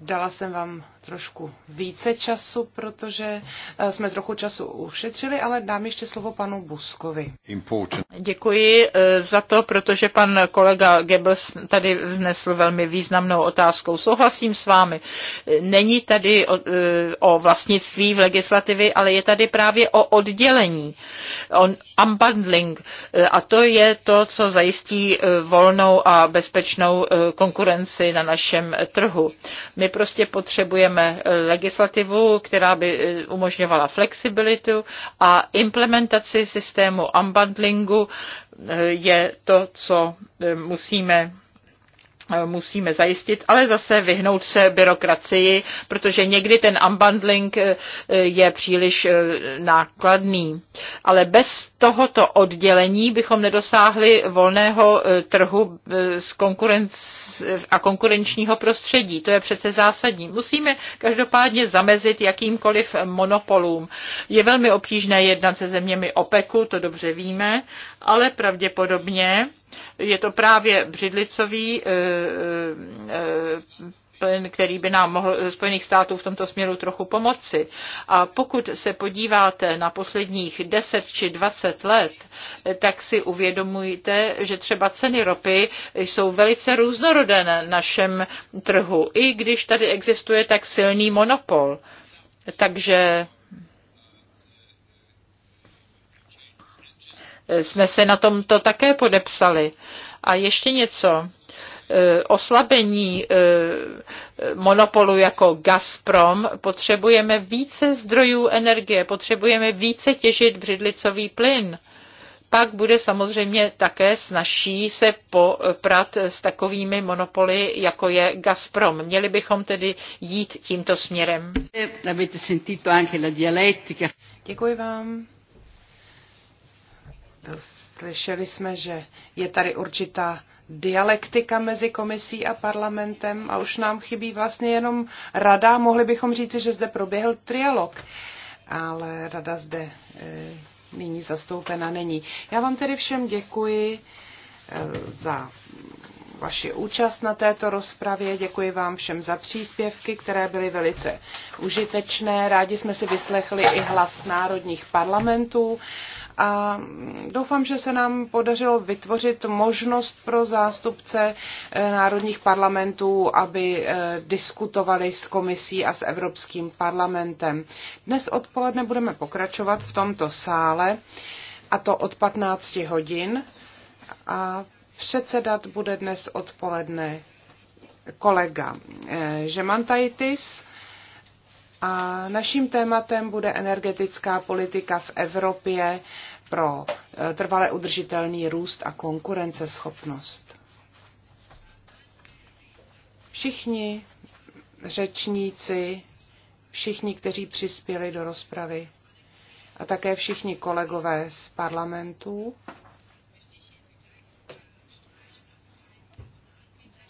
Dala jsem vám trošku více času, protože eh, jsme trochu času ušetřili, ale dám ještě slovo panu Buskovi. Important. Děkuji eh, za to, protože pan kolega Goebbels tady vznesl velmi významnou otázkou. Souhlasím s vámi. Není tady o, eh, o vlastnictví v legislativě, ale je tady právě o oddělení, o unbundling. A to je to, co zajistí volnou a bezpečnou konkurenci na našem trhu. My prostě potřebujeme potřebujeme eh, legislativu, která by eh, umožňovala flexibilitu a implementaci systému unbundlingu eh, je to, co musíme Eh, musíme zajistit, ale zase vyhnout se byrokracii, protože někdy ten unbundling eh, je příliš eh, nákladný. Ale bez tohoto oddělení bychom nedosáhli volného trhu a konkurenčního prostředí. To je přece zásadní. Musíme každopádně zamezit jakýmkoliv monopolům. Je velmi obtížné jednat se zeměmi OPECu, to dobře víme, ale pravděpodobně je to právě břidlicový eh, eh, plyn, který by nám mohl ze Spojených států v tomto směru trochu pomoci. A pokud se podíváte na posledních 10 či 20 let, eh, tak si uvědomujte, že třeba ceny ropy jsou velice různorodé na našem trhu, i když tady existuje tak silný monopol. Takže jsme se na tomto také podepsali. A ještě něco e, oslabení e, monopolu jako Gazprom potřebujeme více zdrojů energie, potřebujeme více těžit břidlicový plyn. Pak bude samozřejmě také snažší se poprat s takovými monopoly, jako je Gazprom. Měli bychom tedy jít tímto směrem. Děkuji vám. Slyšeli jsme, že je tady určitá dialektika mezi komisí a parlamentem a už nám chybí vlastně jenom rada. Mohli bychom říci, že zde proběhl trialog, ale rada zde e, nyní zastoupena není. Já vám tedy všem děkuji e, za vaši účast na této rozpravě, děkuji vám všem za příspěvky, které byly velice užitečné. Rádi jsme si vyslechli i hlas národních parlamentů a doufám, že se nám podařilo vytvořit možnost pro zástupce eh, národních parlamentů, aby eh, diskutovali s komisí a s Evropským parlamentem. Dnes odpoledne budeme pokračovat v tomto sále a to od 15 hodin a Předsedat bude dnes odpoledne kolega eh, Žemantajtis. A naším tématem bude energetická politika v Evropě pro eh, trvale udržitelný růst a konkurenceschopnost. Všichni řečníci, všichni, kteří přispěli do rozpravy a také všichni kolegové z parlamentů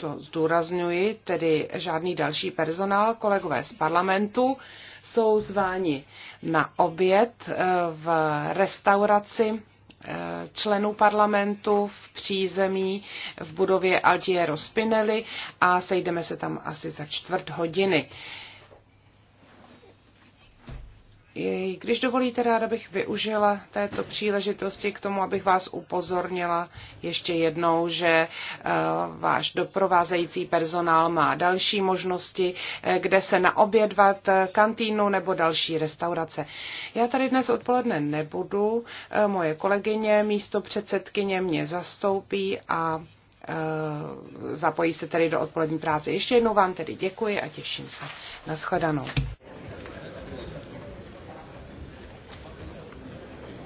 to zdůrazňuji, tedy žádný další personál, kolegové z parlamentu jsou zváni na oběd eh, v restauraci eh, členů parlamentu v přízemí v budově Altiero Spinelli a sejdeme se tam asi za čtvrt hodiny. Když dovolíte, ráda bych využila této příležitosti k tomu, abych vás upozornila ještě jednou, že eh, váš doprovázející personál má další možnosti, eh, kde se naobědvat eh, kantýnu nebo další restaurace. Já tady dnes odpoledne nebudu, moje kolegyně místo předsedkyně mě zastoupí a zapojí se tedy do odpolední práce. Ještě jednou vám tedy děkuji a těším se. Naschledanou.